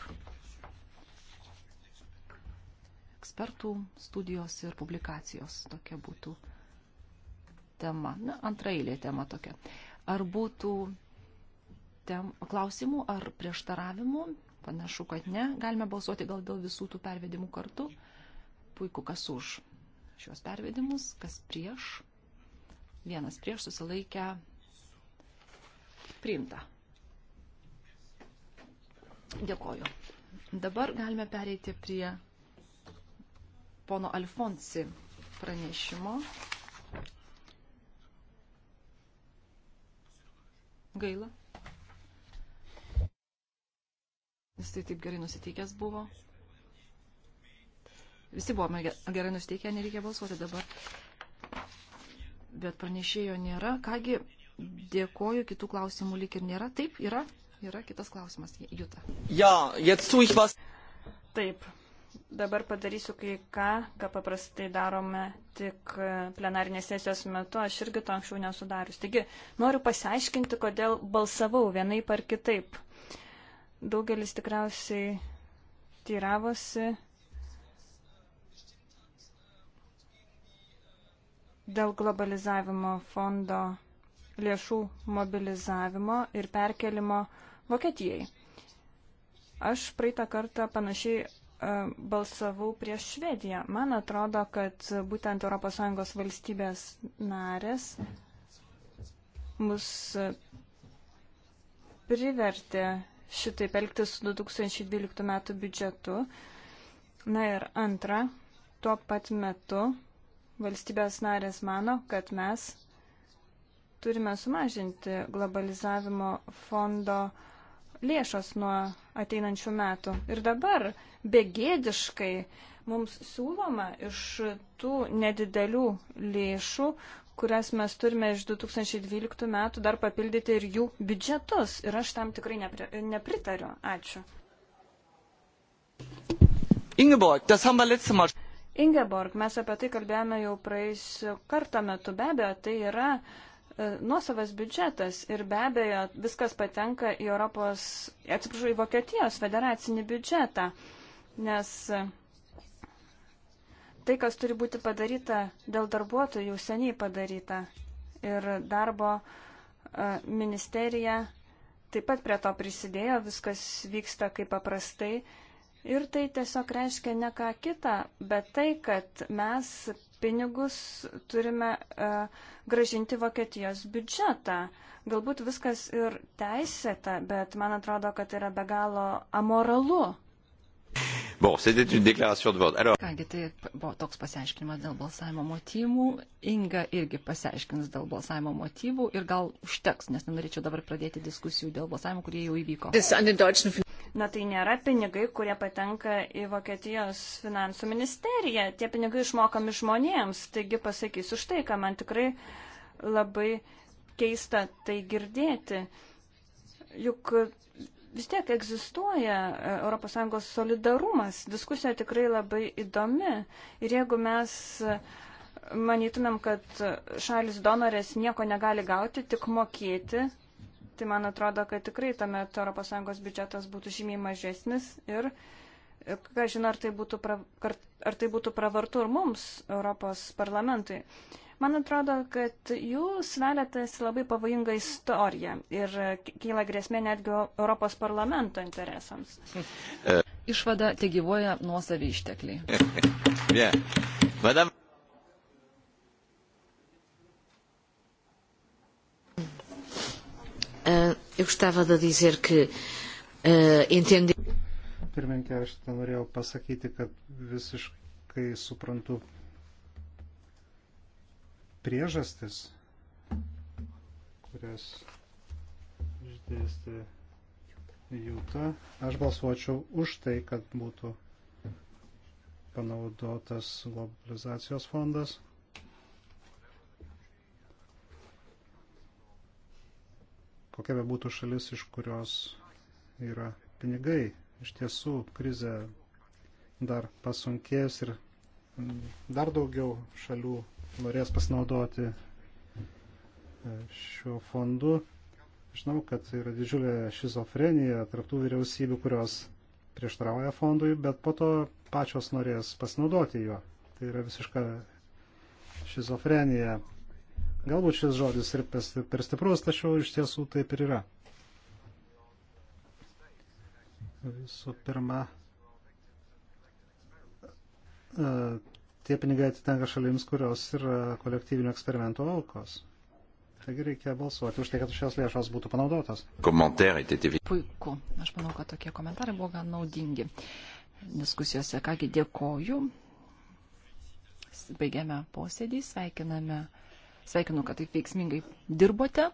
Ekspertų studijos ir publikacijos tokia būtų tema. Na, antrailė tema tokia. Ar būtų tem, klausimų ar prieštaravimų? Panašu, kad ne. Galime balsuoti gal dėl visų tų pervedimų kartu. Puiku, kas už šiuos pervedimus, kas prieš, vienas prieš susilaikę priimta. Dėkoju. Dabar galime pereiti prie pono Alfonsi pranešimo. Gaila. Jis tai taip gerai nusiteikęs buvo. Visi buvome gerai nusteikę, nereikia balsuoti dabar. Bet pranešėjo nėra. Kągi, dėkoju, kitų klausimų lik ir nėra. Taip, yra, yra kitas klausimas. Juta. Ja, jetzt tu ich was. Taip, dabar padarysiu kai ką, ką paprastai darome tik e, plenarinės sesijos metu, aš irgi to anksčiau nesudarius. Taigi, noriu pasiaiškinti, kodėl balsavau vienaip ar kitaip. Daugelis tikriausiai tyravosi dėl globalizavimo fondo lėšų mobilizavimo ir perkelimo Vokietijai. Aš praeitą kartą panašiai e, balsavau prieš Švediją. Man atrodo, kad būtent ES valstybės narės mus privertė šitaip elgtis su 2012 metų biudžetu. Na ir antra, tuo pat metu valstybės narės mano, kad mes turime sumažinti globalizavimo fondo lėšas nuo ateinančių metų. Ir dabar begėdiškai mums siūloma iš tų nedidelių lėšų, kurias mes turime iš 2012 metų, dar papildyti ir jų biudžetus. Ir aš tam tikrai nepri, nepritariu. Ačiū. Ingeborg, das haben wir letzte Mal. Ingeborg, mes apie tai kalbėjome jau praėjusiu kartą metu, be abejo, tai yra e, nuosavas biudžetas ir be abejo viskas patenka į Europos, atsiprašau, į Vokietijos federacinį biudžetą, nes e, tai, kas turi būti padaryta dėl darbuotojų, jau seniai padaryta ir darbo e, ministerija taip pat prie to prisidėjo, viskas vyksta kaip paprastai Ir tai tiesiog reiškia ne ką kitą, bet tai, kad mes pinigus turime uh, gražinti Vokietijos biudžetą. Galbūt viskas ir teisėta, bet man atrodo, kad tai yra be galo amoralu Bon, c'était une déclaration de vote. Alors... Kągi, tai buvo toks pasiaiškinimas dėl balsavimo motyvų. Inga irgi pasiaiškins dėl balsavimo motyvų ir gal užteks, nes nenorėčiau dabar pradėti diskusijų dėl balsavimo, kurie jau įvyko. Na tai nėra pinigai, kurie patenka į Vokietijos finansų ministeriją. Tie pinigai išmokami žmonėms. Taigi pasakysiu štai, ką man tikrai labai keista tai girdėti. Juk vis tiek egzistuoja ES solidarumas. Diskusija tikrai labai įdomi. Ir jeigu mes e, manytumėm, kad šalis donorės nieko negali gauti, tik mokėti, tai man atrodo, kad tikrai tuomet ES biudžetas būtų žymiai mažesnis ir, e, ką žinai, ar, tai būtų pra, ar tai būtų pravartu ir mums, Europos parlamentui. Uh, Man atrodo, kad jūs veliatės labai pavojingą istoriją ir kyla grėsmė netgi Europos parlamento interesams. *laughs* E. Išvada te gyvoja nuosavį ištekliai. *laughs* yeah. Madame... Uh, eu gostava de dizer que uh, entendi. Pirmininkė, aš norėjau pasakyti, kad visiškai suprantu priežastis, kurias išdėstė Jūta, aš balsuočiau už tai, kad būtų panaudotas globalizacijos fondas. Kokia be būtų šalis, iš kurios yra pinigai, iš tiesų krize dar pasunkės ir dar daugiau šalių norės pasinaudoti e, šiuo fondu. Žinau, kad yra didžiulė šizofrenija tarptų vyriausybių, kurios prieštarauja fondui, bet po to pačios norės pasinaudoti juo. Tai yra visiška šizofrenija. Galbūt šis žodis ir per stiprus, tačiau iš tiesų taip ir yra. Visų pirma, E, tie pinigai atitenka šalims, kurios yra kolektyvinio eksperimento aukos. Taigi reikia balsuoti už tai, kad šios lėšos būtų panaudotos. Puiku. Aš manau, kad tokie komentarai buvo gan naudingi diskusijose. Kągi dėkoju. Baigiame posėdį, sveikiname. Sveikinu, kad taip veiksmingai dirbote.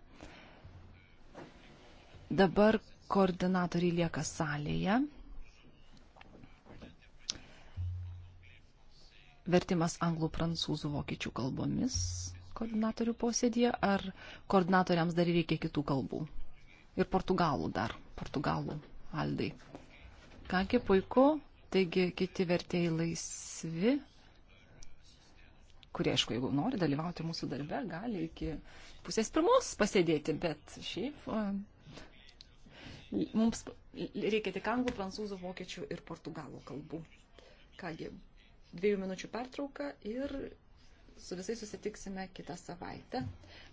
Dabar koordinatoriai lieka salėje. vertimas anglų, prancūzų, vokiečių kalbomis koordinatorių posėdėje, ar koordinatoriams dar reikia kitų kalbų? Ir portugalų dar, portugalų aldai. Kągi puiku, taigi kiti vertėjai laisvi, kurie, aišku, jeigu nori dalyvauti mūsų darbe, gali iki pusės pirmos pasėdėti, bet šiaip mums reikia tik anglų, prancūzų, vokiečių ir portugalų kalbų. Kągi, dviejų minučių pertrauką ir su visais susitiksime kitą savaitę.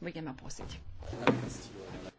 Baigiame posėdį.